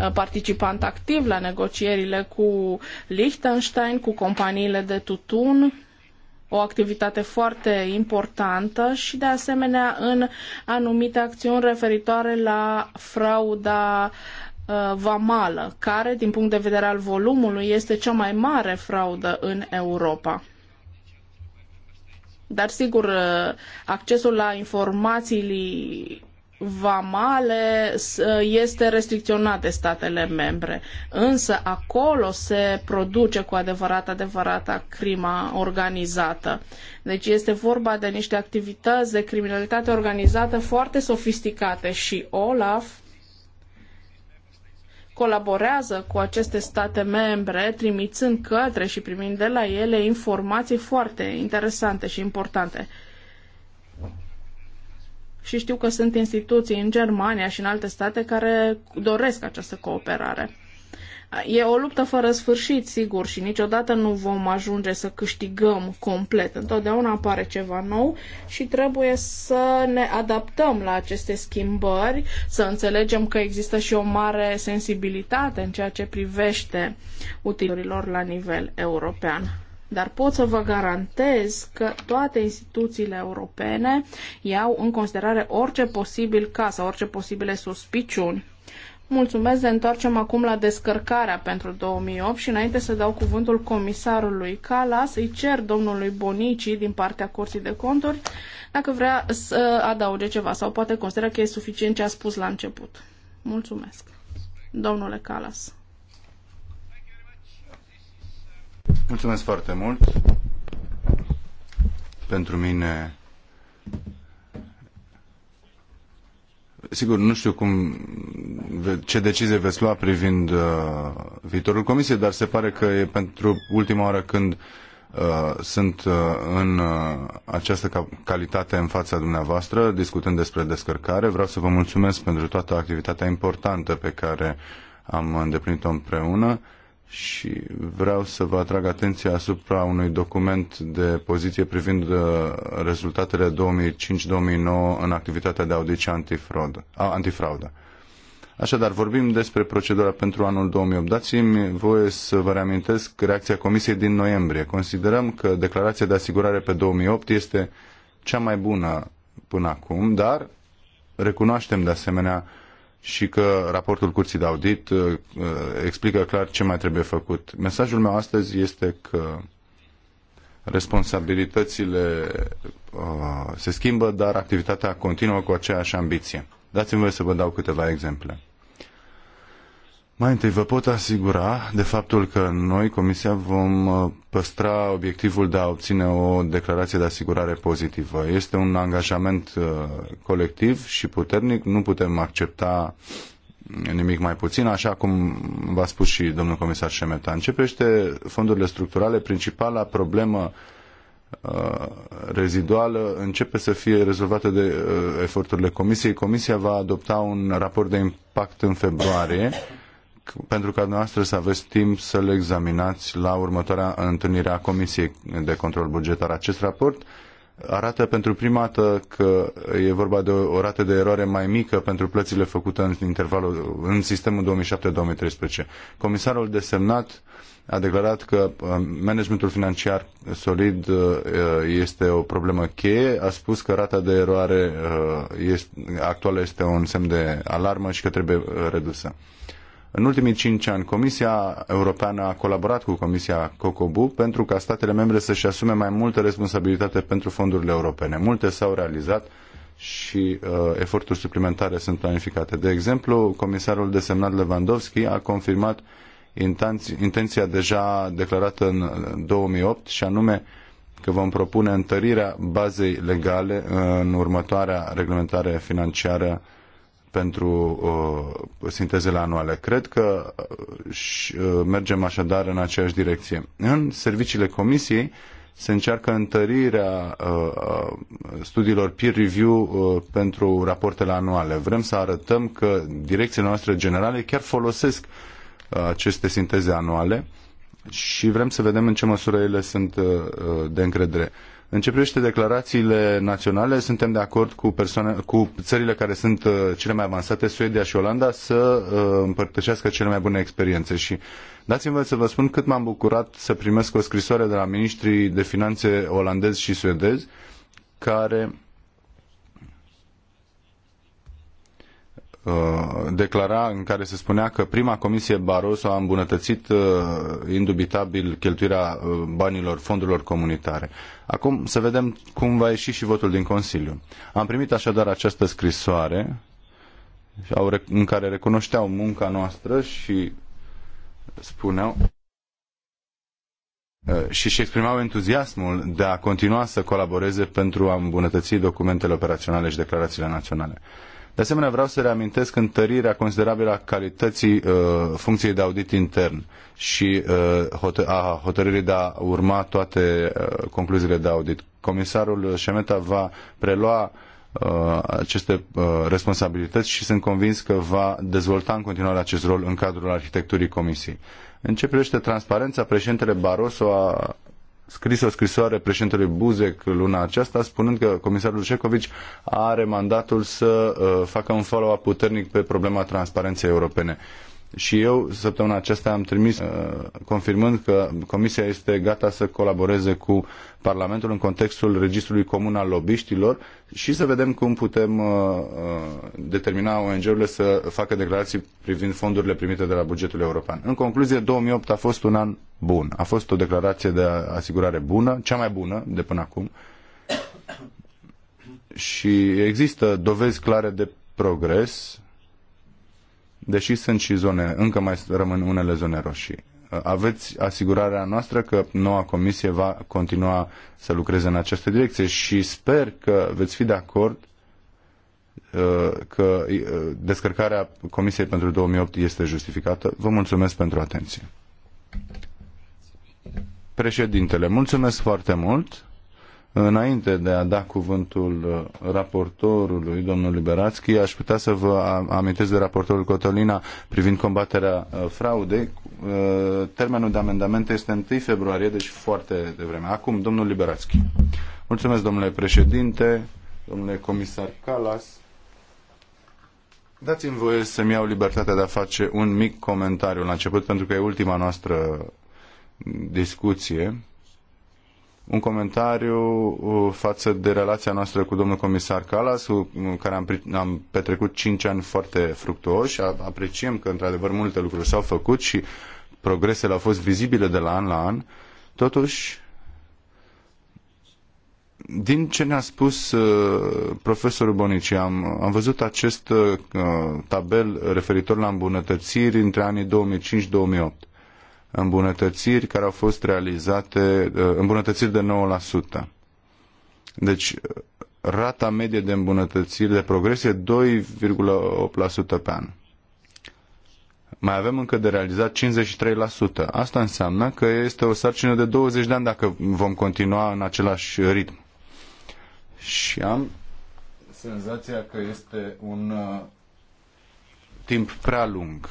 uh, participant activ la negocierile cu Liechtenstein, cu companiile de tutun, o activitate foarte importantă și de asemenea în anumite acțiuni referitoare la frauda uh, vamală, care, din punct de vedere al volumului, este cea mai mare fraudă în Europa. Dar, sigur, uh, accesul la informațiile vamale ă, este restricționat de statele membre. Însă acolo se produce cu adevărat adevărata crima organizată. Deci este vorba de niște activități de criminalitate organizată foarte sofisticate și Olaf colaborează cu aceste state membre, trimițând către și primind de la ele informații foarte interesante și importante și știu că sunt instituții în Germania și în alte state care doresc această cooperare. E o luptă fără sfârșit, sigur, și niciodată nu vom ajunge să câștigăm complet. Întotdeauna apare ceva nou și trebuie să ne adaptăm la aceste schimbări, să înțelegem că există și o mare sensibilitate în ceea ce privește utilizărilor la nivel european. Dar pot să vă garantez că toate instituțiile europene iau în considerare orice posibil caz sau orice posibile suspiciuni. Mulțumesc, ne întoarcem acum la descărcarea pentru 2008 și înainte să dau cuvântul comisarului Calas, îi cer domnului Bonici din partea Curții de Conturi dacă vrea să adauge ceva sau poate consideră că e suficient ce a spus la început. Mulțumesc. Domnule Calas. Mulțumesc foarte mult. Pentru mine Sigur, nu știu cum, ce decizie veți lua privind uh, viitorul comisiei, dar se pare că e pentru ultima oară când uh, sunt uh, în uh, această ca calitate în fața dumneavoastră, discutând despre descărcare. Vreau să vă mulțumesc pentru toată activitatea importantă pe care am îndeplinit-o împreună. Uh, și vreau să vă atrag atenția asupra unui document de poziție privind uh, rezultatele 2005-2009 în activitatea de audiție antifraudă. antifraudă. Așadar, vorbim despre procedura pentru anul 2008. Dați-mi voie să vă reamintesc reacția Comisiei din noiembrie. Considerăm că declarația de asigurare pe 2008 este cea mai bună până acum, dar recunoaștem de asemenea și că raportul Curții de Audit uh, uh, explică clar ce mai trebuie făcut. Mesajul meu astăzi este că responsabilitățile uh, se schimbă, dar activitatea continuă cu aceeași ambiție. Dați-mi voi să vă dau câteva exemple. Mai întâi vă pot asigura de faptul că noi, Comisia, vom uh, păstra obiectivul de a obține o declarație de asigurare pozitivă. Este un angajament uh, colectiv și puternic, nu putem accepta nimic mai puțin, așa cum v-a spus și domnul comisar Șemeta. Începește fondurile structurale, principala problemă uh, reziduală începe să fie rezolvată de eforturile Comisiei. Comisia va adopta un raport de impact în februarie pentru ca dumneavoastră să aveți timp să le examinați la următoarea întâlnire a Comisiei de Control Bugetar. Acest raport arată pentru prima dată că e vorba de o rată de eroare mai mică pentru plățile făcute în intervalul în sistemul 2007-2013. Comisarul desemnat a declarat că um, managementul financiar solid uh, este o problemă cheie, a spus că rata de eroare uh, actuală este un semn de alarmă și că trebuie uh, redusă. În ultimii cinci ani, Comisia Europeană a colaborat cu Comisia COCOBU pentru ca statele membre să-și asume mai multă responsabilitate pentru fondurile europene. Multe s-au realizat și uh, eforturi suplimentare sunt planificate. De exemplu, comisarul desemnat Lewandowski a confirmat intenția deja declarată în 2008 uh, și anume că vom propune întărirea bazei legale în următoarea reglementare financiară uh, pentru uh, sintezele anuale. Cred că uh, uh, mergem așadar în aceeași direcție. În serviciile comisiei se încearcă întărirea uh, uh, studiilor peer review uh, pentru rapoartele anuale. Vrem să arătăm că direcțiile noastre generale chiar folosesc uh, aceste sinteze anuale și vrem să vedem în ce măsură ele sunt uh, uh de încredere. Uh, în ce privește declarațiile naționale, suntem de acord cu, persoane, cu țările care sunt uh, cele mai avansate, Suedia și Olanda, să uh, împărtășească cele mai bune experiențe. Și dați-mi să vă spun cât m-am bucurat să primesc o scrisoare de la ministrii de finanțe olandezi și suedezi, care Uh, declara în care se spunea că prima comisie Barroso a îmbunătățit uh, indubitabil cheltuirea uh, banilor fondurilor comunitare. Acum să vedem cum va ieși și votul din Consiliu. Am primit așadar această scrisoare în care recunoșteau munca noastră și spuneau și își exprimau entuziasmul de a continua să colaboreze pentru a îmbunătăți documentele operaționale și declarațiile naționale. De asemenea, vreau să reamintesc întărirea considerabilă a calității uh, funcției de audit intern și uh, hot- a hotărârii de a urma toate uh, concluziile de audit. Comisarul Șemeta va prelua uh, aceste uh, responsabilități și sunt convins că va dezvolta în continuare acest rol în cadrul arhitecturii Comisiei. În ce privește transparența, președintele Barroso a scris o scrisoare președintelui Buzek luna aceasta, spunând că comisarul Șecovici are mandatul să uh, facă un follow-up puternic pe problema transparenței europene și eu săptămâna aceasta am trimis uh, confirmând că Comisia este gata să colaboreze cu Parlamentul în contextul Registrului Comun al Lobiștilor și să vedem cum putem uh, uh, determina ONG-urile să facă declarații privind fondurile primite de la bugetul european. În concluzie, 2008 a fost un an bun. A fost o declarație de asigurare bună, cea mai bună de până acum. Și există dovezi clare de progres deși sunt și zone, încă mai rămân unele zone roșii. Uh, aveți asigurarea noastră că noua comisie va continua să lucreze în această direcție și sper că veți fi de acord uh, că uh, descărcarea Comisiei pentru 2008 este justificată. Vă mulțumesc pentru atenție. Președintele, mulțumesc foarte mult. Înainte de a da cuvântul uh, raportorului, domnul Liberațchi, aș putea să vă amintesc de raportorul Cotolina privind combaterea uh, fraudei. Uh, termenul de amendamente este 1 februarie, deci foarte devreme. Acum, domnul Liberațchi. Mulțumesc, domnule președinte, domnule comisar Calas. Dați-mi voie să-mi iau libertatea de a face un mic comentariu la început, pentru că e ultima noastră discuție un comentariu uh, față de relația noastră cu domnul comisar Calas, cu uh, care am, am petrecut cinci ani foarte fructuoși. Apreciem că, într-adevăr, multe lucruri s-au făcut și progresele au fost vizibile de la an la an. Totuși, din ce ne-a spus uh, profesorul Bonici, am, am văzut acest uh, tabel referitor la îmbunătățiri între anii 2005-2008 îmbunătățiri care au fost realizate, uh, îmbunătățiri de 9%. Deci uh, rata medie de îmbunătățiri de progresie, 2,8% pe an. Mai avem încă de realizat 53%. Asta înseamnă că este o sarcină de 20 de ani dacă vom continua în același ritm. Și am senzația că este un uh, timp prea lung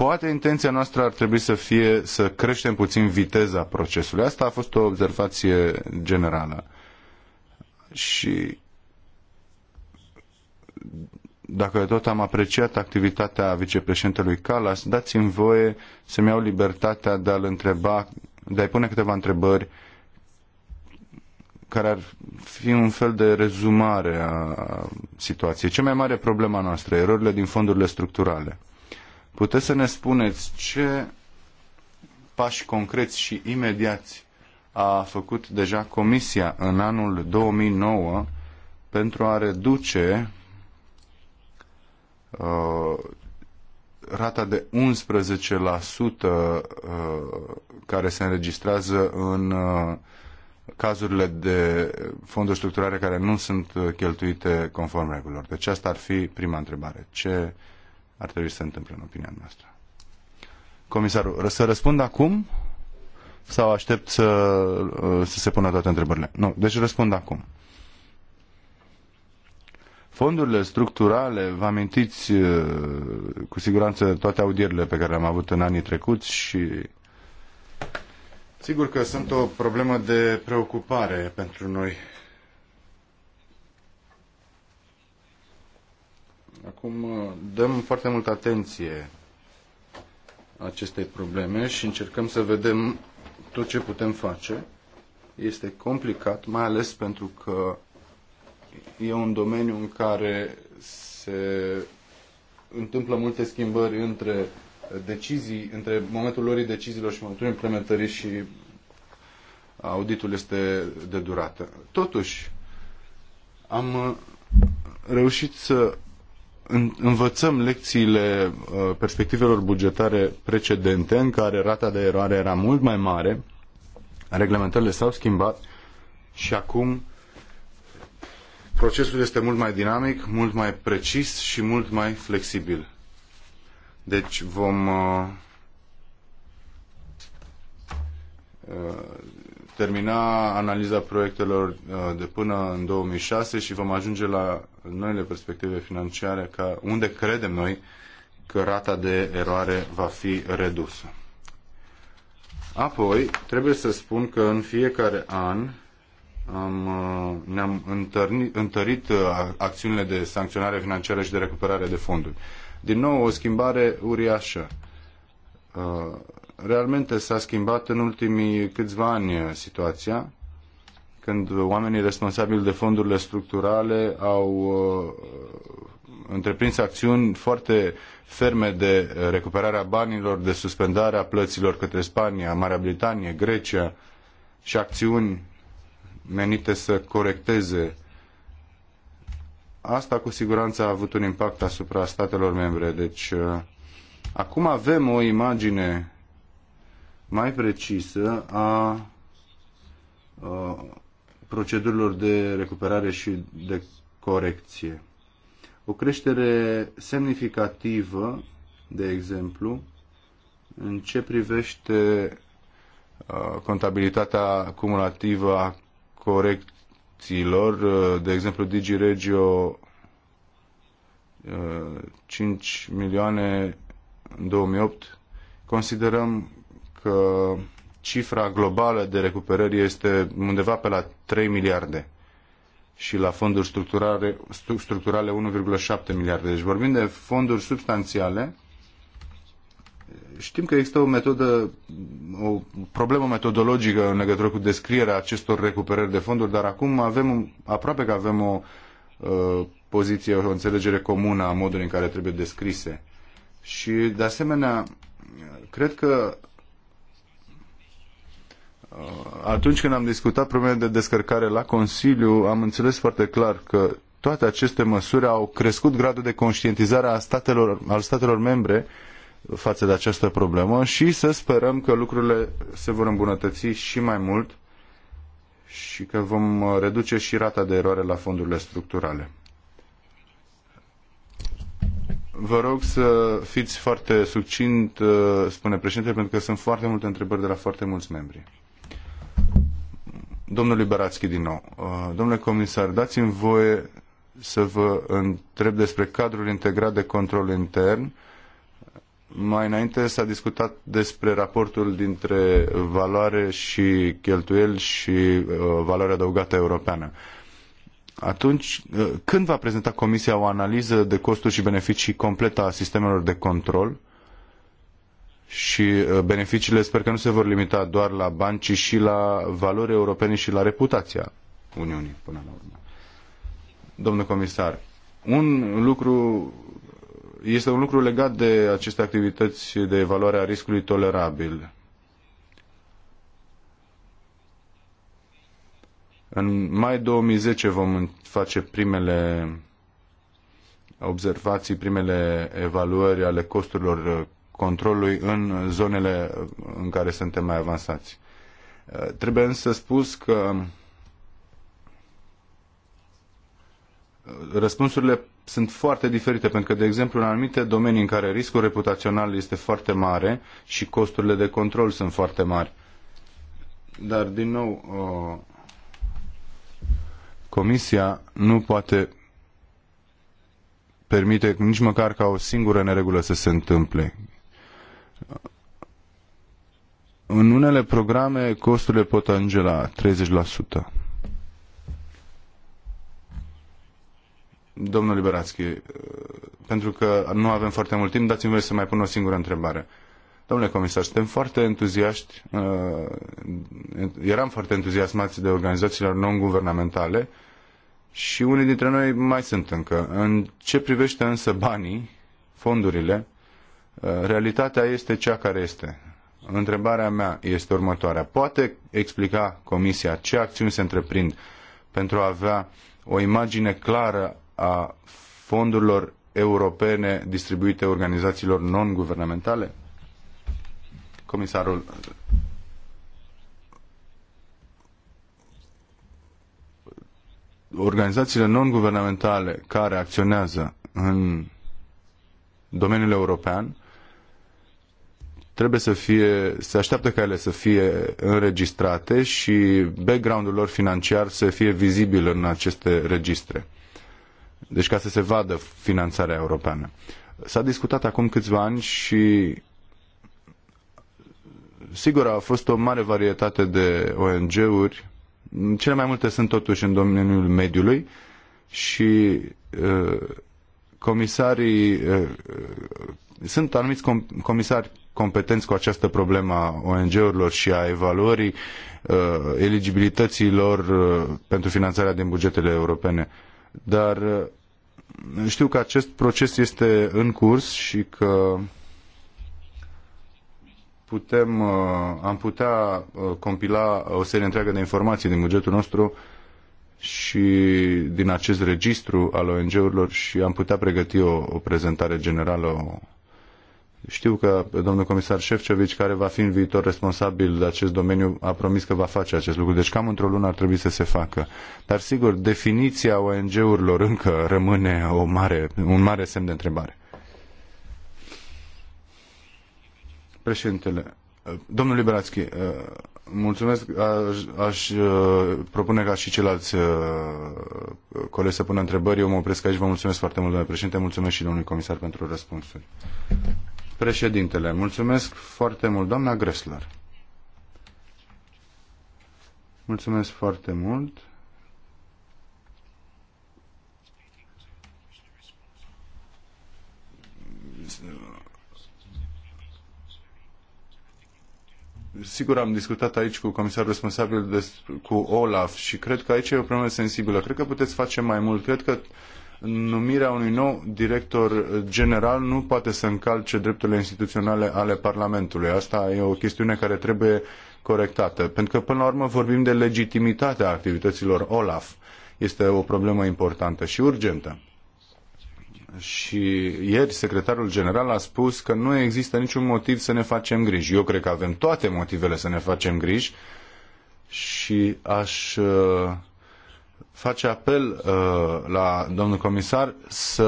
Poate intenția noastră ar trebui să fie să creștem puțin viteza procesului. Asta a fost o observație generală. Și dacă tot am apreciat activitatea vicepreședintelui Calas, dați-mi voie să-mi iau libertatea de a-l întreba, de a-i pune câteva întrebări care ar fi un fel de rezumare a situației. Cea mai mare problema noastră, erorile din fondurile structurale. Puteți să ne spuneți ce pași concreți și imediați a făcut deja Comisia în anul 2009 pentru a reduce uh, rata de 11% uh, care se înregistrează în uh, cazurile de fonduri structurare care nu sunt cheltuite conform regulilor. Deci asta ar fi prima întrebare. Ce ar trebui să se întâmple în opinia noastră. Comisarul, să răspund acum sau aștept să, uh, să se pună toate întrebările? Nu, deci răspund acum. Fondurile structurale, vă amintiți uh, cu siguranță toate audierile pe care le-am avut în anii trecuți și sigur că sunt o problemă de preocupare pentru noi Acum uh, dăm foarte multă atenție acestei probleme și încercăm să vedem tot ce putem face. Este complicat, mai ales pentru că e un domeniu în care se întâmplă multe schimbări între decizii, între momentul lor deciziilor și momentul implementării și auditul este de durată. Totuși, am uh, reușit să învățăm lecțiile uh, perspectivelor bugetare precedente, în care rata de eroare era mult mai mare, reglementările s-au schimbat și acum procesul este mult mai dinamic, mult mai precis și mult mai flexibil. Deci vom uh, uh, termina analiza proiectelor uh, de până în 2006 și vom ajunge la noile perspective financiare ca unde credem noi că rata de eroare va fi redusă. Apoi, trebuie să spun că în fiecare an am, uh, ne-am întărit, întărit uh, acțiunile de sancționare financiară și de recuperare de fonduri. Din nou, o schimbare uriașă realmente s-a schimbat în ultimii câțiva ani uh, situația, când oamenii responsabili de fondurile structurale au uh, întreprins acțiuni foarte ferme de recuperarea banilor, de suspendarea plăților către Spania, Marea Britanie, Grecia și acțiuni menite să corecteze asta cu siguranță a avut un impact asupra statelor membre. Deci uh, acum avem o imagine mai precisă a procedurilor de recuperare și de corecție. O creștere semnificativă, de exemplu, în ce privește contabilitatea cumulativă a corecțiilor, de exemplu DigiRegio 5 milioane în 2008, considerăm că cifra globală de recuperări este undeva pe la 3 miliarde și la fonduri structurale, structurale 1,7 miliarde. Deci vorbim de fonduri substanțiale. Știm că există o metodă, o problemă metodologică în legătură cu descrierea acestor recuperări de fonduri, dar acum avem, aproape că avem o uh, poziție, o înțelegere comună a modului în care trebuie descrise. Și, de asemenea, cred că Uh, atunci când am discutat problemele de descărcare la Consiliu, am înțeles foarte clar că toate aceste măsuri au crescut gradul de conștientizare a statelor, al statelor membre față de această problemă și să sperăm că lucrurile se vor îmbunătăți și mai mult și că vom uh, reduce și rata de eroare la fondurile structurale. Vă rog să fiți foarte succint, uh, spune președinte, pentru că sunt foarte multe întrebări de la foarte mulți membri. Domnule Liberațchi din nou. Uh, domnule comisar, dați-mi voie să vă întreb despre cadrul integrat de control intern. Mai înainte s-a discutat despre raportul dintre valoare și cheltuieli și uh, valoarea adăugată europeană. Atunci, uh, când va prezenta Comisia o analiză de costuri și beneficii completă a sistemelor de control și uh, beneficiile sper că nu se vor limita doar la bani, ci și la valori europene și la reputația Uniunii până la urmă. Domnul comisar, un lucru este un lucru legat de aceste activități de evaluare a riscului tolerabil. În mai 2010 vom face primele observații, primele evaluări ale costurilor uh, controlului în zonele în care suntem mai avansați. Uh, trebuie însă spus că uh, răspunsurile sunt foarte diferite, pentru că, de exemplu, în anumite domenii în care riscul reputațional este foarte mare și costurile de control sunt foarte mari. Dar, din nou, uh, Comisia nu poate permite nici măcar ca o singură neregulă să se întâmple. În unele programe costurile pot ajunge la 30%. Domnul Liberațchi, eh, pentru că nu avem foarte mult timp, dați-mi voie să mai pun o singură întrebare. Domnule comisar, suntem foarte entuziaști, eh, eram foarte entuziasmați de organizațiile non-guvernamentale și unii dintre noi mai sunt încă. În ce privește însă banii, fondurile, Uh, realitatea este cea care este. Întrebarea mea este următoarea. Poate explica Comisia ce acțiuni se întreprind pentru a avea o imagine clară a fondurilor europene distribuite organizațiilor non-guvernamentale? Comisarul organizațiile non-guvernamentale care acționează în domeniul european trebuie să fie, se așteaptă ca ele să fie înregistrate și background-ul lor financiar să fie vizibil în aceste registre. Deci ca să se vadă finanțarea europeană. S-a discutat acum câțiva ani și sigur a fost o mare varietate de ONG-uri. Cele mai multe sunt totuși în domeniul mediului și uh, comisarii uh, sunt anumiți comisari competenți cu această problemă a ONG-urilor și a evaluării uh, eligibilității lor uh, pentru finanțarea din bugetele europene. Dar uh, știu că acest proces este în curs și că putem, uh, am putea uh, compila o serie întreagă de informații din bugetul nostru și din acest registru al ONG-urilor și am putea pregăti o, o prezentare generală, o știu că domnul comisar Șefcevici, care va fi în viitor responsabil de acest domeniu, a promis că va face acest lucru. Deci cam într-o lună ar trebui să se facă. Dar sigur, definiția ONG-urilor încă rămâne o mare, un mare semn de întrebare. Președintele, domnul Liberațchi, mulțumesc. Aș, aș propune ca și ceilalți colegi să pună întrebări. Eu mă opresc aici. Vă mulțumesc foarte mult, domnule președinte. Mulțumesc și domnului comisar pentru răspunsuri. Președintele, mulțumesc foarte mult, doamna Gressler. Mulțumesc foarte mult. Sigur, am discutat aici cu comisarul responsabil de, cu Olaf și cred că aici e o problemă sensibilă. Cred că puteți face mai mult. Cred că uh, numirea unui nou director general nu poate să încalce drepturile instituționale ale Parlamentului. Asta e o chestiune care trebuie corectată, pentru că până la urmă vorbim de legitimitatea activităților OLAF. Este o problemă importantă și urgentă. Și ieri secretarul general a spus că nu există niciun motiv să ne facem griji. Eu cred că avem toate motivele să ne facem griji și aș uh, face apel uh, la domnul comisar să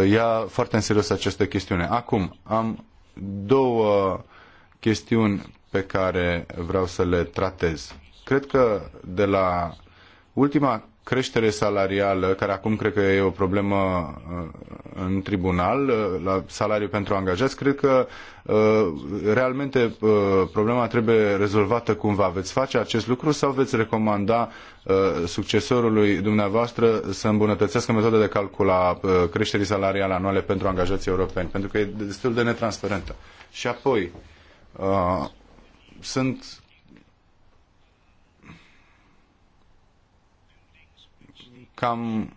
uh, ia foarte în serios această chestiune. Acum, am două chestiuni pe care vreau să le tratez. Cred că de la ultima creștere salarială, care acum cred că e o problemă uh, în tribunal, uh, la salariu pentru angajați, cred că uh, realmente problema trebuie rezolvată cumva. Veți face acest lucru sau veți recomanda succesorului dumneavoastră să îmbunătățească metoda de calcul a creșterii salariale anuale pentru angajații europeni? Pentru că e destul de netransparentă. Și apoi, sunt cam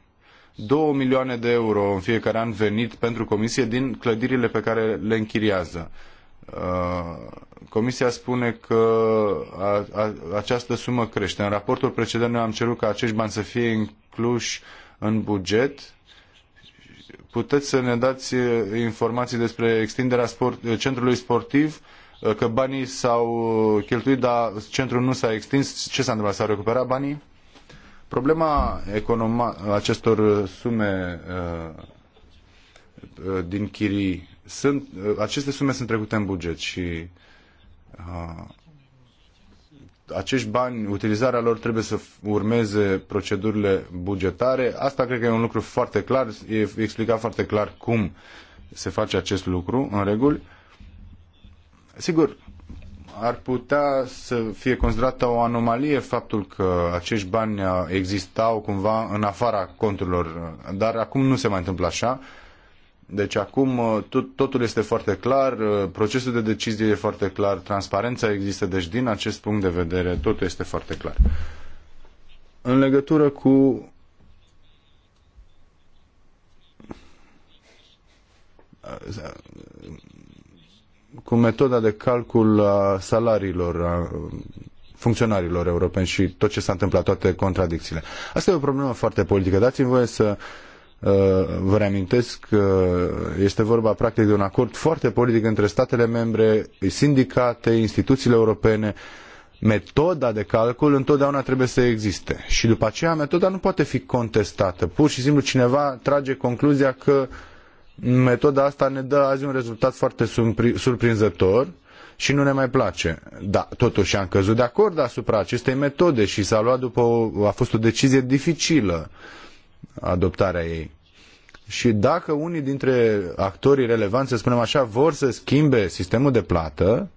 2 milioane de euro în fiecare an venit pentru comisie din clădirile pe care le închiriază. Uh, comisia spune că această sumă crește. În raportul precedent noi am cerut ca acești bani să fie incluși în buget. Puteți să ne dați uh, informații despre extinderea sport, uh, centrului sportiv, că banii s-au cheltuit, dar centrul nu s-a extins. Ce s-a întâmplat? S-au recuperat banii? Problema economa- acestor sume uh, uh, din chirii sunt, uh, aceste sume sunt trecute în buget și uh, acești bani, utilizarea lor trebuie să urmeze procedurile bugetare. Asta cred că e un lucru foarte clar, e explicat foarte clar cum se face acest lucru în reguli. Sigur, ar putea să fie considerată o anomalie faptul că acești bani existau cumva în afara conturilor, dar acum nu se mai întâmplă așa. Deci acum uh, tot, totul este foarte clar, uh, procesul de decizie e foarte clar, transparența există, deci din acest punct de vedere totul este foarte clar. În legătură cu cu metoda de calcul a salariilor, a funcționarilor europeni și tot ce s-a întâmplat, toate contradicțiile. Asta e o problemă foarte politică. Dați-mi voie să uh, vă reamintesc că este vorba practic de un acord foarte politic între statele membre, sindicate, instituțiile europene. Metoda de calcul întotdeauna trebuie să existe și după aceea metoda nu poate fi contestată. Pur și simplu cineva trage concluzia că uh, metoda asta ne dă azi un rezultat foarte surprinzător și nu ne mai place. Da, totuși am căzut de acord asupra acestei metode și s-a luat după o, a fost o decizie dificilă adoptarea ei. Și dacă unii dintre actorii relevanți, să spunem așa, vor să schimbe sistemul de plată,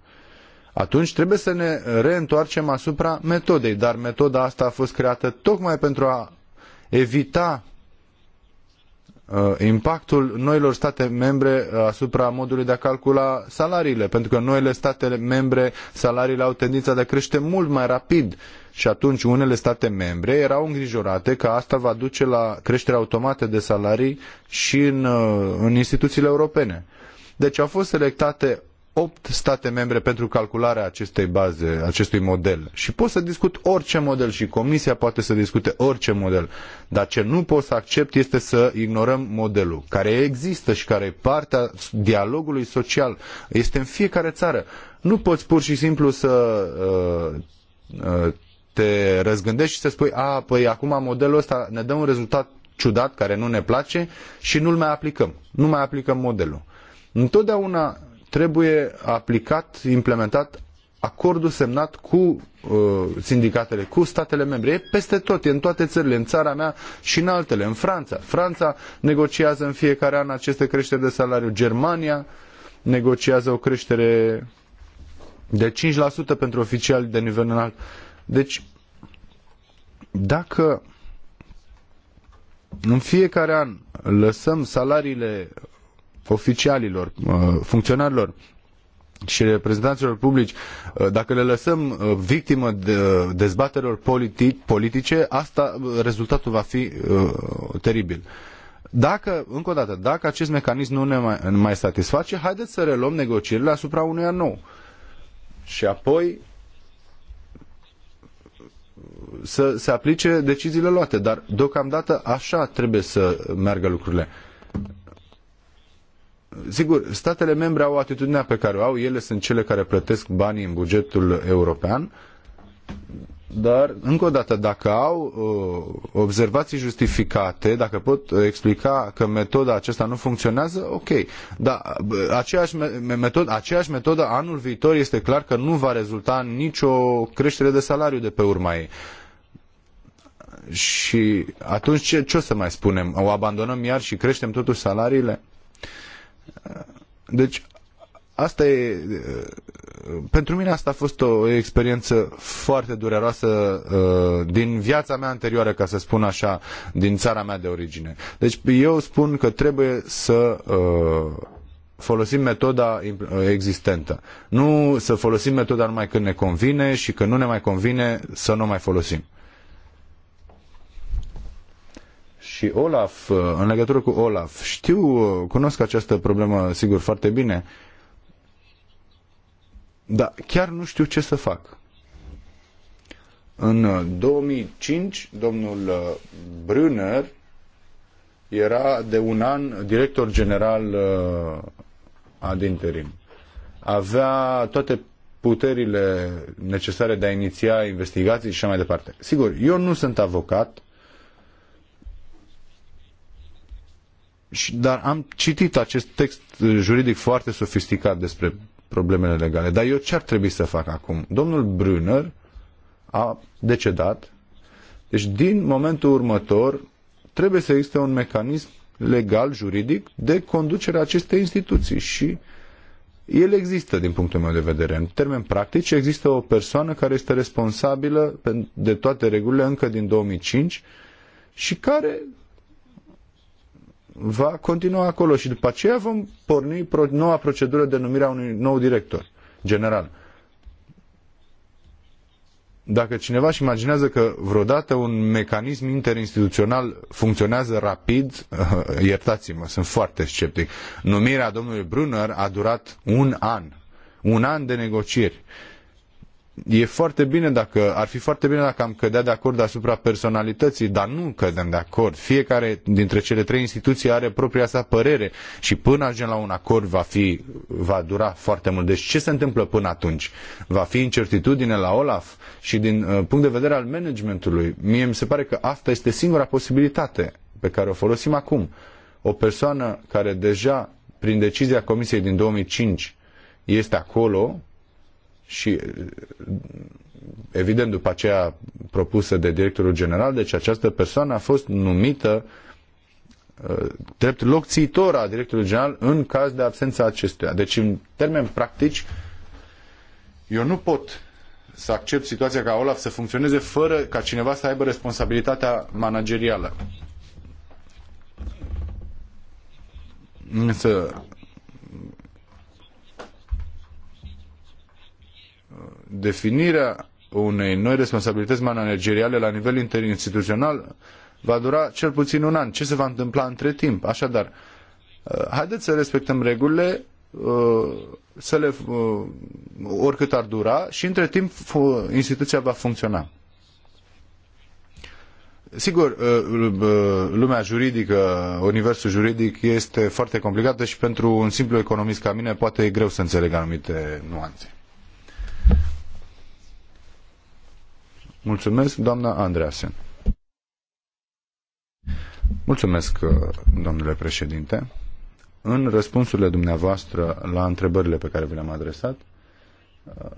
atunci trebuie să ne reîntoarcem asupra metodei. Dar metoda asta a fost creată tocmai pentru a evita Uh, impactul noilor state membre uh, asupra modului de a calcula salariile, pentru că noile state membre salariile au tendința de a crește mult mai rapid și atunci unele state membre erau îngrijorate că asta va duce la creșterea automată de salarii și în, uh, în instituțiile europene. Deci au fost selectate 8 state membre pentru calcularea acestei baze, acestui model. Și pot să discut orice model și Comisia poate să discute orice model. Dar ce nu pot să accept este să ignorăm modelul care există și care e partea dialogului social. Este în fiecare țară. Nu poți pur și simplu să uh, uh, te răzgândești și să spui, a, păi acum modelul ăsta ne dă un rezultat ciudat care nu ne place și nu-l mai aplicăm. Nu mai aplicăm modelul. Întotdeauna trebuie aplicat, implementat acordul semnat cu uh, sindicatele, cu statele membre. E peste tot, e în toate țările, în țara mea și în altele, în Franța. Franța negociază în fiecare an aceste creșteri de salariu. Germania negociază o creștere de 5% pentru oficiali de nivel înalt. Deci, dacă în fiecare an lăsăm salariile oficialilor, uh, funcționarilor și reprezentanților publici, uh, dacă le lăsăm uh, victimă de dezbaterilor politice, asta, rezultatul va fi teribil. Dacă, încă o dată, dacă acest mecanism nu ne mai, ne mai satisface, haideți să reluăm negocierile asupra unuia nou. Și apoi să se aplice deciziile luate. Dar deocamdată așa trebuie să meargă lucrurile. Sigur, statele membre au atitudinea pe care o au, ele sunt cele care plătesc banii în bugetul european, dar, încă o dată, dacă au uh, observații justificate, dacă pot explica că metoda aceasta nu funcționează, ok. Dar aceeași, me- metod, aceeași metodă anul viitor este clar că nu va rezulta nicio creștere de salariu de pe urma ei. Și atunci ce, ce o să mai spunem? O abandonăm iar și creștem totuși salariile? Deci, asta e. Pentru mine asta a fost o experiență foarte dureroasă uh, din viața mea anterioară, ca să spun așa, din țara mea de origine. Deci eu spun că trebuie să uh, folosim metoda uh, existentă. Nu să folosim metoda numai când ne convine și când nu ne mai convine să nu mai folosim. și Olaf, uh, în legătură cu Olaf, știu, uh, cunosc această problemă, sigur, foarte bine, dar chiar nu știu ce să fac. În 2005, uh, domnul Brunner era de un an director general ad interim. Avea toate puterile necesare de a iniția investigații și așa mai departe. Sigur, eu nu sunt avocat, dar am citit acest text juridic foarte sofisticat despre problemele legale. Dar eu ce ar trebui să fac acum? Domnul Brunner a decedat. Deci, din momentul următor, trebuie să existe un mecanism legal, juridic, de conducere a acestei instituții și el există din punctul meu de vedere. În termen practic. există o persoană care este responsabilă de toate regulile încă din 2005 și care va continua acolo și după aceea vom porni noua procedură de numire a unui nou director general. Dacă cineva își imaginează că vreodată un mecanism interinstituțional funcționează rapid, iertați-mă, sunt foarte sceptic. Numirea domnului Brunner a durat un an. Un an de negocieri. Uh, e foarte bine dacă, ar fi foarte bine dacă am cădea de acord asupra personalității, dar nu cădem de acord. Fiecare dintre cele trei instituții are propria sa părere și până ajungem la un acord va, fi, va dura foarte mult. Deci ce se întâmplă până atunci? Va fi incertitudine la Olaf și din uh, punct de vedere al managementului, mie mi se pare că asta este singura posibilitate pe care o folosim acum. O persoană care deja prin decizia Comisiei din 2005 este acolo, și evident după aceea propusă de directorul general, deci această persoană a fost numită uh, drept locțitor a directorului general în caz de absența acestuia. Deci, în termeni practici, eu nu pot să accept situația ca Olaf să funcționeze fără ca cineva să aibă responsabilitatea managerială. Însă, definirea unei noi responsabilități manageriale la nivel interinstituțional va dura cel puțin un an. Ce se va întâmpla între timp? Așadar, uh, haideți să respectăm regulile, uh, să le, uh, oricât ar dura și între timp instituția va funcționa. Sigur, lumea juridică, universul juridic este foarte complicată și pentru un simplu economist ca mine poate e greu să înțeleg anumite nuanțe. Mulțumesc, doamna Andreasen. Mulțumesc, uh, domnule președinte. În răspunsurile dumneavoastră la întrebările pe care vi le-am adresat, uh,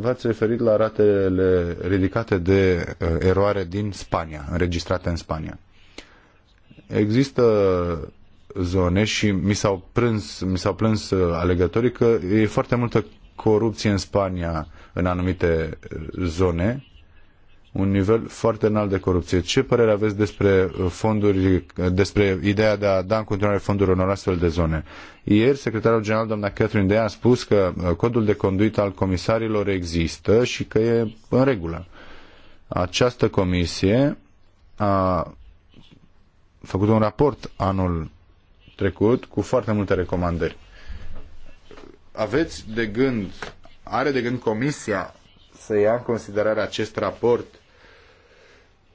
v-ați referit la ratele ridicate de uh, eroare din Spania, înregistrate în Spania. Există zone și mi s-au, prâns, mi s-au plâns alegătorii că e foarte multă corupție în Spania în anumite zone un nivel foarte înalt de corupție. Ce părere aveți despre uh, fonduri, uh, despre ideea de a da în continuare fonduri în astfel de zone? Ieri, secretarul general, doamna Catherine Dea, a spus că uh, codul de conduit al comisarilor există și că e în regulă. Această comisie a făcut un raport anul trecut cu foarte multe recomandări. Aveți de gând, are de gând comisia să ia în considerare acest raport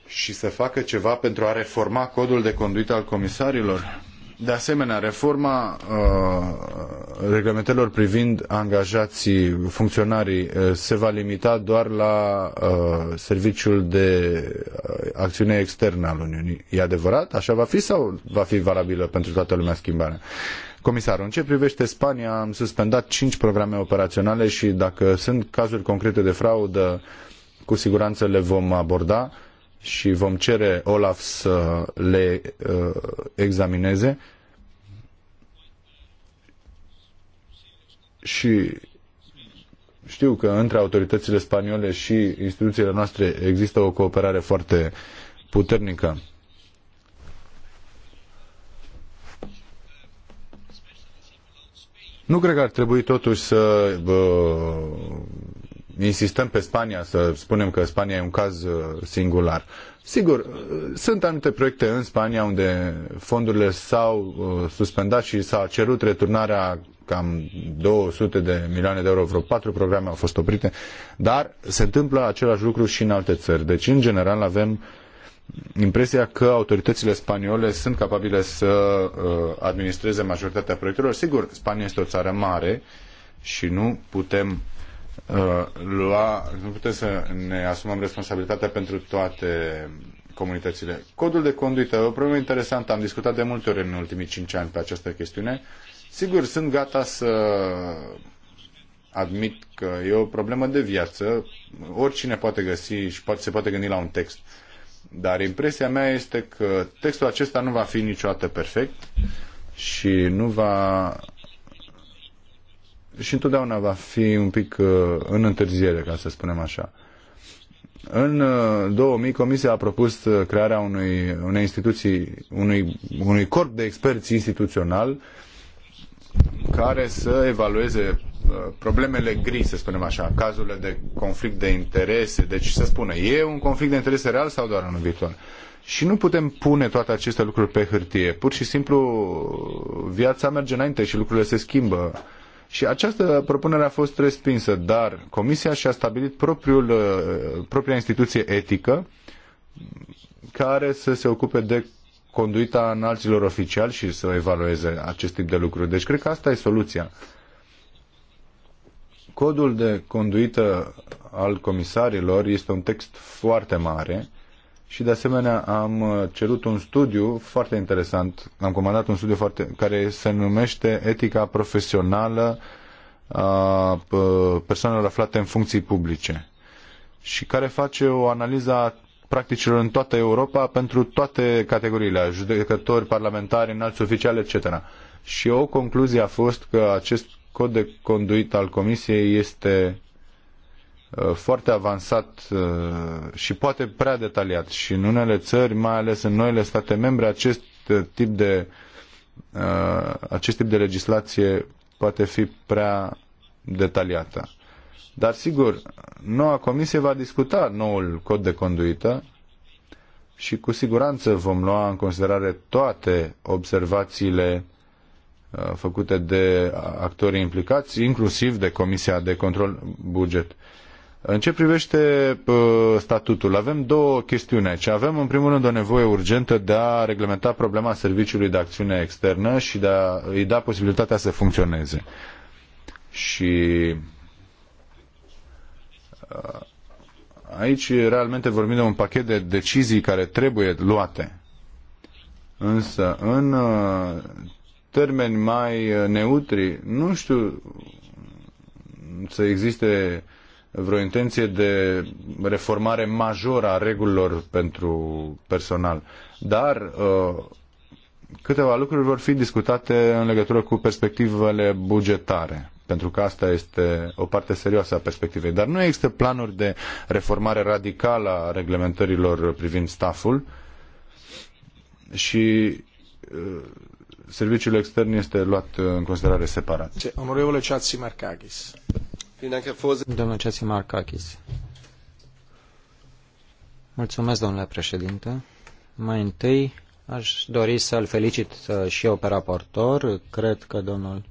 și să facă ceva pentru a reforma codul de conduită al comisarilor? De asemenea, reforma uh, reglementelor privind angajații, funcționarii, uh, se va limita doar la uh, serviciul de uh, acțiune externă al Uniunii. E adevărat? Așa va fi sau va fi valabilă pentru toată lumea schimbarea? Comisarul, în ce privește Spania, am suspendat cinci programe operaționale și dacă sunt cazuri concrete de fraudă, cu siguranță le vom aborda și vom cere Olaf să le uh, examineze. Și știu că între autoritățile spaniole și instituțiile noastre există o cooperare foarte puternică. Nu cred că ar trebui totuși să uh, insistăm pe Spania să spunem că Spania e un caz uh, singular. Sigur, uh, sunt anumite proiecte în Spania unde fondurile s-au uh, suspendat și s-a cerut returnarea cam 200 de milioane de euro, vreo patru programe au fost oprite, dar se întâmplă același lucru și în alte țări. Deci, în general, avem impresia că autoritățile spaniole sunt capabile să administreze majoritatea proiectelor. Sigur, Spania este o țară mare și nu putem Uh, lua, nu putem să ne asumăm responsabilitatea pentru toate comunitățile. Codul de conduită, o problemă interesantă, am discutat de multe ori în ultimii cinci ani pe această chestiune. Sigur, sunt gata să admit că e o problemă de viață, oricine poate găsi și poate, se poate gândi la un text. Dar impresia mea este că textul acesta nu va fi niciodată perfect și nu va și întotdeauna va fi un pic uh, în întârziere, ca să spunem așa. În 2000, uh, Comisia a propus uh, crearea unui, unei instituții, unui, unui corp de experți instituțional care să evalueze problemele gri, să spunem așa, cazurile de conflict de interese. Deci să spună, e un conflict de interese real sau doar unul virtual? Și nu putem pune toate aceste lucruri pe hârtie. Pur și simplu viața merge înainte și lucrurile se schimbă și această propunere a fost respinsă, dar Comisia și-a stabilit propriul, uh, propria instituție etică care să se ocupe de conduita înalților oficiali și să evalueze acest tip de lucruri. Deci cred că asta e soluția. Codul de conduită al comisarilor este un text foarte mare și de asemenea am uh, cerut un studiu foarte interesant, am comandat un studiu foarte, care se numește Etica profesională a uh, persoanelor aflate în funcții publice și care face o analiză a practicilor în toată Europa pentru toate categoriile, judecători, parlamentari, înalți oficiali, etc. Și o concluzie a fost că acest cod de conduit al Comisiei este Uh, foarte avansat uh, și poate prea detaliat și în unele țări, mai ales în noile state membre, acest uh, tip de acest tip de legislație poate fi prea detaliată. Dar sigur, noua comisie va discuta noul cod de conduită și cu siguranță vom lua în considerare toate observațiile făcute de actorii implicați, inclusiv de Comisia de Control Buget. În ce privește statutul, avem două chestiuni aici. Avem, în primul rând, o nevoie urgentă de a reglementa problema serviciului de acțiune externă și de a îi da posibilitatea să funcționeze. Și aici, realmente, vorbim de un pachet de decizii care trebuie luate. Însă, în termeni mai neutri, nu știu să existe vreo intenție de reformare majoră a regulilor pentru personal. Dar uh, câteva lucruri vor fi discutate în legătură cu perspectivele bugetare pentru că asta este o parte serioasă a perspectivei. Dar nu există planuri de reformare radicală a reglementărilor privind staful și uh, serviciul extern este luat în considerare separat. Onorevole Ciazzi Marcakis. Domnul Ceații Marcachis. Mulțumesc, domnule președinte. Mai întâi aș dori să-l felicit și eu pe raportor. Cred că domnul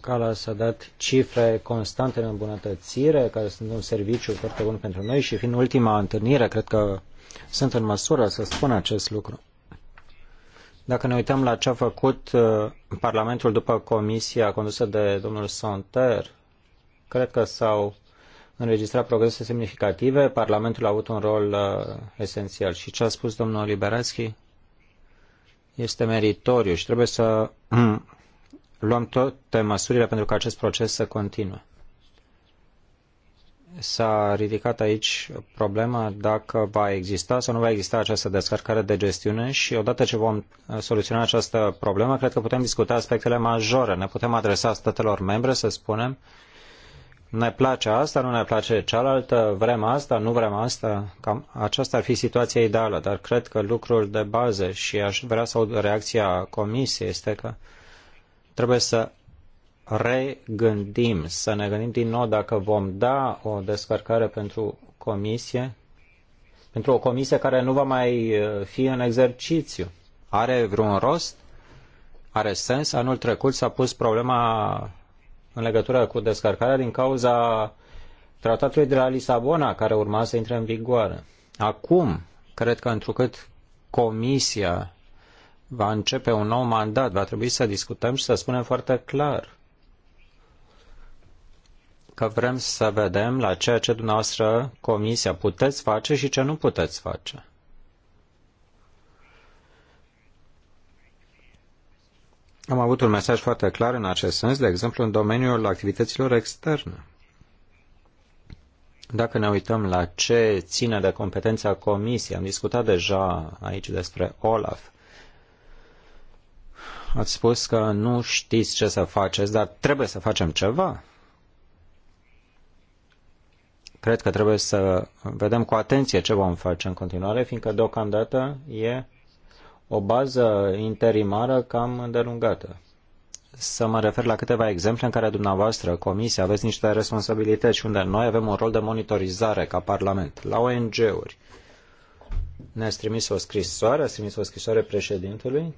Cala s-a dat cifre constante în îmbunătățire, care sunt un serviciu foarte bun pentru noi și fiind ultima întâlnire, cred că sunt în măsură să spun acest lucru. Dacă ne uităm la ce a făcut uh, Parlamentul după comisia condusă de domnul Sonter, cred că s-au înregistrat progrese semnificative, Parlamentul a avut un rol uh, esențial. Și ce a spus domnul Liberațchi este meritoriu și trebuie să luăm toate măsurile pentru ca acest proces să continue s-a ridicat aici problema dacă va exista sau nu va exista această descărcare de gestiune și odată ce vom uh, soluționa această problemă, cred că putem discuta aspectele majore. Ne putem adresa statelor membre să spunem ne place asta, nu ne place cealaltă, vrem asta, nu vrem asta. Cam aceasta ar fi situația ideală, dar cred că lucrul de bază și aș vrea să aud reacția comisiei este că trebuie să regândim, să ne gândim din nou dacă vom da o descărcare pentru comisie, pentru o comisie care nu va mai uh, fi în exercițiu. Are vreun rost? Are sens? Anul trecut s-a pus problema în legătură cu descărcarea din cauza tratatului de la Lisabona, care urma să intre în vigoare. Acum, cred că întrucât comisia va începe un nou mandat, va trebui să discutăm și să spunem foarte clar că vrem să vedem la ceea ce dumneavoastră comisia puteți face și ce nu puteți face. Am avut un mesaj foarte clar în acest sens, de exemplu, în domeniul activităților externe. Dacă ne uităm la ce ține de competența comisiei, am discutat deja aici despre OLAF. Ați spus că nu știți ce să faceți, dar trebuie să facem ceva cred că trebuie să vedem cu atenție ce vom face în continuare, fiindcă deocamdată e o bază interimară cam îndelungată. Să mă refer la câteva exemple în care dumneavoastră, Comisia, aveți niște responsabilități și unde noi avem un rol de monitorizare ca Parlament, la ONG-uri. Ne-ați trimis o scrisoare, ați trimis o scrisoare președintelui,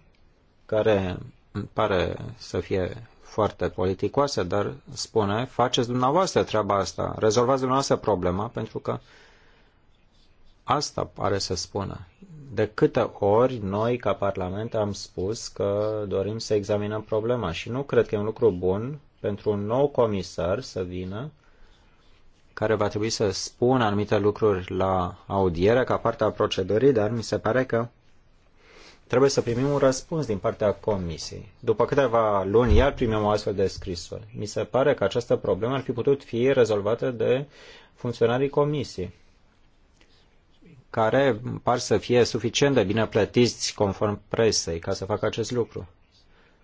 care pare să fie foarte politicoasă, dar spune, faceți dumneavoastră treaba asta, rezolvați dumneavoastră problema, pentru că asta pare să spună. De câte ori noi, ca Parlament, am spus că dorim să examinăm problema și nu cred că e un lucru bun pentru un nou comisar să vină care va trebui să spună anumite lucruri la audiere ca parte a procedurii, dar mi se pare că Trebuie să primim un răspuns din partea Comisiei. După câteva luni, iar primim o astfel de scrisoare. Mi se pare că această problemă ar fi putut fi rezolvată de funcționarii Comisiei care par să fie suficient de bine plătiți conform presei ca să facă acest lucru.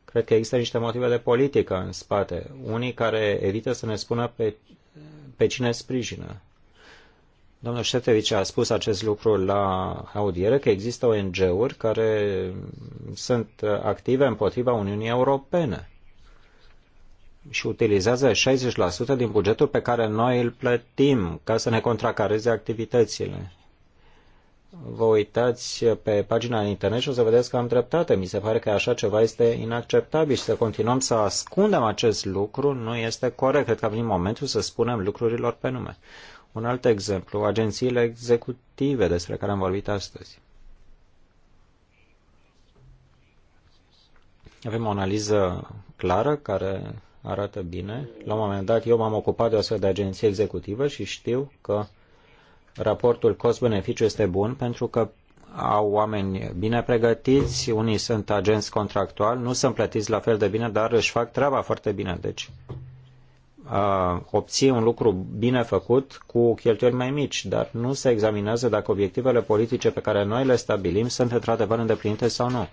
Cred că există niște motive de politică în spate, unii care evită să ne spună pe, pe cine sprijină. Domnul Șetevici a spus acest lucru la audiere, că există ONG-uri care sunt uh, active împotriva Uniunii Europene și utilizează 60% din bugetul pe care noi îl plătim ca să ne contracareze activitățile. Vă uitați pe pagina internet și o să vedeți că am dreptate. Mi se pare că așa ceva este inacceptabil și să continuăm să ascundem acest lucru nu este corect. Cred că a venit momentul să spunem lucrurilor pe nume. Un alt exemplu, agențiile executive despre care am vorbit astăzi. Avem o analiză clară care arată bine. La un moment dat eu m-am ocupat de o astfel de agenție executivă și știu că raportul cost-beneficiu este bun pentru că au oameni bine pregătiți, unii sunt agenți contractuali, nu sunt plătiți la fel de bine, dar își fac treaba foarte bine. Deci uh, obții un lucru bine făcut cu cheltuieli mai mici, dar nu se examinează dacă obiectivele politice pe care noi le stabilim sunt într-adevăr îndeplinite sau nu.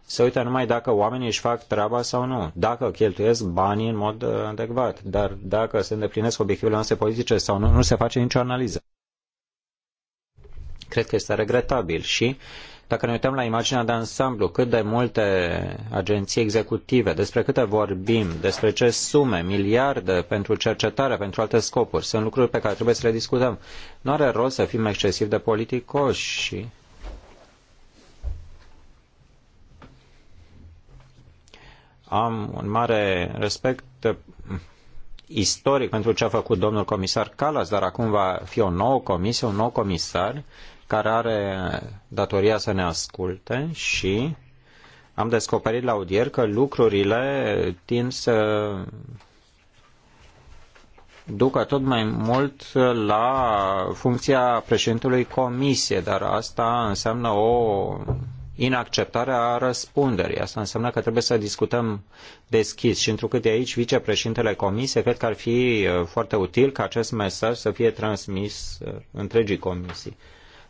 Se uită numai dacă oamenii își fac treaba sau nu, dacă cheltuiesc banii în mod uh, adecvat, dar dacă se îndeplinesc obiectivele noastre politice sau nu, nu se face nicio analiză. Cred că este regretabil și uh, dacă ne uităm la imaginea de ansamblu, cât de multe agenții executive, despre câte vorbim, despre ce sume, miliarde pentru cercetare, pentru alte scopuri, sunt lucruri pe care trebuie să le discutăm. Nu are rost să fim excesiv de politicoși și am un mare respect istoric pentru ce a făcut domnul comisar Kallas, dar acum va fi o nouă comisie, un nou comisar care are datoria să ne asculte și am descoperit la audier că lucrurile tind să ducă tot mai mult la funcția președintelui comisie, dar asta înseamnă o inacceptare a răspunderii. Asta înseamnă că trebuie să discutăm deschis și întrucât de aici vicepreședintele comisie, cred că ar fi foarte util ca acest mesaj să fie transmis uh, întregii comisii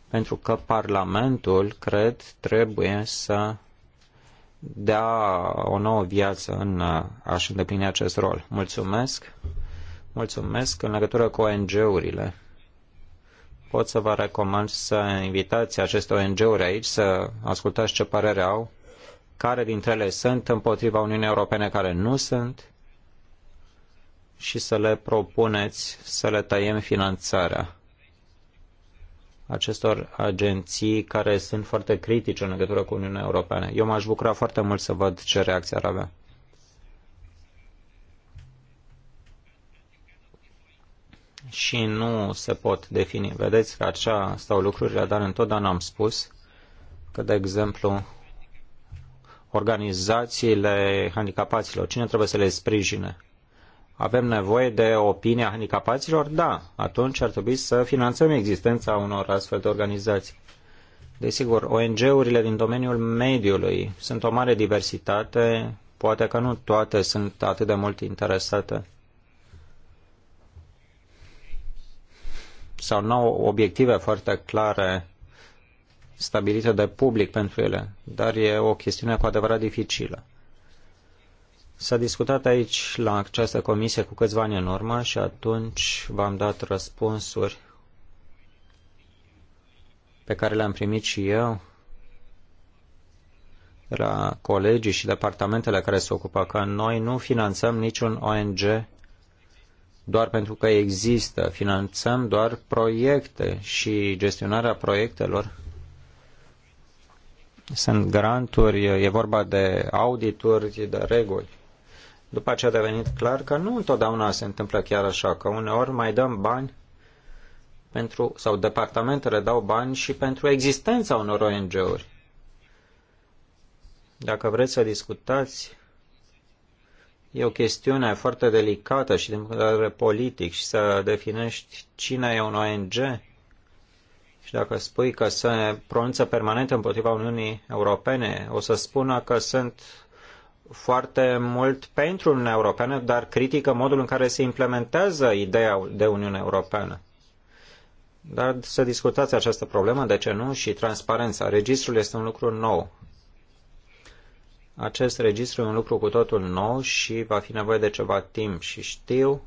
pentru că Parlamentul, cred, trebuie să dea o nouă viață în a-și îndeplini acest rol. Mulțumesc! Mulțumesc în legătură cu ONG-urile. Pot să vă recomand să invitați aceste ONG-uri aici, să ascultați ce părere au, care dintre ele sunt împotriva Uniunii Europene, care nu sunt, și să le propuneți să le tăiem finanțarea acestor agenții care sunt foarte critice în legătură cu Uniunea Europeană. Eu m-aș bucura foarte mult să văd ce reacție ar avea. Și nu se pot defini. Vedeți că așa stau lucrurile, dar întotdeauna am spus că, de exemplu, organizațiile handicapaților, cine trebuie să le sprijine? Avem nevoie de opinia handicapaților? Da. Atunci ar trebui să finanțăm existența unor astfel de organizații. Desigur, ONG-urile din domeniul mediului sunt o mare diversitate, poate că nu toate sunt atât de mult interesate. Sau nu au obiective foarte clare stabilite de public pentru ele, dar e o chestiune cu adevărat dificilă. S-a discutat aici la această comisie cu câțiva ani în urmă și atunci v-am dat răspunsuri pe care le-am primit și eu de la colegii și departamentele care se ocupă că noi nu finanțăm niciun ONG doar pentru că există. Finanțăm doar proiecte și gestionarea proiectelor. Sunt granturi, e vorba de audituri, de reguli. După ce a devenit clar că nu întotdeauna se întâmplă chiar așa, că uneori mai dăm bani pentru, sau departamentele dau bani și pentru existența unor ONG-uri. Dacă vreți să discutați, e o chestiune foarte delicată și din punct de vedere politic și să definești cine e un ONG și dacă spui că se pronunță permanent împotriva Uniunii Europene, o să spună că sunt foarte mult pentru Uniunea Europeană, dar critică modul în care se implementează ideea de Uniune Europeană. Dar să discutați această problemă, de ce nu, și transparența. Registrul este un lucru nou. Acest registru e un lucru cu totul nou și va fi nevoie de ceva timp și știu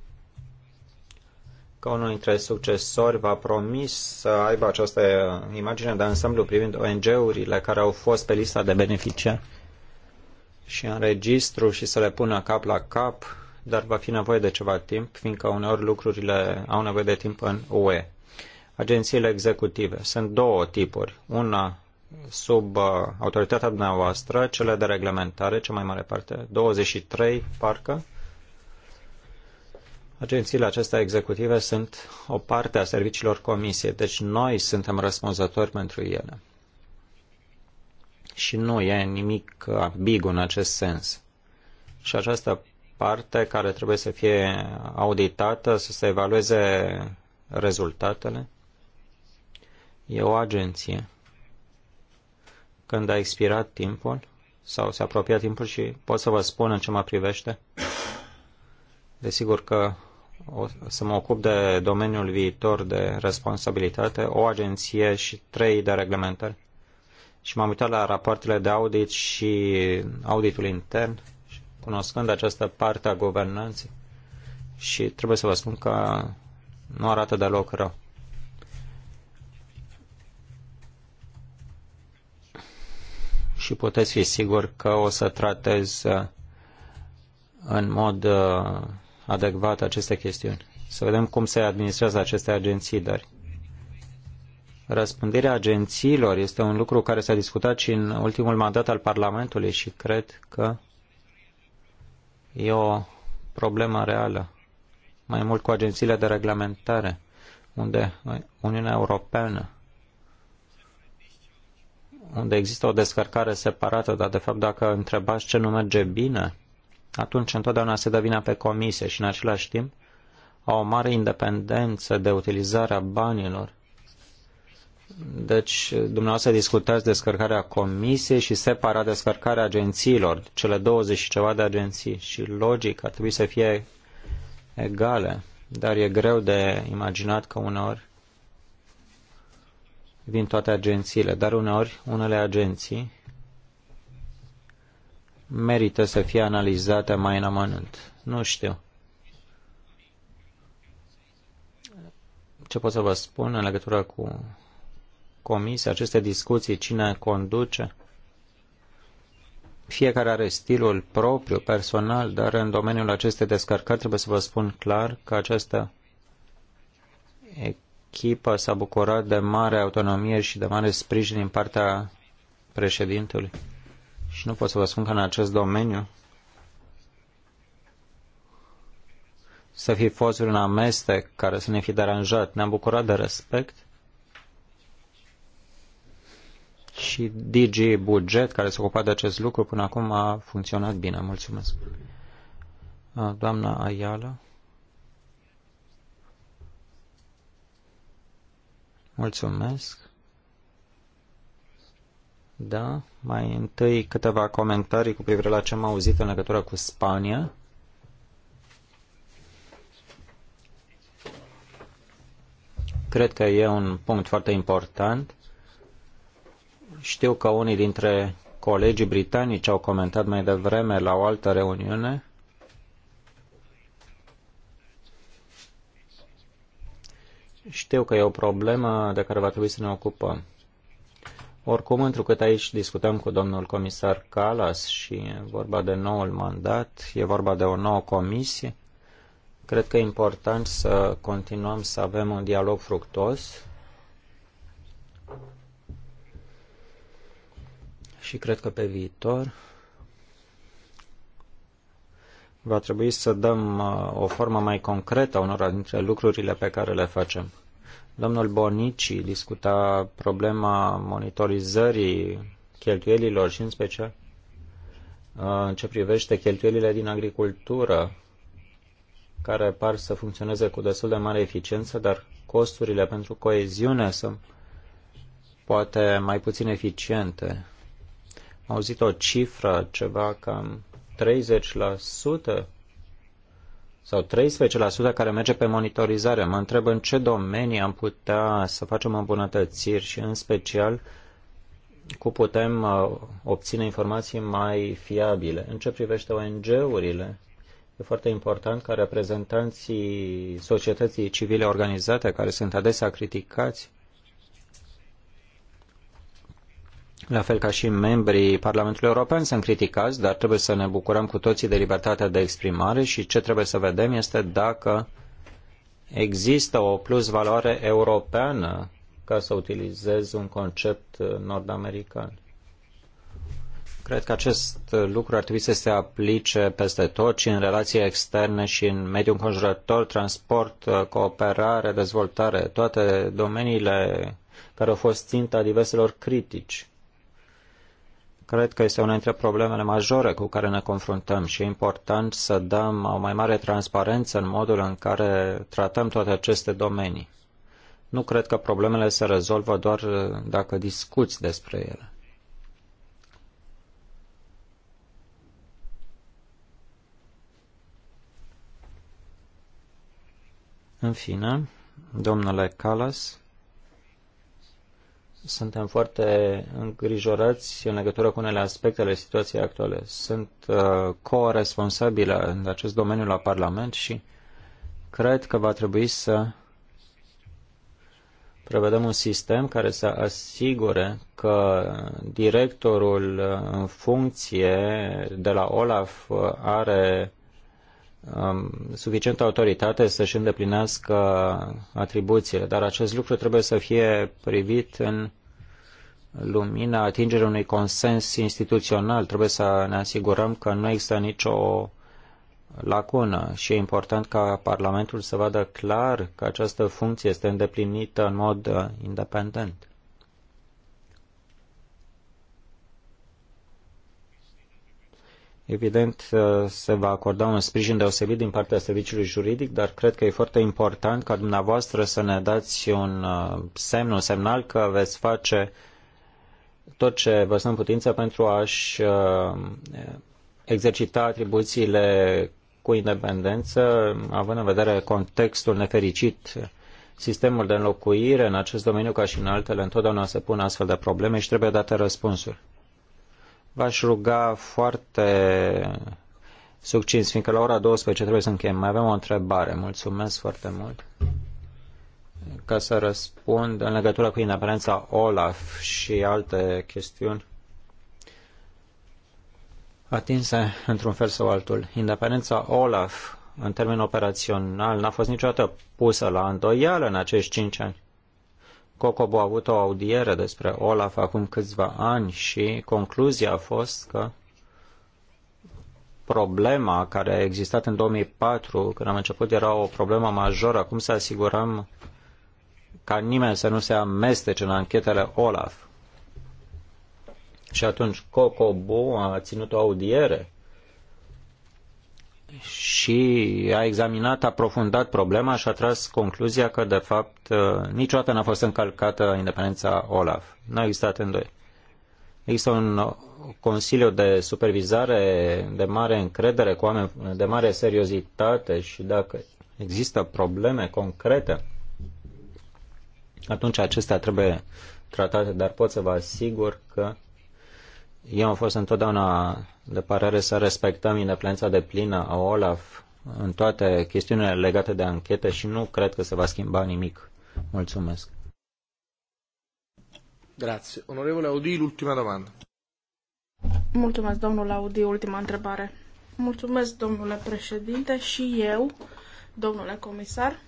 că unul dintre succesori va promis să aibă această imagine de ansamblu privind ONG-urile care au fost pe lista de beneficiari și în registru și să le pună cap la cap, dar va fi nevoie de ceva timp, fiindcă uneori lucrurile au nevoie de timp în UE. Agențiile executive. Sunt două tipuri. Una sub uh, autoritatea dumneavoastră, cele de reglementare, cea mai mare parte, 23 parcă. Agențiile acestea executive sunt o parte a serviciilor comisiei, deci noi suntem răspunzători pentru ele și nu e nimic ambigu în acest sens. Și această parte care trebuie să fie auditată, să se evalueze rezultatele, e o agenție. Când a expirat timpul, sau se apropia timpul și pot să vă spun în ce mă privește, desigur că o să mă ocup de domeniul viitor de responsabilitate, o agenție și trei de reglementări și m-am uitat la rapoartele de audit și auditul intern, cunoscând această parte a guvernanței și trebuie să vă spun că nu arată deloc rău. Și puteți fi sigur că o să tratez uh, în mod uh, adecvat aceste chestiuni. Să vedem cum se administrează aceste agenții, dar Răspândirea agențiilor este un lucru care s-a discutat și în ultimul mandat al Parlamentului și cred că e o problemă reală, mai mult cu agențiile de reglementare, unde Uniunea Europeană, unde există o descărcare separată, dar de fapt dacă întrebați ce nu merge bine, atunci întotdeauna se dă vina pe comisie și în același timp au o mare independență de utilizarea banilor deci, dumneavoastră discutați descărcarea comisiei și separat descărcarea agențiilor, cele 20 și ceva de agenții. Și logic, ar trebui să fie egale. Dar e greu de imaginat că uneori vin toate agențiile, dar uneori unele agenții merită să fie analizate mai în amănunt. Nu știu. Ce pot să vă spun în legătură cu Comise aceste discuții, cine conduce. Fiecare are stilul propriu, personal, dar în domeniul acestei descărcări trebuie să vă spun clar că această echipă s-a bucurat de mare autonomie și de mare sprijin din partea președintelui. Și nu pot să vă spun că în acest domeniu să fi fost un amestec care să ne fi deranjat. Ne-am bucurat de respect și DG Buget, care se ocupa de acest lucru, până acum a funcționat bine. Mulțumesc. Doamna Ayala. Mulțumesc. Da, mai întâi câteva comentarii cu privire la ce am auzit în legătură cu Spania. Cred că e un punct foarte important știu că unii dintre colegii britanici au comentat mai devreme la o altă reuniune Știu că e o problemă de care va trebui să ne ocupăm. Oricum, întrucât aici discutăm cu domnul comisar Calas și e vorba de noul mandat, e vorba de o nouă comisie, cred că e important să continuăm să avem un dialog fructos și cred că pe viitor va trebui să dăm uh, o formă mai concretă unora dintre lucrurile pe care le facem. Domnul Bonici discuta problema monitorizării cheltuielilor și în special uh, în ce privește cheltuielile din agricultură, care par să funcționeze cu destul de mare eficiență, dar costurile pentru coeziune sunt poate mai puțin eficiente. Am auzit o cifră, ceva cam 30% sau 13% care merge pe monitorizare. Mă întreb în ce domenii am putea să facem îmbunătățiri și în special cu putem uh, obține informații mai fiabile. În ce privește ONG-urile, e foarte important ca reprezentanții societății civile organizate, care sunt adesea criticați, la fel ca și membrii Parlamentului European sunt criticați, dar trebuie să ne bucurăm cu toții de libertatea de exprimare și ce trebuie să vedem este dacă există o plus valoare europeană ca să utilizez un concept nord-american. Cred că acest lucru ar trebui să se aplice peste tot și în relații externe și în mediul înconjurător, transport, cooperare, dezvoltare, toate domeniile care au fost ținta diverselor critici. Cred că este una dintre problemele majore cu care ne confruntăm și e important să dăm o mai mare transparență în modul în care tratăm toate aceste domenii. Nu cred că problemele se rezolvă doar uh, dacă discuți despre ele. În fine, domnule Kallas suntem foarte îngrijorați în legătură cu unele aspecte ale situației actuale. Sunt uh, co-responsabilă în acest domeniu la Parlament și cred că va trebui să prevedem un sistem care să asigure că directorul uh, în funcție de la OLAF uh, are suficientă autoritate să-și îndeplinească atribuțiile, dar acest lucru trebuie să fie privit în lumina atingerii unui consens instituțional. Trebuie să ne asigurăm că nu există nicio lacună și e important ca Parlamentul să vadă clar că această funcție este îndeplinită în mod independent. Evident, uh, se va acorda un sprijin deosebit din partea serviciului juridic, dar cred că e foarte important ca dumneavoastră să ne dați un uh, semn, un semnal că veți face tot ce vă sunt putință pentru a-și uh, exercita atribuțiile cu independență, având în vedere contextul nefericit sistemul de înlocuire în acest domeniu ca și în altele, întotdeauna se pun astfel de probleme și trebuie date răspunsuri. V-aș ruga foarte succins, fiindcă la ora 12 trebuie să încheiem. Mai avem o întrebare. Mulțumesc foarte mult. Ca să răspund în legătură cu independența OLAF și alte chestiuni atinse într-un fel sau altul. Independența OLAF în termen operațional n-a fost niciodată pusă la îndoială în acești cinci ani. Cocobo a avut o audiere despre Olaf acum câțiva ani și concluzia a fost că problema care a existat în 2004, când am început, era o problemă majoră. Cum să asigurăm ca nimeni să nu se amestece în anchetele Olaf? Și atunci Cocobo a ținut o audiere și a examinat aprofundat problema și a tras concluzia că, de fapt, uh, niciodată n-a fost încălcată independența OLAF. Nu a existat îndoieli. Există un consiliu de supervizare de mare încredere, cu oameni de mare seriozitate și dacă există probleme concrete, atunci acestea trebuie tratate, dar pot să vă asigur că eu am fost întotdeauna de părere să respectăm independența de plină a OLAF în toate chestiunile legate de anchete și nu cred că se va schimba nimic. Mulțumesc. Grazie. Onorevole Audi, ultima domandă. Mulțumesc, domnul Audi, ultima întrebare. Mulțumesc, domnule președinte, și eu, domnule comisar.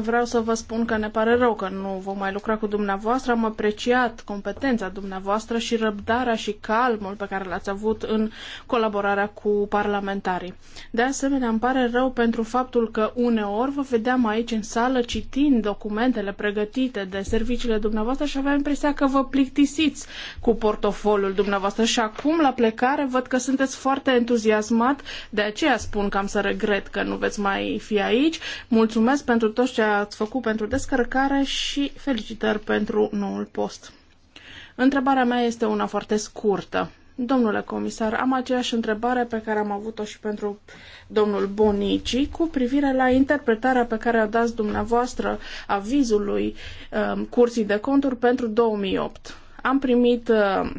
Vreau să vă spun că ne pare rău că nu vom mai lucra cu dumneavoastră. Am apreciat competența dumneavoastră și răbdarea și calmul pe care l-ați avut în colaborarea cu parlamentarii. De asemenea, îmi pare rău pentru faptul că uneori vă vedeam aici în sală citind documentele pregătite de serviciile dumneavoastră și aveam impresia că vă plictisiți cu portofoliul dumneavoastră și acum la plecare văd că sunteți foarte entuziasmat, de aceea spun că am să regret că nu veți mai fi aici. Mulțumesc pentru toți ce ce ați făcut pentru descărcare și felicitări pentru noul post. Întrebarea mea este una foarte scurtă. Domnule comisar, am aceeași întrebare pe care am avut-o și pentru domnul Bonici cu privire la interpretarea pe care a dat dumneavoastră avizului uh, Curții de Conturi pentru 2008. Am primit uh,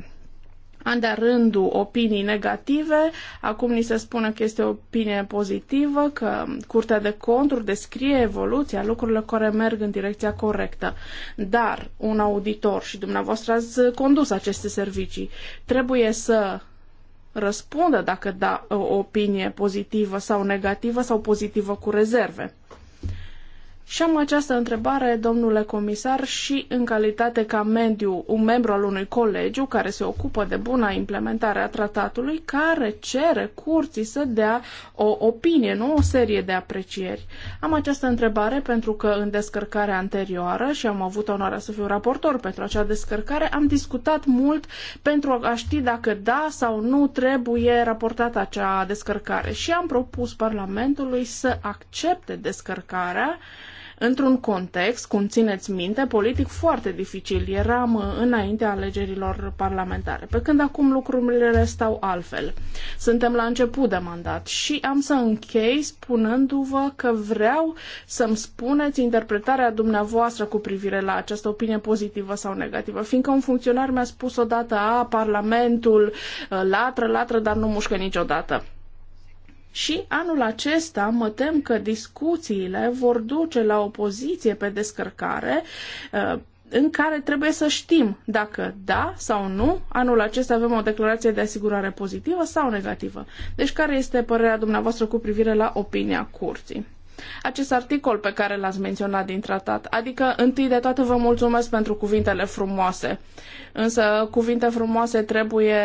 an de rândul opinii negative, acum ni se spune că este o opinie pozitivă, că Curtea de Conturi descrie evoluția, lucrurile care merg în direcția corectă. Dar un auditor, și dumneavoastră ați condus aceste servicii, trebuie să răspundă dacă da o opinie pozitivă sau negativă sau pozitivă cu rezerve. Și am această întrebare, domnule comisar, și în calitate ca mediu, un membru al unui colegiu care se ocupă de buna implementare a tratatului, care cere curții să dea o opinie, nu o serie de aprecieri. Am această întrebare pentru că în descărcarea anterioară, și am avut onoarea să fiu raportor pentru acea descărcare, am discutat mult pentru a ști dacă da sau nu trebuie raportată acea descărcare și am propus Parlamentului să accepte descărcarea într-un context, cum țineți minte, politic foarte dificil. Eram uh, înaintea alegerilor parlamentare, pe când acum lucrurile stau altfel. Suntem la început de mandat și am să închei spunându-vă că vreau să-mi spuneți interpretarea dumneavoastră cu privire la această opinie pozitivă sau negativă, fiindcă un funcționar mi-a spus odată, a, Parlamentul uh, latră, latră, dar nu mușcă niciodată. Și anul acesta mă tem că discuțiile vor duce la o poziție pe descărcare uh, în care trebuie să știm dacă da sau nu, anul acesta avem o declarație de asigurare pozitivă sau negativă. Deci care este părerea dumneavoastră cu privire la opinia curții? acest articol pe care l-ați menționat din tratat. Adică, întâi de toate, vă mulțumesc pentru cuvintele frumoase. Însă, cuvinte frumoase trebuie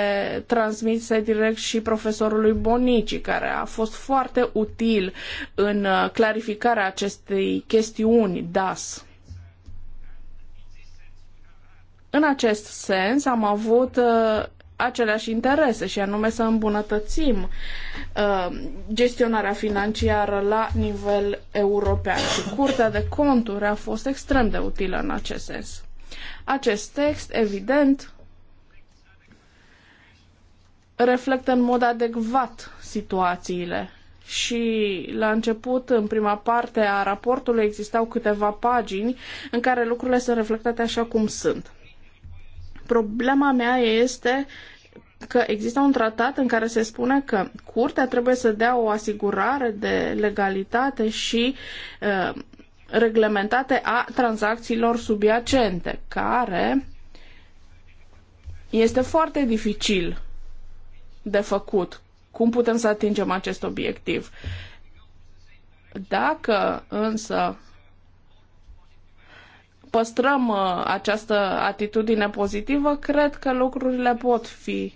transmise direct și profesorului Bonici, care a fost foarte util în uh, clarificarea acestei chestiuni DAS. În acest sens, am avut uh, aceleași interese și anume să îmbunătățim uh, gestionarea financiară la nivel european și Curtea de Conturi a fost extrem de utilă în acest sens. Acest text, evident, reflectă în mod adecvat situațiile și la început, în prima parte a raportului, existau câteva pagini în care lucrurile sunt reflectate așa cum sunt. Problema mea este că există un tratat în care se spune că curtea trebuie să dea o asigurare de legalitate și uh, reglementate a tranzacțiilor subiacente, care este foarte dificil de făcut. Cum putem să atingem acest obiectiv? Dacă însă păstrăm uh, această atitudine pozitivă, cred că lucrurile pot fi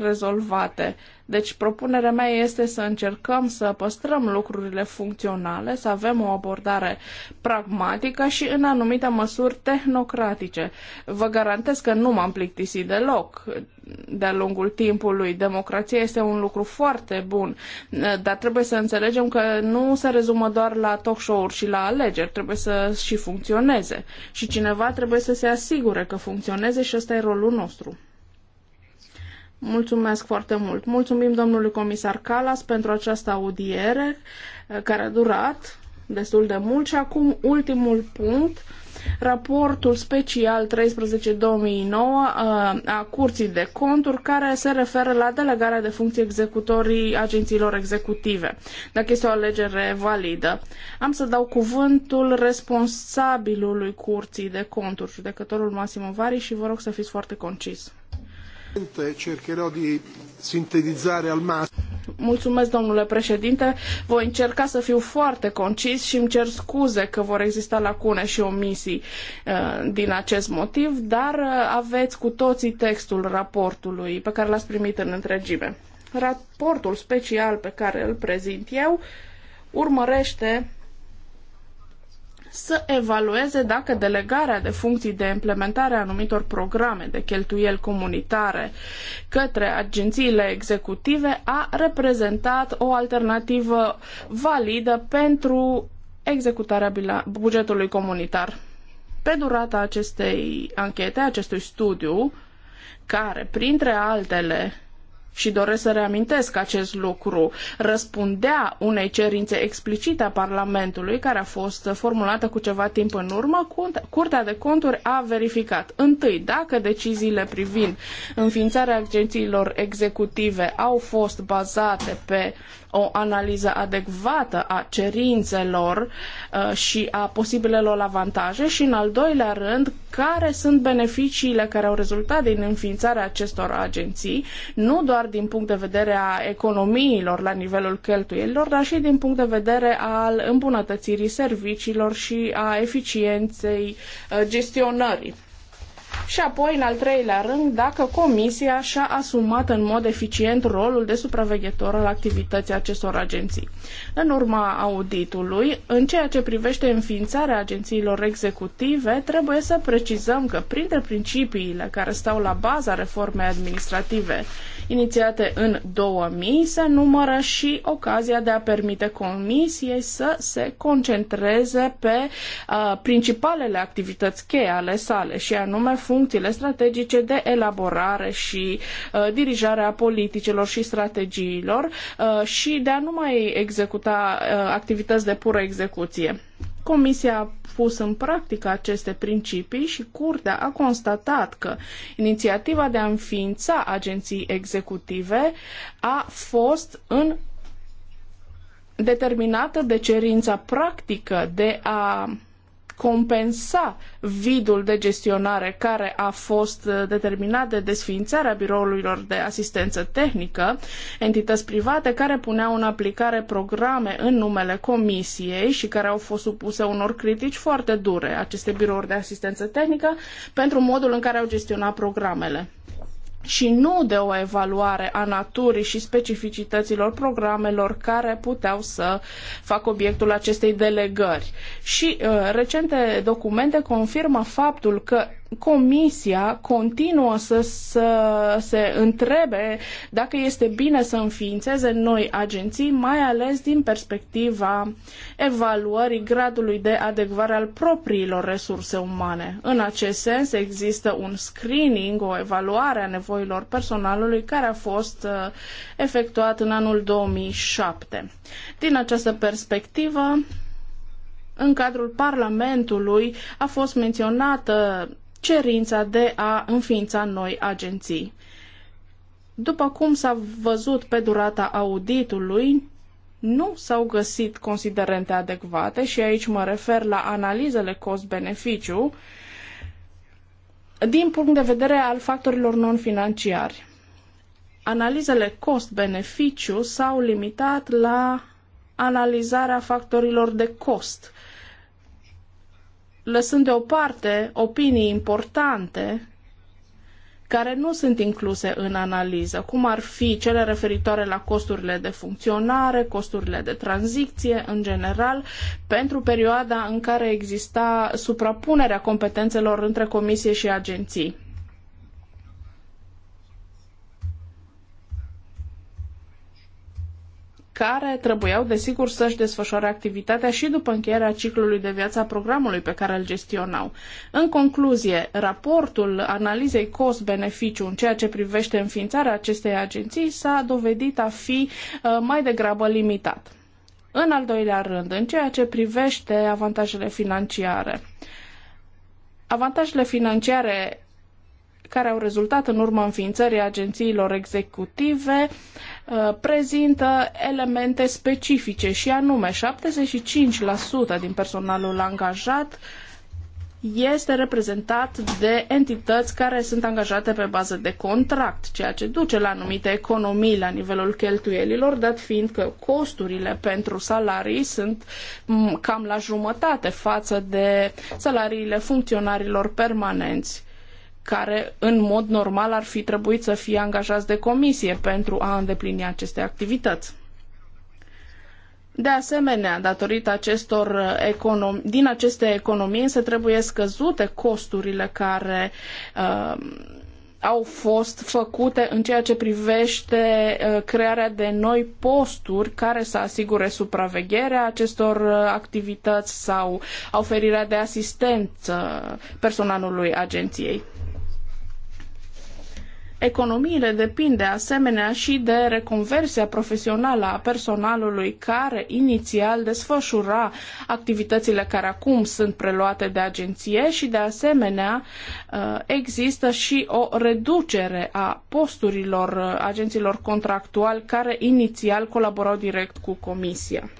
rezolvate. Deci propunerea mea este să încercăm să păstrăm lucrurile funcționale, să avem o abordare pragmatică și în anumite măsuri tehnocratice. Vă garantez că nu m-am plictisit deloc de-a lungul timpului. Democrația este un lucru foarte bun, dar trebuie să înțelegem că nu se rezumă doar la talk show-uri și la alegeri, trebuie să și funcționeze. Și cineva trebuie să se asigure că funcționeze și ăsta e rolul nostru. Mulțumesc foarte mult. Mulțumim domnului comisar Calas pentru această audiere eh, care a durat destul de mult și acum ultimul punct, raportul special 13-2009 eh, a Curții de Conturi care se referă la delegarea de funcții executorii agențiilor executive, dacă este o alegere validă. Am să dau cuvântul responsabilului Curții de Conturi, judecătorul Massimo Vari și vă rog să fiți foarte concis. Cercherò di al massimo. Mulțumesc, domnule președinte. Voi încerca să fiu foarte concis și îmi cer scuze că vor exista lacune și omisii uh, din acest motiv, dar uh, aveți cu toții textul raportului pe care l-ați primit în întregime. Raportul special pe care îl prezint eu urmărește să evalueze dacă delegarea de funcții de implementare a anumitor programe de cheltuieli comunitare către agențiile executive a reprezentat o alternativă validă pentru executarea bugetului comunitar. Pe durata acestei anchete, acestui studiu, care, printre altele, și doresc să reamintesc acest lucru, răspundea unei cerințe explicite a Parlamentului, care a fost formulată cu ceva timp în urmă, Curtea de Conturi a verificat, întâi, dacă deciziile privind înființarea agențiilor executive au fost bazate pe uh, o analiză adecvată a cerințelor uh, și a posibilelor avantaje și, în al doilea rând, care sunt beneficiile care au rezultat din înființarea acestor agenții, nu doar din punct de vedere a economiilor la nivelul cheltuielilor, dar și din punct de vedere al îmbunătățirii serviciilor și a eficienței uh, gestionării și apoi, în al treilea rând, dacă Comisia și-a asumat în mod eficient rolul de supraveghetor al activității acestor agenții. În urma auditului, în ceea ce privește înființarea agențiilor executive, trebuie să precizăm că printre principiile care stau la baza reformei administrative inițiate în 2000 se numără și ocazia de a permite Comisiei să se concentreze pe uh, principalele activități cheie ale sale, și anume fun- funcțiile strategice de elaborare și uh, dirijare a politicilor și strategiilor uh, și de a nu mai executa uh, activități de pură execuție. Comisia a pus în practică aceste principii și Curtea a constatat că inițiativa de a înființa agenții executive a fost în determinată de cerința practică de a compensa vidul de gestionare care a fost uh, determinat de desființarea birourilor de asistență tehnică, entități private care puneau în aplicare programe în numele Comisiei și care au fost supuse unor critici foarte dure aceste birouri de asistență tehnică pentru modul în care au gestionat programele și nu de o evaluare a naturii și specificităților programelor care puteau să facă obiectul acestei delegări. Și uh, recente documente confirmă faptul că Comisia continuă să, să se întrebe dacă este bine să înființeze noi agenții, mai ales din perspectiva evaluării gradului de adecvare al propriilor resurse umane. În acest sens există un screening, o evaluare a nevoilor personalului care a fost uh, efectuat în anul 2007. Din această perspectivă, în cadrul Parlamentului a fost menționată cerința de a înființa noi agenții. După cum s-a văzut pe durata auditului, nu s-au găsit considerente adecvate și aici mă refer la analizele cost-beneficiu din punct de vedere al factorilor non-financiari. Analizele cost-beneficiu s-au limitat la analizarea factorilor de cost lăsând deoparte opinii importante care nu sunt incluse în analiză, cum ar fi cele referitoare la costurile de funcționare, costurile de tranziție în general, pentru perioada în care exista suprapunerea competențelor între comisie și agenții. care trebuiau, desigur, să-și desfășoare activitatea și după încheierea ciclului de viață a programului pe care îl gestionau. În concluzie, raportul analizei cost-beneficiu în ceea ce privește înființarea acestei agenții s-a dovedit a fi uh, mai degrabă limitat. În al doilea rând, în ceea ce privește avantajele financiare. Avantajele financiare care au rezultat în urma înființării agențiilor executive Uh, prezintă elemente specifice și anume 75% din personalul angajat este reprezentat de entități care sunt angajate pe bază de contract, ceea ce duce la anumite economii la nivelul cheltuielilor, dat fiind că costurile pentru salarii sunt cam la jumătate față de salariile funcționarilor permanenți care în mod normal ar fi trebuit să fie angajați de comisie pentru a îndeplini aceste activități. De asemenea, datorită acestor uh, din aceste economii însă trebuie scăzute costurile care uh, au fost făcute în ceea ce privește uh, crearea de noi posturi care să asigure supravegherea acestor uh, activități sau oferirea de asistență personalului agenției. Economiile depind de asemenea și de reconversia profesională a personalului care inițial desfășura activitățile care acum sunt preluate de agenție și de asemenea uh, există și o reducere a posturilor uh, agenților contractuali care inițial colaborau direct cu comisia.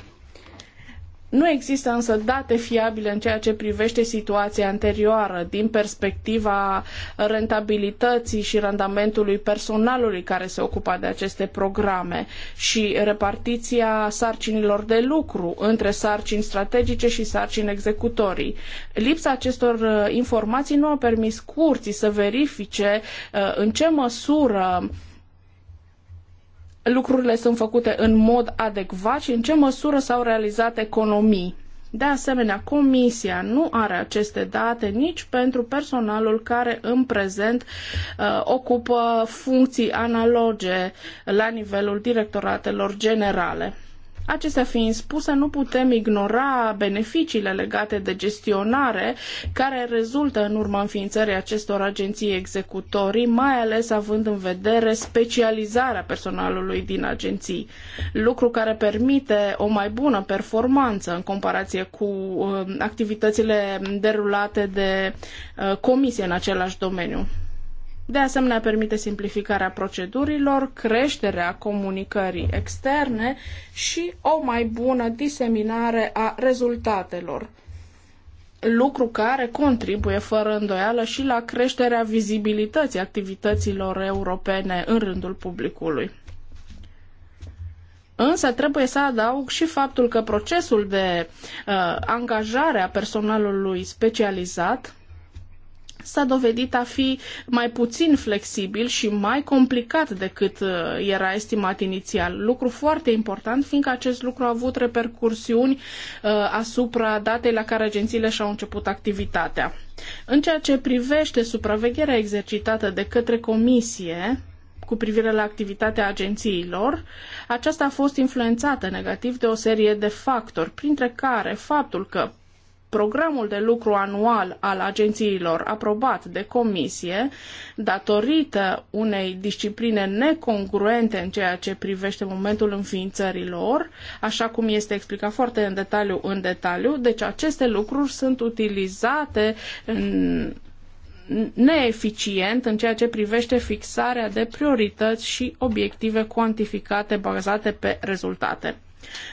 Nu există însă date fiabile în ceea ce privește situația anterioară din perspectiva rentabilității și randamentului personalului care se ocupa de aceste programe și repartiția sarcinilor de lucru între sarcini strategice și sarcini executorii. Lipsa acestor uh, informații nu a permis curții să verifice uh, în ce măsură lucrurile sunt făcute în mod adecvat și în ce măsură s-au realizat economii. De asemenea, comisia nu are aceste date nici pentru personalul care în prezent uh, ocupă funcții analoge la nivelul directoratelor generale. Acestea fiind spuse, nu putem ignora beneficiile legate de gestionare care rezultă în urma înființării acestor agenții executorii, mai ales având în vedere specializarea personalului din agenții, lucru care permite o mai bună performanță în comparație cu um, activitățile derulate de uh, comisie în același domeniu. De asemenea, permite simplificarea procedurilor, creșterea comunicării externe și o mai bună diseminare a rezultatelor lucru care contribuie fără îndoială și la creșterea vizibilității activităților europene în rândul publicului. Însă trebuie să adaug și faptul că procesul de uh, angajare a personalului specializat s-a dovedit a fi mai puțin flexibil și mai complicat decât uh, era estimat inițial. Lucru foarte important, fiindcă acest lucru a avut repercursiuni uh, asupra datei la care agențiile și-au început activitatea. În ceea ce privește supravegherea exercitată de către comisie, cu privire la activitatea agențiilor, aceasta a fost influențată negativ de o serie de factori, printre care faptul că programul de lucru anual al agențiilor aprobat de comisie, datorită unei discipline necongruente în ceea ce privește momentul înființării lor, așa cum este explicat foarte în detaliu în detaliu, deci aceste lucruri sunt utilizate în neeficient în ceea ce privește fixarea de priorități și obiective cuantificate bazate pe rezultate.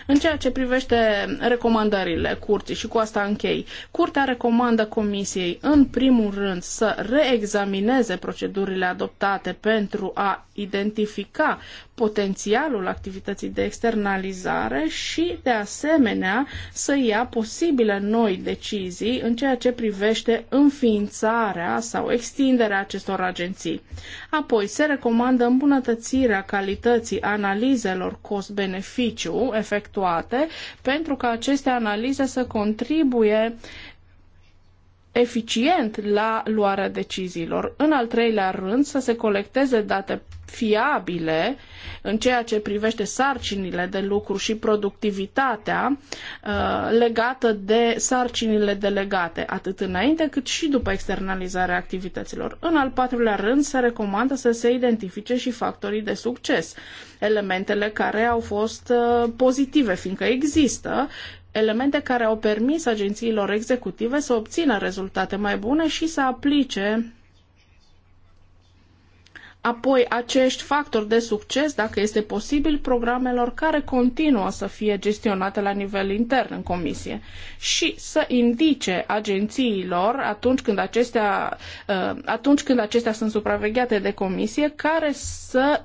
În ceea ce privește recomandările curții și cu asta închei, curtea recomandă comisiei în primul rând să reexamineze procedurile adoptate pentru a identifica potențialul activității de externalizare și de asemenea să ia posibile noi decizii în ceea ce privește înființarea sau extinderea acestor agenții. Apoi se recomandă îmbunătățirea calității analizelor cost-beneficiu efectuate pentru ca aceste analize să contribuie uh, eficient la luarea deciziilor. În al treilea rând, să se colecteze date fiabile în ceea ce privește sarcinile de lucru și productivitatea uh, legată de sarcinile delegate, atât înainte cât și după externalizarea activităților. În al patrulea rând, se recomandă să se identifice și factorii de succes, elementele care au fost uh, pozitive, fiindcă există, elemente care au permis agențiilor executive să obțină rezultate mai bune și să aplice apoi acești factori de succes, dacă este posibil, programelor care continuă să fie gestionate la nivel intern în comisie și să indice agențiilor, atunci când acestea, uh, atunci când acestea sunt supravegheate de comisie, care să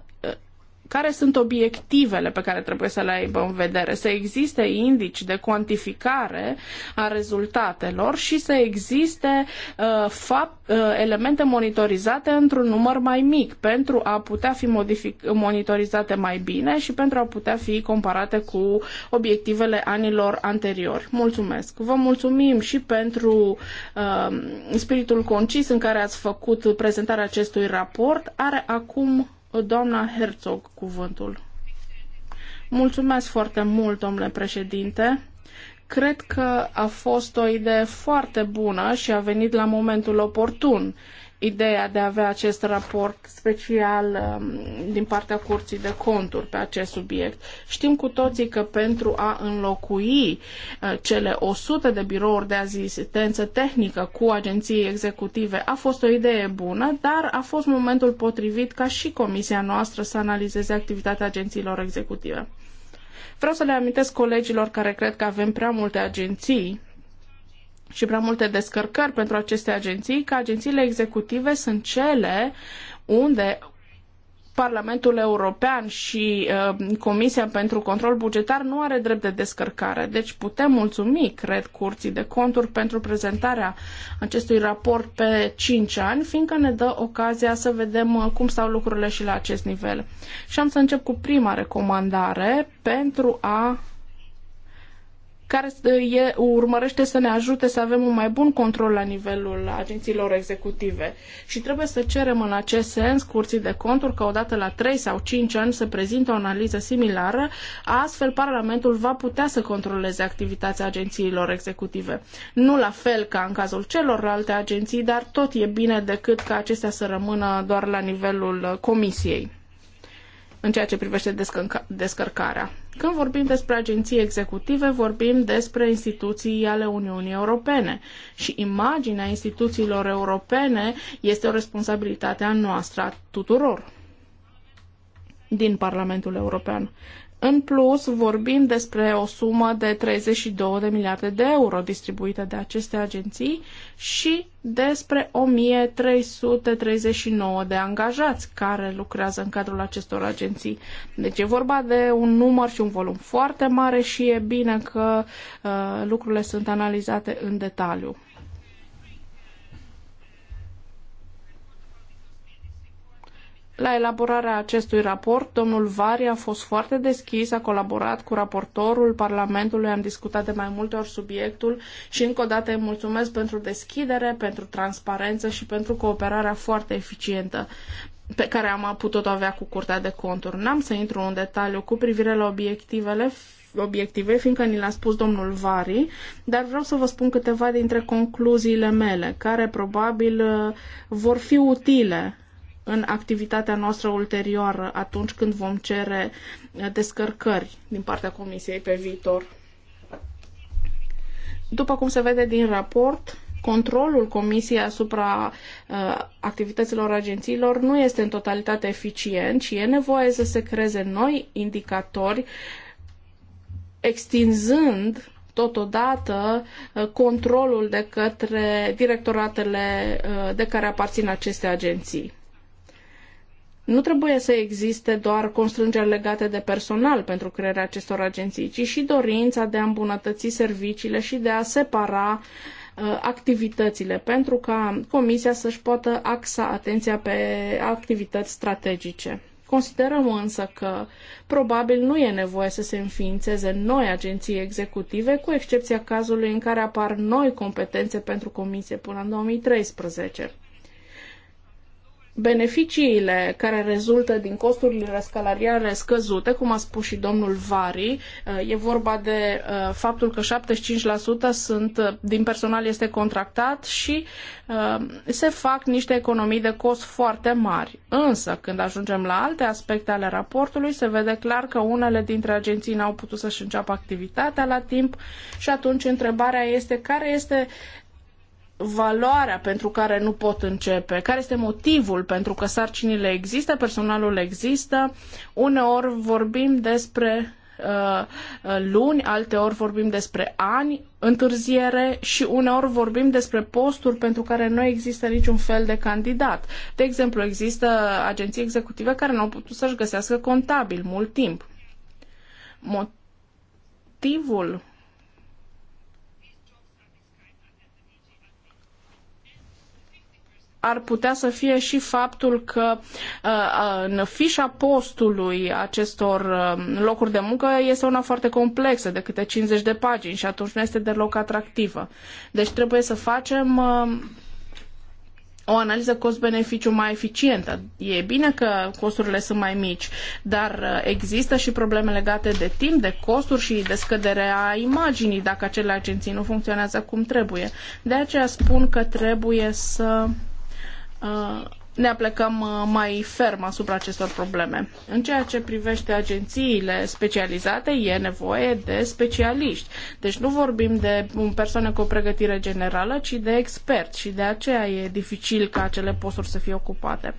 care sunt obiectivele pe care trebuie să le aibă în vedere? Să existe indici de cuantificare a rezultatelor și să existe uh, fapt, uh, elemente monitorizate într-un număr mai mic pentru a putea fi modific- monitorizate mai bine și pentru a putea fi comparate cu obiectivele anilor anteriori. Mulțumesc! Vă mulțumim și pentru uh, spiritul concis în care ați făcut prezentarea acestui raport. Are acum Doamna Herzog, cuvântul. Mulțumesc foarte mult, domnule președinte. Cred că a fost o idee foarte bună și a venit la momentul oportun ideea de a avea acest raport special um, din partea Curții de Conturi pe acest subiect. Știm cu toții că pentru a înlocui uh, cele 100 de birouri de asistență tehnică cu agenții executive a fost o idee bună, dar a fost momentul potrivit ca și comisia noastră să analizeze activitatea agențiilor executive. Vreau să le amintesc colegilor care cred că avem prea multe agenții și prea multe descărcări pentru aceste agenții, că agențiile executive sunt cele unde Parlamentul European și uh, Comisia pentru Control Bugetar nu are drept de descărcare. Deci putem mulțumi, cred, Curții de Conturi pentru prezentarea acestui raport pe cinci ani, fiindcă ne dă ocazia să vedem uh, cum stau lucrurile și la acest nivel. Și am să încep cu prima recomandare pentru a care e, urmărește să ne ajute să avem un mai bun control la nivelul agențiilor executive. Și trebuie să cerem în acest sens curții de conturi că odată la 3 sau 5 ani să prezintă o analiză similară, astfel Parlamentul va putea să controleze activitatea agențiilor executive. Nu la fel ca în cazul celorlalte agenții, dar tot e bine decât ca acestea să rămână doar la nivelul Comisiei în ceea ce privește descărcarea. Când vorbim despre agenții executive, vorbim despre instituții ale Uniunii Europene și imaginea instituțiilor europene este o responsabilitate a noastră, a tuturor din Parlamentul European. În plus, vorbim despre o sumă de 32 de miliarde de euro distribuite de aceste agenții și despre 1339 de angajați care lucrează în cadrul acestor agenții. Deci e vorba de un număr și un volum foarte mare și e bine că uh, lucrurile sunt analizate în detaliu. La elaborarea acestui raport, domnul Vari a fost foarte deschis, a colaborat cu raportorul Parlamentului, am discutat de mai multe ori subiectul și încă o dată îi mulțumesc pentru deschidere, pentru transparență și pentru cooperarea foarte eficientă pe care am putut-o avea cu Curtea de Conturi. N-am să intru în detaliu cu privire la obiectivele obiective, fiindcă ni l-a spus domnul Vari, dar vreau să vă spun câteva dintre concluziile mele, care probabil uh, vor fi utile în activitatea noastră ulterioară atunci când vom cere uh, descărcări din partea Comisiei pe viitor. După cum se vede din raport, controlul Comisiei asupra uh, activităților agențiilor nu este în totalitate eficient și e nevoie să se creeze noi indicatori, extinzând totodată uh, controlul de către directoratele uh, de care aparțin aceste agenții. Nu trebuie să existe doar constrângeri legate de personal pentru crearea acestor agenții, ci și dorința de a îmbunătăți serviciile și de a separa uh, activitățile pentru ca Comisia să-și poată axa atenția pe activități strategice. Considerăm însă că probabil nu e nevoie să se înființeze noi agenții executive, cu excepția cazului în care apar noi competențe pentru comisie până în 2013 beneficiile care rezultă din costurile salariale scăzute, cum a spus și domnul Vari, uh, e vorba de uh, faptul că 75% sunt, uh, din personal este contractat și se fac niște economii de cost foarte mari. Însă, când ajungem la alte aspecte ale raportului, se vede clar că unele dintre agenții n-au putut să-și înceapă activitatea la timp și atunci întrebarea este care este valoarea pentru care nu pot începe, care este motivul pentru că sarcinile există, personalul există. Uneori vorbim despre uh, luni, alteori vorbim despre ani întârziere și uneori vorbim despre posturi pentru care nu există niciun fel de candidat. De exemplu, există agenții executive care nu au putut să-și găsească contabil mult timp. Motivul ar putea să fie și faptul că uh, în fișa postului acestor uh, locuri de muncă este una foarte complexă, de câte 50 de pagini și atunci nu este deloc atractivă. Deci trebuie să facem uh, o analiză cost-beneficiu mai eficientă. E bine că costurile sunt mai mici, dar există și probleme legate de timp, de costuri și de scăderea imaginii dacă acele agenții nu funcționează cum trebuie. De aceea spun că trebuie să Uh, ne aplecăm uh, mai ferm asupra acestor probleme. În ceea ce privește agențiile specializate, e nevoie de specialiști. Deci nu vorbim de persoane cu o pregătire generală, ci de experți și de aceea e dificil ca acele posturi să fie ocupate.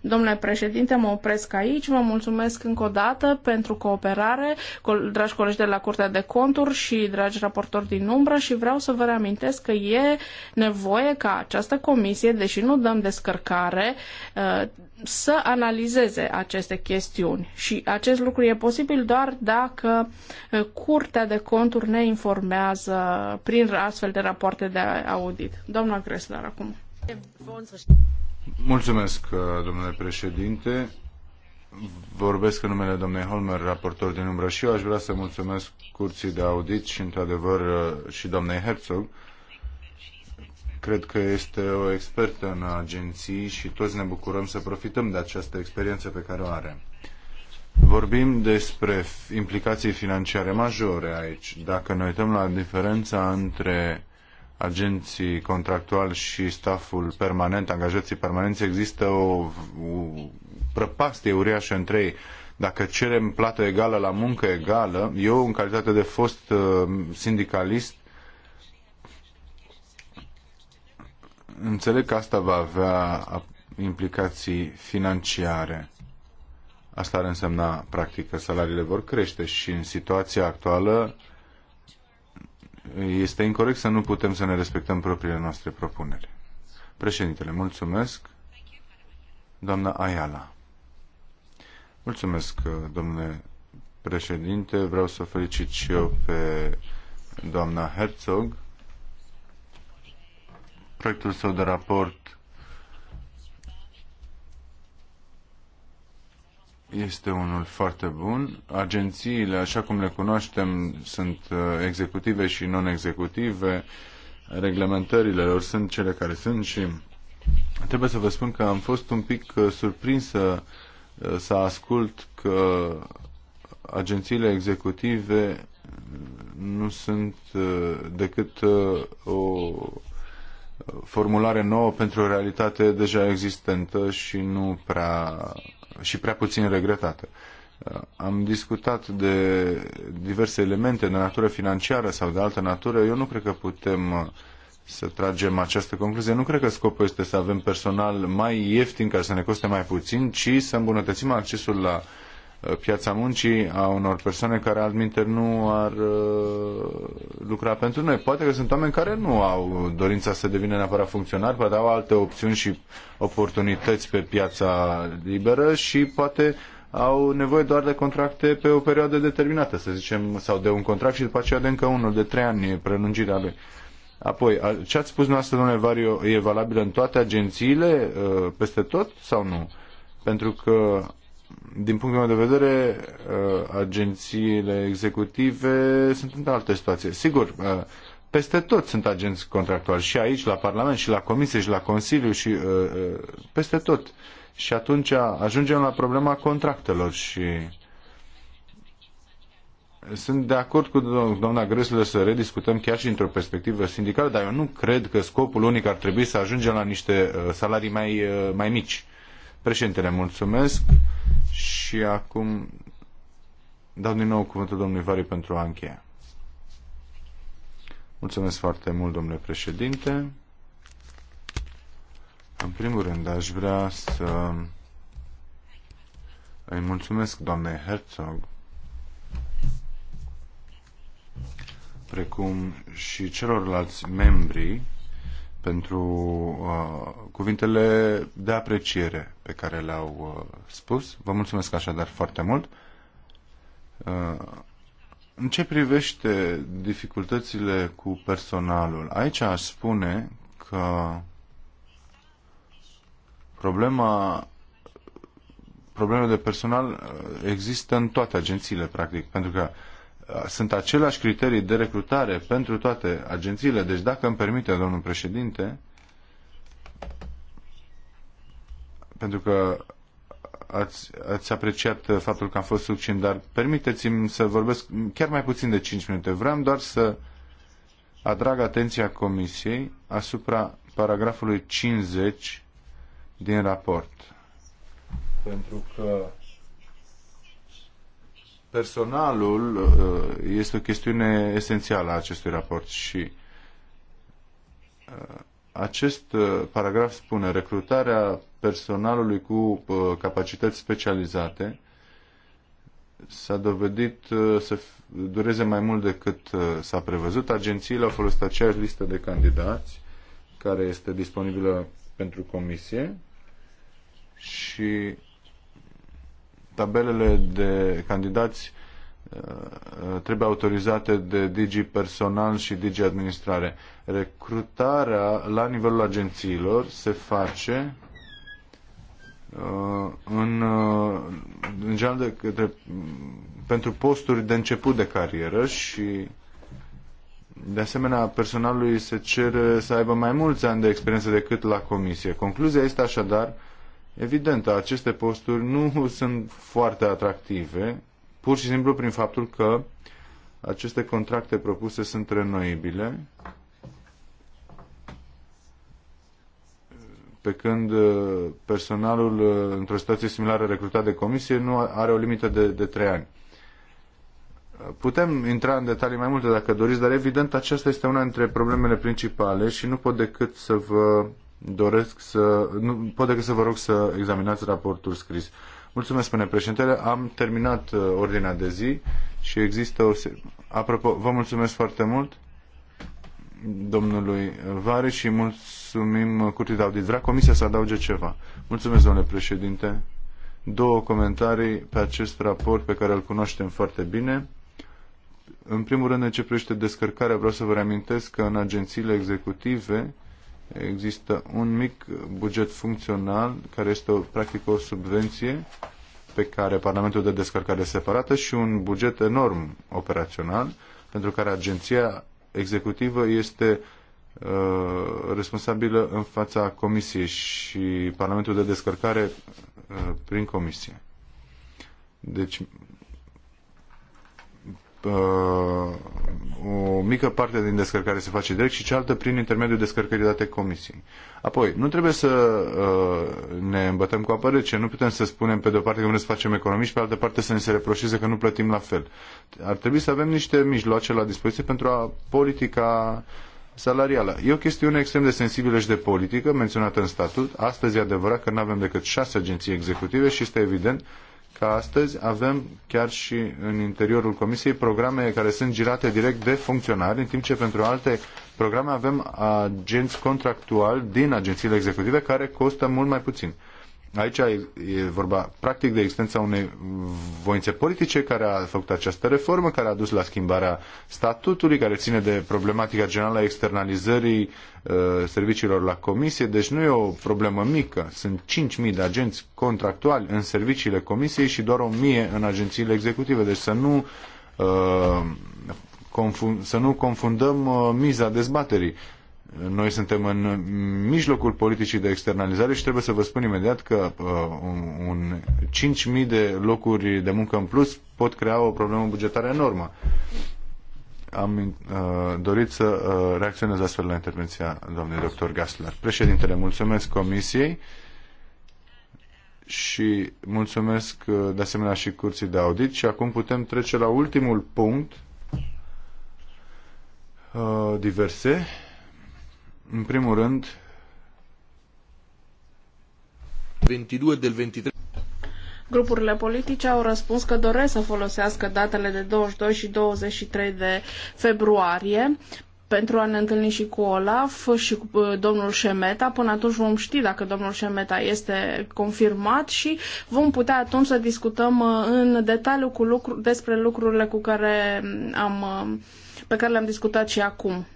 Domnule președinte, mă opresc aici. Vă mulțumesc încă o dată pentru cooperare, dragi colegi de la Curtea de Conturi și dragi raportori din umbră și vreau să vă reamintesc că e nevoie ca această comisie, deși nu dăm descărcare, uh, să analizeze aceste chestiuni. Și acest lucru e posibil doar dacă uh, Curtea de Conturi ne informează prin astfel de rapoarte de audit. Doamna Gresler, acum. Mulțumesc, uh, domnule președinte. Vorbesc în numele domnului Holmer, raportor din umbră și eu aș vrea să mulțumesc curții de audit și, într-adevăr, uh, și doamnei Herzog. Cred că este o expertă în agenții și toți ne bucurăm să profităm de această experiență pe care o are. Vorbim despre implicații financiare majore aici. Dacă ne uităm la diferența între agenții contractuali și staful permanent, angajații permanenți, există o, o prăpastie uriașă între ei. Dacă cerem plată egală la muncă egală, eu, în calitate de fost uh, sindicalist, înțeleg că asta va avea implicații financiare. Asta ar însemna, practic, că salariile vor crește și în situația actuală este incorrect să nu putem să ne respectăm propriile noastre propuneri. Președintele, mulțumesc. Doamna Ayala. Mulțumesc, domnule președinte. Vreau să felicit și eu pe doamna Herzog. Proiectul său de raport este unul foarte bun. Agențiile, așa cum le cunoaștem, sunt uh, executive și non-executive. Reglementările lor sunt cele care sunt și trebuie să vă spun că am fost un pic uh, surprinsă uh, să ascult că agențiile executive nu sunt decât o formulare nouă pentru o realitate deja existentă și nu prea și prea puțin regretată. Uh, am discutat de diverse elemente de natură financiară sau de altă natură. Eu nu cred că putem uh, să tragem această concluzie. Nu cred că scopul este să avem personal mai ieftin care să ne coste mai puțin, ci să îmbunătățim accesul la uh, Uh, piața muncii a unor persoane care altminte nu ar uh, lucra pentru noi. Poate că sunt oameni care nu au dorința să devină neapărat funcționari, poate au alte opțiuni și oportunități pe piața liberă și poate au nevoie doar de contracte pe o perioadă determinată, să zicem, sau de un contract și după aceea de încă unul, de trei ani, prelungirea lui. Apoi, ce ați spus noastră, domnule Vario, e valabil în toate agențiile, uh, peste tot sau nu? Pentru că din punctul meu de vedere, uh, agențiile executive sunt într-o altă situație. Sigur, uh, peste tot sunt agenți contractuali, și aici, la Parlament, și la Comisie, și la Consiliu, și uh, peste tot. Și atunci ajungem la problema contractelor și sunt de acord cu doamna Gresle să rediscutăm chiar și într-o perspectivă sindicală, dar eu nu cred că scopul unic ar trebui să ajungem la niște salarii mai, mai mici. Președintele, mulțumesc și acum dau din nou cuvântul domnului Vari pentru a încheia. Mulțumesc foarte mult, domnule președinte. În primul rând, aș vrea să îi mulțumesc doamnei Herzog, precum și celorlalți membri pentru uh, cuvintele de apreciere pe care le-au uh, spus. Vă mulțumesc așadar foarte mult. Uh, în ce privește dificultățile cu personalul, aici aș spune că problema probleme de personal uh, există în toate agențiile, practic, pentru că uh, sunt aceleași criterii de recrutare pentru toate agențiile. Deci dacă îmi permite, domnul președinte, pentru că ați, ați apreciat faptul că am fost succint, dar permiteți-mi să vorbesc chiar mai puțin de 5 minute. Vreau doar să atrag atenția Comisiei asupra paragrafului 50 din raport. Pentru că personalul uh, este o chestiune esențială a acestui raport și uh, acest uh, paragraf spune recrutarea personalului cu capacități specializate s-a dovedit să dureze mai mult decât s-a prevăzut. Agențiile au folosit aceeași listă de candidați care este disponibilă pentru comisie și tabelele de candidați uh, trebuie autorizate de Digi Personal și Digi Administrare. Recrutarea la nivelul agențiilor se face uh, în, uh, în general de către, pentru posturi de început de carieră și de asemenea personalului se cere să aibă mai mulți ani de experiență decât la comisie. Concluzia este așadar Evident, aceste posturi nu sunt foarte atractive, pur și simplu prin faptul că aceste contracte propuse sunt renoibile, pe când uh, personalul uh, într-o situație similară recrutat de comisie nu are o limită de, de 3 ani. Putem intra în detalii mai multe dacă doriți, dar evident aceasta este una dintre problemele principale și nu pot decât să vă doresc să... Nu, pot decât să vă rog să examinați raportul scris. Mulțumesc, spune președintele. Am terminat uh, ordinea de zi și există o... Apropo, vă mulțumesc foarte mult domnului Vare și mulțumim Curtii de Audit. Vrea comisia să adauge ceva. Mulțumesc, domnule președinte. Două comentarii pe acest raport pe care îl cunoaștem foarte bine. În primul rând, în ce privește descărcarea, vreau să vă reamintesc că în agențiile executive există un mic buget funcțional care este o, practic o subvenție pe care Parlamentul de descărcare separată și un buget enorm operațional pentru care agenția executivă este uh, responsabilă în fața Comisiei și Parlamentul de descărcare uh, prin Comisie. Deci Uh, o mică parte din descărcare se face direct și cealaltă prin intermediul descărcării date comisiei. Apoi, nu trebuie să uh, ne îmbătăm cu apă rece, nu putem să spunem pe de o parte că vrem să facem economii și pe altă parte să ne se reproșeze că nu plătim la fel. Ar trebui să avem niște mijloace la dispoziție pentru a politica salarială. E o chestiune extrem de sensibilă și de politică menționată în statut. Astăzi e adevărat că nu avem decât șase agenții executive și este evident că astăzi avem chiar și în interiorul Comisiei programe care sunt girate direct de funcționari, în timp ce pentru alte programe avem agenți contractuali din agențiile executive care costă mult mai puțin. Aici e vorba practic de existența unei voințe politice care a făcut această reformă, care a dus la schimbarea statutului, care ține de problematica generală a externalizării uh, serviciilor la comisie. Deci nu e o problemă mică. Sunt 5.000 de agenți contractuali în serviciile comisiei și doar 1.000 în agențiile executive. Deci să nu, uh, confund, să nu confundăm uh, miza dezbaterii noi suntem în mijlocul politicii de externalizare și trebuie să vă spun imediat că uh, un, un 5.000 de locuri de muncă în plus pot crea o problemă bugetară enormă. Am uh, dorit să uh, reacționez astfel la intervenția doamnei doctor Gasler. Președintele, mulțumesc Comisiei și mulțumesc uh, de asemenea și curții de audit și acum putem trece la ultimul punct uh, diverse în primul rând, 22 del 23 Grupurile politice au răspuns că doresc să folosească datele de 22 și 23 de februarie pentru a ne întâlni și cu Olaf și cu uh, domnul Șemeta. Până atunci vom ști dacă domnul Șemeta este confirmat și vom putea atunci să discutăm uh, în detaliu cu lucru, despre lucrurile cu care mm, am, uh, pe care le-am discutat și acum.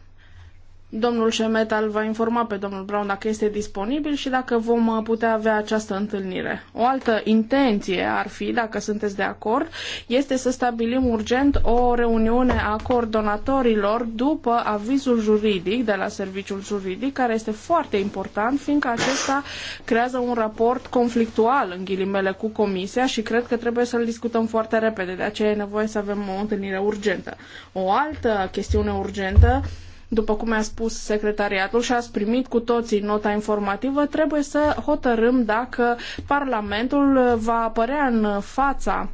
Domnul Șemetal va informa pe domnul Brown dacă este disponibil și dacă vom uh, putea avea această întâlnire. O altă intenție ar fi, dacă sunteți de acord, este să stabilim urgent o reuniune a coordonatorilor după avizul juridic de la serviciul juridic, care este foarte important, fiindcă acesta creează un raport conflictual, în ghilimele, cu comisia și cred că trebuie să-l discutăm foarte repede. De aceea e nevoie să avem o întâlnire urgentă. O altă chestiune urgentă după cum a spus secretariatul și ați primit cu toții nota informativă, trebuie să hotărâm dacă Parlamentul va apărea în fața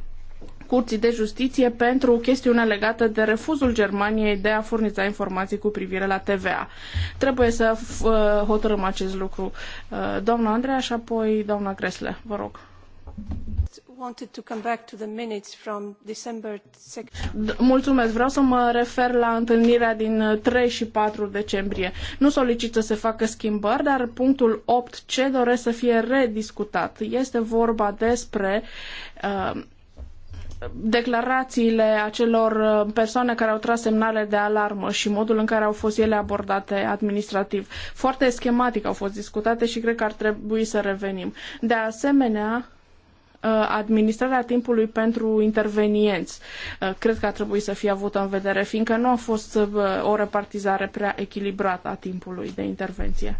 Curții de Justiție pentru chestiunea legată de refuzul Germaniei de a furniza informații cu privire la TVA. Trebuie să uh, hotărâm acest lucru. Uh, doamna Andreea și apoi doamna Gresle, vă rog wanted to come back to the minutes from December Mulțumesc, vreau să mă refer la întâlnirea din 3 uh, și 4 decembrie. Nu solicit să se facă schimbări, dar punctul 8 ce doresc să fie rediscutat. Este vorba despre uh, declarațiile acelor uh, persoane care au tras semnale de alarmă și modul în care au fost ele abordate administrativ. Foarte schematic au fost discutate și cred că ar trebui să revenim. De asemenea, Uh, administrarea timpului pentru intervenienți. Uh, cred că ar trebui să fie avută în vedere, fiindcă nu a fost uh, o repartizare prea echilibrată a timpului de intervenție.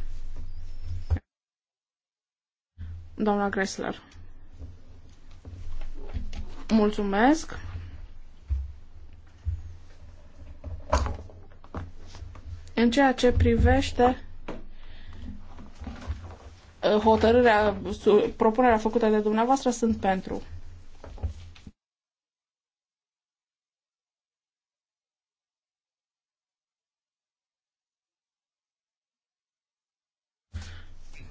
Doamna Gressler. Mulțumesc. În ceea ce privește Uh, hotărârea, propunerea făcută de dumneavoastră sunt pentru.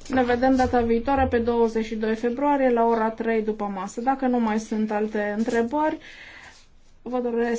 Ne vedem data viitoare pe 22 februarie la ora 3 după masă. Dacă nu mai sunt alte întrebări, vă doresc